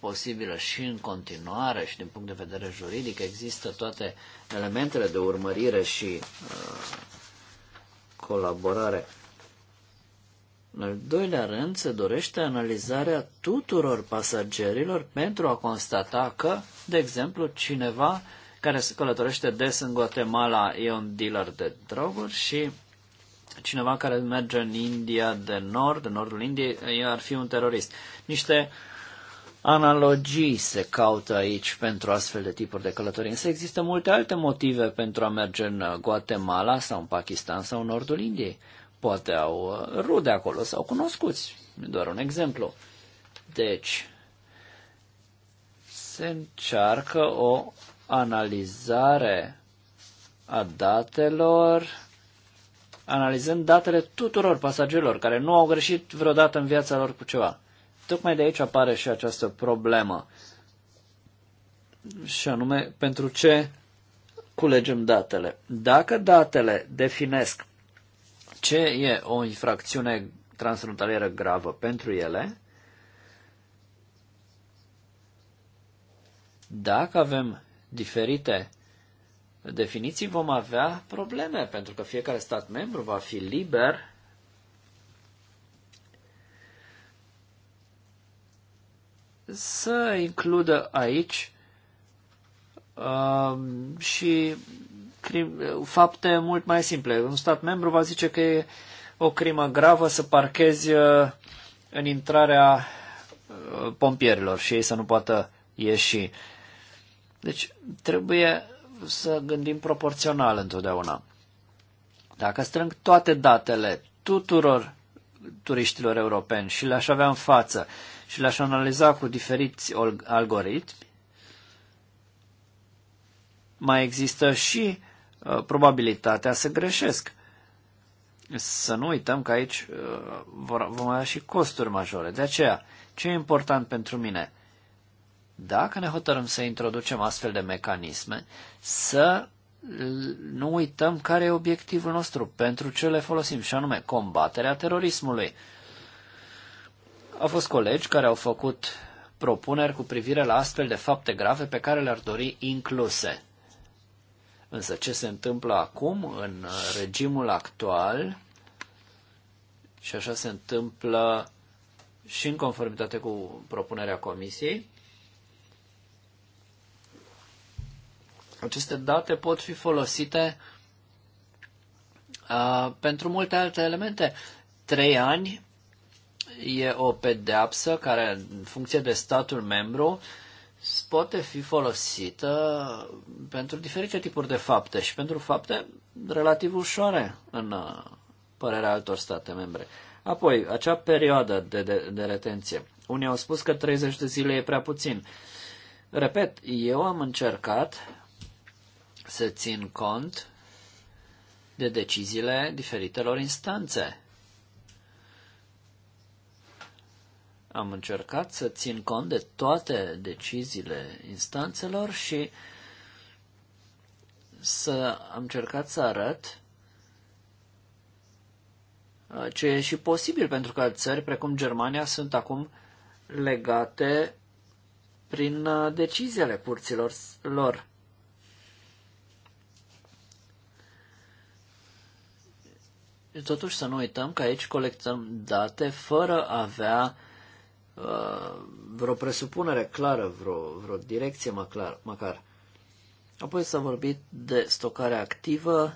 Speaker 4: posibilă și în continuare și din punct de vedere juridic, există toate elementele de urmărire și uh, colaborare în al doilea rând, se dorește analizarea tuturor pasagerilor pentru a constata că, de exemplu, cineva care se călătorește des în Guatemala e un dealer de droguri și cineva care merge în India de nord, în nordul Indiei, ar fi un terorist. Niște analogii se caută aici pentru astfel de tipuri de călătorii, însă există multe alte motive pentru a merge în Guatemala sau în Pakistan sau în nordul Indiei. Poate au uh, rude acolo sau cunoscuți. E doar un exemplu. Deci, se încearcă o analizare a datelor, analizând datele tuturor pasagerilor care nu au greșit vreodată în viața lor cu ceva. Tocmai de aici apare și această problemă. Și anume, pentru ce culegem datele? Dacă datele definesc ce e o infracțiune transfrontalieră gravă pentru ele, dacă avem diferite definiții, vom avea probleme, pentru că fiecare stat membru va fi liber să includă aici um, și fapte mult mai simple. Un stat membru va zice că e o crimă gravă să parchezi uh, în intrarea uh, pompierilor și ei să nu poată ieși. Deci trebuie să gândim proporțional întotdeauna. Dacă strâng toate datele tuturor turiștilor europeni și le-aș avea în față și le-aș analiza cu diferiți algoritmi, mai există și Uh, probabilitatea să greșesc. Să nu uităm că aici uh, vom avea și costuri majore. De aceea, ce e important pentru mine? Dacă ne hotărâm să introducem astfel de mecanisme, să nu uităm care e obiectivul nostru, pentru ce le folosim, și anume combaterea terorismului. Au fost colegi care au făcut propuneri cu privire la astfel de fapte grave pe care le-ar dori incluse. Însă ce se întâmplă acum în regimul actual și așa se întâmplă și în conformitate cu propunerea comisiei, aceste date pot fi folosite a, pentru multe alte elemente. Trei ani e o pedeapsă care, în funcție de statul membru, uh, poate fi folosită pentru diferite tipuri de fapte și pentru fapte relativ ușoare în uh, părerea altor state membre. Apoi, acea perioadă de, de, de retenție. Unii au spus că 30 de zile e prea puțin. Repet, eu am încercat să țin cont de deciziile diferitelor instanțe. Am încercat să țin cont de toate deciziile instanțelor și să am încercat să arăt uh, ce e și posibil, pentru că țări precum Germania sunt acum legate prin uh, deciziile curților lor. Totuși să nu uităm că aici colectăm date fără a avea vreo presupunere clară, vreo, vreo direcție măclar, măcar. Apoi s-a vorbit de stocarea activă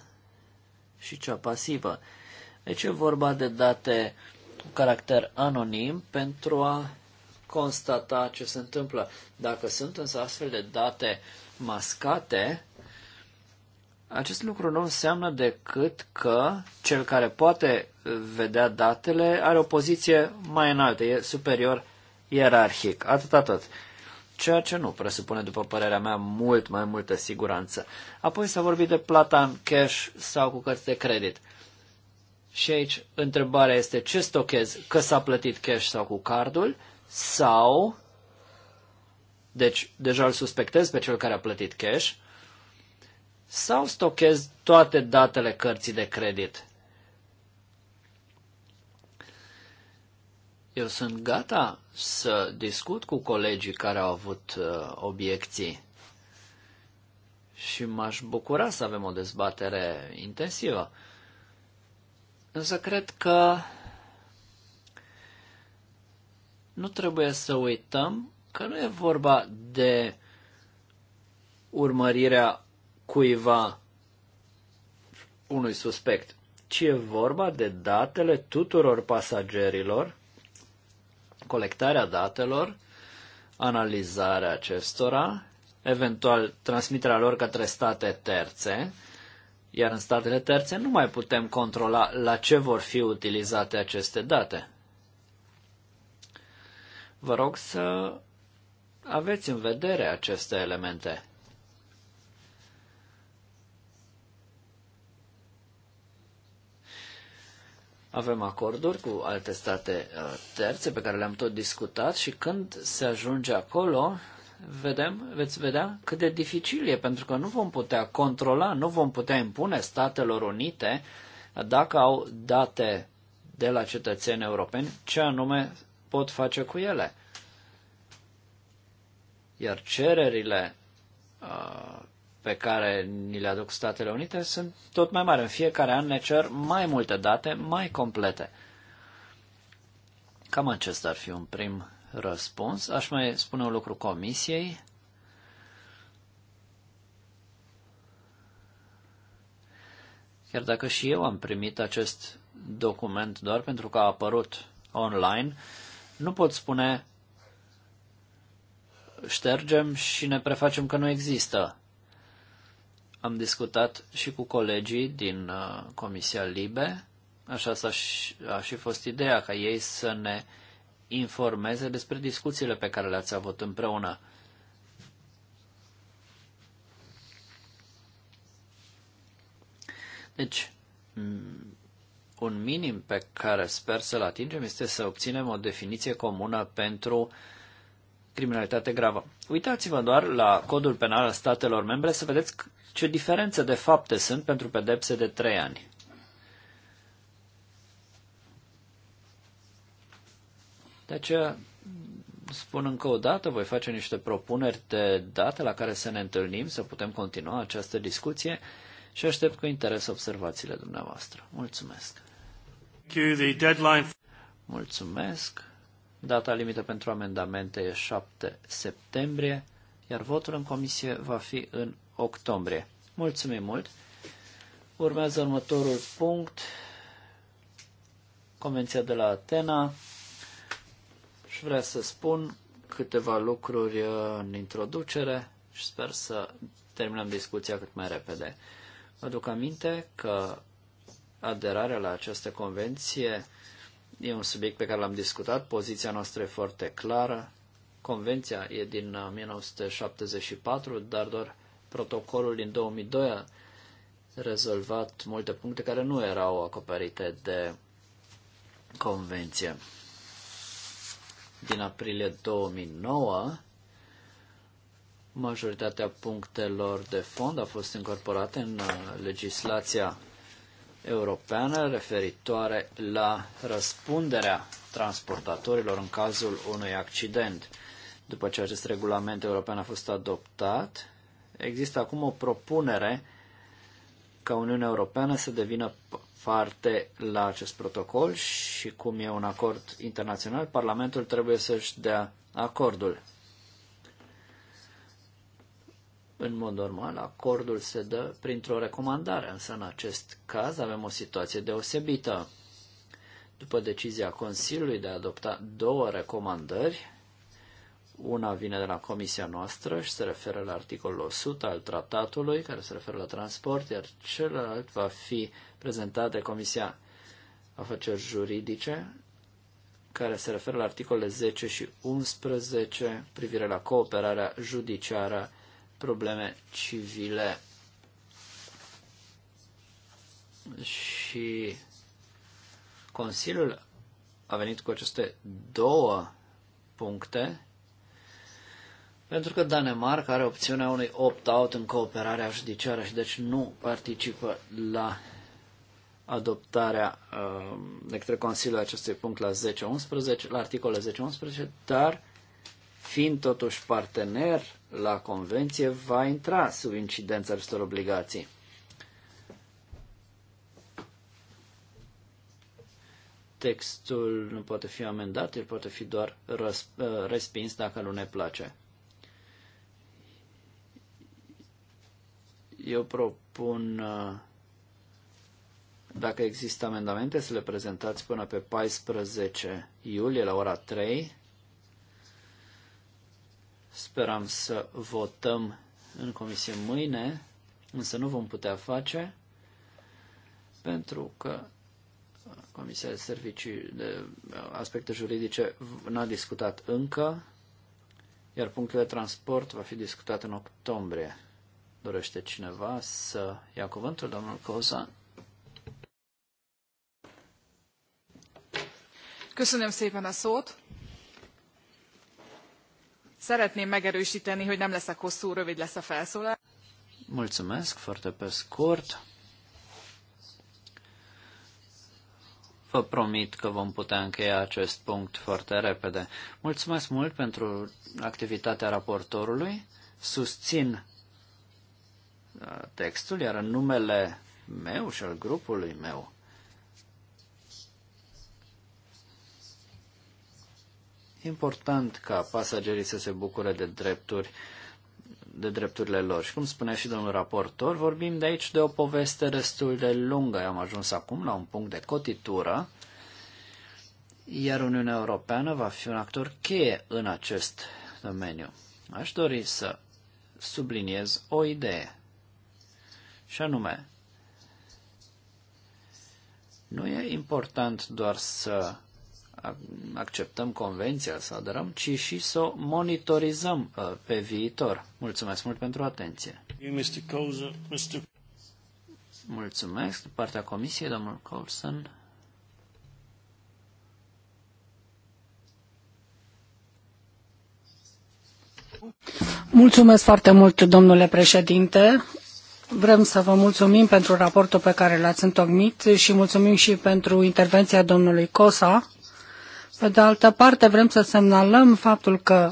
Speaker 4: și cea pasivă. Deci e vorba de date cu caracter anonim pentru a constata ce se întâmplă. Dacă sunt însă astfel de date mascate, acest lucru nu înseamnă decât că cel care poate vedea datele are o poziție mai înaltă, e superior ierarhic, atât, atât. Ceea ce nu presupune, după părerea mea, mult mai multă siguranță. Apoi s-a vorbit de plata în cash sau cu cărți de credit. Și aici întrebarea este ce stochezi, că s-a plătit cash sau cu cardul sau, deci deja îl suspectez pe cel care a plătit cash, sau stochezi toate datele cărții de credit. Eu sunt gata să discut cu colegii care au avut uh, obiecții și m-aș bucura să avem o dezbatere intensivă. Însă cred că nu trebuie să uităm că nu e vorba de urmărirea cuiva unui suspect, ci e vorba de datele tuturor pasagerilor colectarea datelor, analizarea acestora, eventual transmiterea lor către state terțe, iar în statele terțe nu mai putem controla la ce vor fi utilizate aceste date. Vă rog să aveți în vedere aceste elemente. Avem acorduri cu alte state uh, terțe pe care le-am tot discutat și când se ajunge acolo, vedem, veți vedea cât de dificil e, pentru că nu vom putea controla, nu vom putea impune Statelor Unite dacă au date de la cetățeni europeni, ce anume pot face cu ele. Iar cererile uh, pe care ni le aduc Statele Unite sunt tot mai mari. În fiecare an ne cer mai multe date, mai complete. Cam acesta ar fi un prim răspuns. Aș mai spune un lucru comisiei. Chiar dacă și eu am primit acest document doar pentru că a apărut online, nu pot spune ștergem și ne prefacem că nu există. Am discutat și cu colegii din uh, Comisia Libe, așa a și, a și fost ideea ca ei să ne informeze despre discuțiile pe care le-ați avut împreună. Deci, un minim pe care sper să-l atingem este să obținem o definiție comună pentru criminalitate gravă. Uitați-vă doar la codul penal al statelor membre să vedeți ce diferențe de fapte sunt pentru pedepse de 3 ani. De aceea spun încă o dată, voi face niște propuneri de date la care să ne întâlnim, să putem continua această discuție și aștept cu interes observațiile dumneavoastră. Mulțumesc! Mulțumesc! Data limită pentru amendamente e 7 septembrie, iar votul în comisie va fi în octombrie. Mulțumim mult! Urmează următorul punct, Convenția de la Atena și vreau să spun câteva lucruri uh, în introducere și sper să terminăm discuția cât mai repede. Vă aduc aminte că aderarea la această convenție E un subiect pe care l-am discutat, poziția noastră e foarte clară. Convenția e din 1974, uh, dar doar protocolul din 2002 a rezolvat multe puncte care nu erau acoperite de convenție. Din aprilie 2009, majoritatea punctelor de fond a fost incorporate în uh, legislația europeană referitoare la răspunderea transportatorilor în cazul unui accident. După ce acest regulament european a fost adoptat, există acum o propunere ca Uniunea Europeană să devină parte la acest protocol și cum e un acord internațional, Parlamentul trebuie să-și dea acordul în mod normal, acordul se dă printr-o recomandare, însă în acest caz avem o situație deosebită. După decizia Consiliului de a adopta două recomandări, una vine de la comisia noastră și se referă la articolul 100 al tratatului, care se referă la transport, iar celălalt va fi prezentat de Comisia Afaceri Juridice, care se referă la articolele 10 și 11, privire la cooperarea judiciară probleme civile și Consiliul a venit cu aceste două puncte pentru că Danemarca are opțiunea unui opt-out în cooperarea judiciară și deci nu participă la adoptarea uh, de către Consiliul acestui punct la 10-11, la articolul 10-11, dar fiind totuși partener la convenție va intra sub incidența acestor obligații. Textul nu poate fi amendat, el poate fi doar uh, respins dacă nu ne place. Eu propun, uh, dacă există amendamente, să le prezentați până pe 14 iulie la ora 3 Speram să votăm în comisie mâine, însă nu vom putea face pentru că Comisia de Servicii de Aspecte Juridice n-a discutat încă, iar punctul de transport va fi discutat în octombrie. Dorește cineva să ia cuvântul, domnul Coza?
Speaker 3: Köszönöm szépen a szót! Szeretném megerősíteni, hogy nem leszek hosszú, rövid lesz a felszólás.
Speaker 4: Mulțumesc, foarte pe scurt. Vă promit că vom putea încheia acest punct foarte repede. Mulțumesc mult pentru activitatea raportorului. Susțin uh, textul, iar în numele meu și al grupului meu important ca pasagerii să se bucure de drepturi de drepturile lor. Și cum spunea și domnul raportor, vorbim de aici de o poveste destul de lungă. Am ajuns acum la un punct de cotitură, iar Uniunea Europeană va fi un actor cheie în acest domeniu. Aș dori să subliniez o idee, și anume, nu e important doar să acceptăm convenția, să aderăm, ci și să o monitorizăm uh, pe viitor. Mulțumesc mult pentru atenție. Mulțumesc. partea comisiei, domnul Coulson.
Speaker 2: Mulțumesc foarte mult, domnule președinte. Vrem să vă mulțumim pentru raportul pe care l-ați întocmit și mulțumim și pentru intervenția domnului Cosa pe de altă parte, vrem să semnalăm faptul că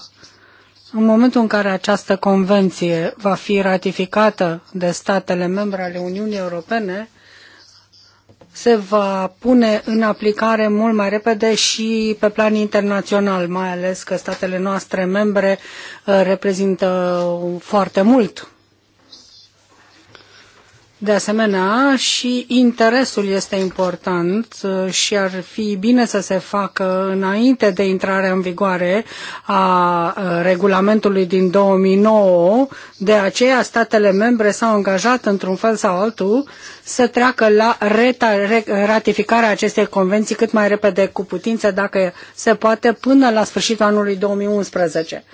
Speaker 2: în momentul în care această convenție va fi ratificată de statele membre ale Uniunii Europene, se va pune în aplicare mult mai repede și pe plan internațional, mai ales că statele noastre membre uh, reprezintă foarte mult de asemenea, și interesul este important uh, și ar fi bine să se facă înainte de intrarea în vigoare a uh, regulamentului din 2009. De aceea, statele membre s-au angajat într-un fel sau altul să treacă la ratificarea acestei convenții cât mai repede cu putință, dacă se poate, până la sfârșitul anului 2011.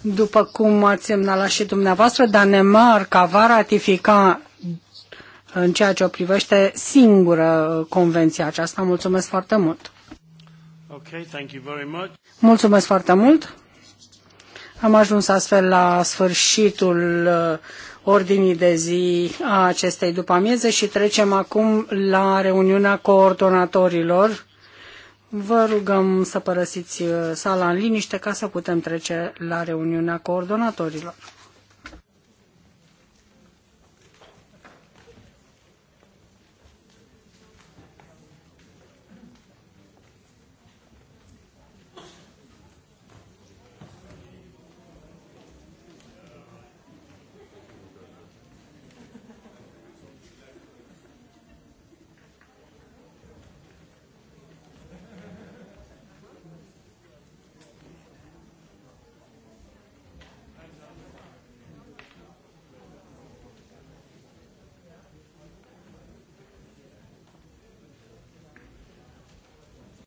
Speaker 2: După cum ați semnalat și dumneavoastră, Danemarca va ratifica în ceea ce o privește singură uh, convenția aceasta. Mulțumesc foarte mult!
Speaker 1: Okay, thank you very much.
Speaker 2: Mulțumesc foarte mult! Am ajuns astfel la sfârșitul uh, ordinii de zi a acestei după amieze și trecem acum la reuniunea coordonatorilor. Vă rugăm să părăsiți uh, sala în liniște ca să putem trece la reuniunea coordonatorilor.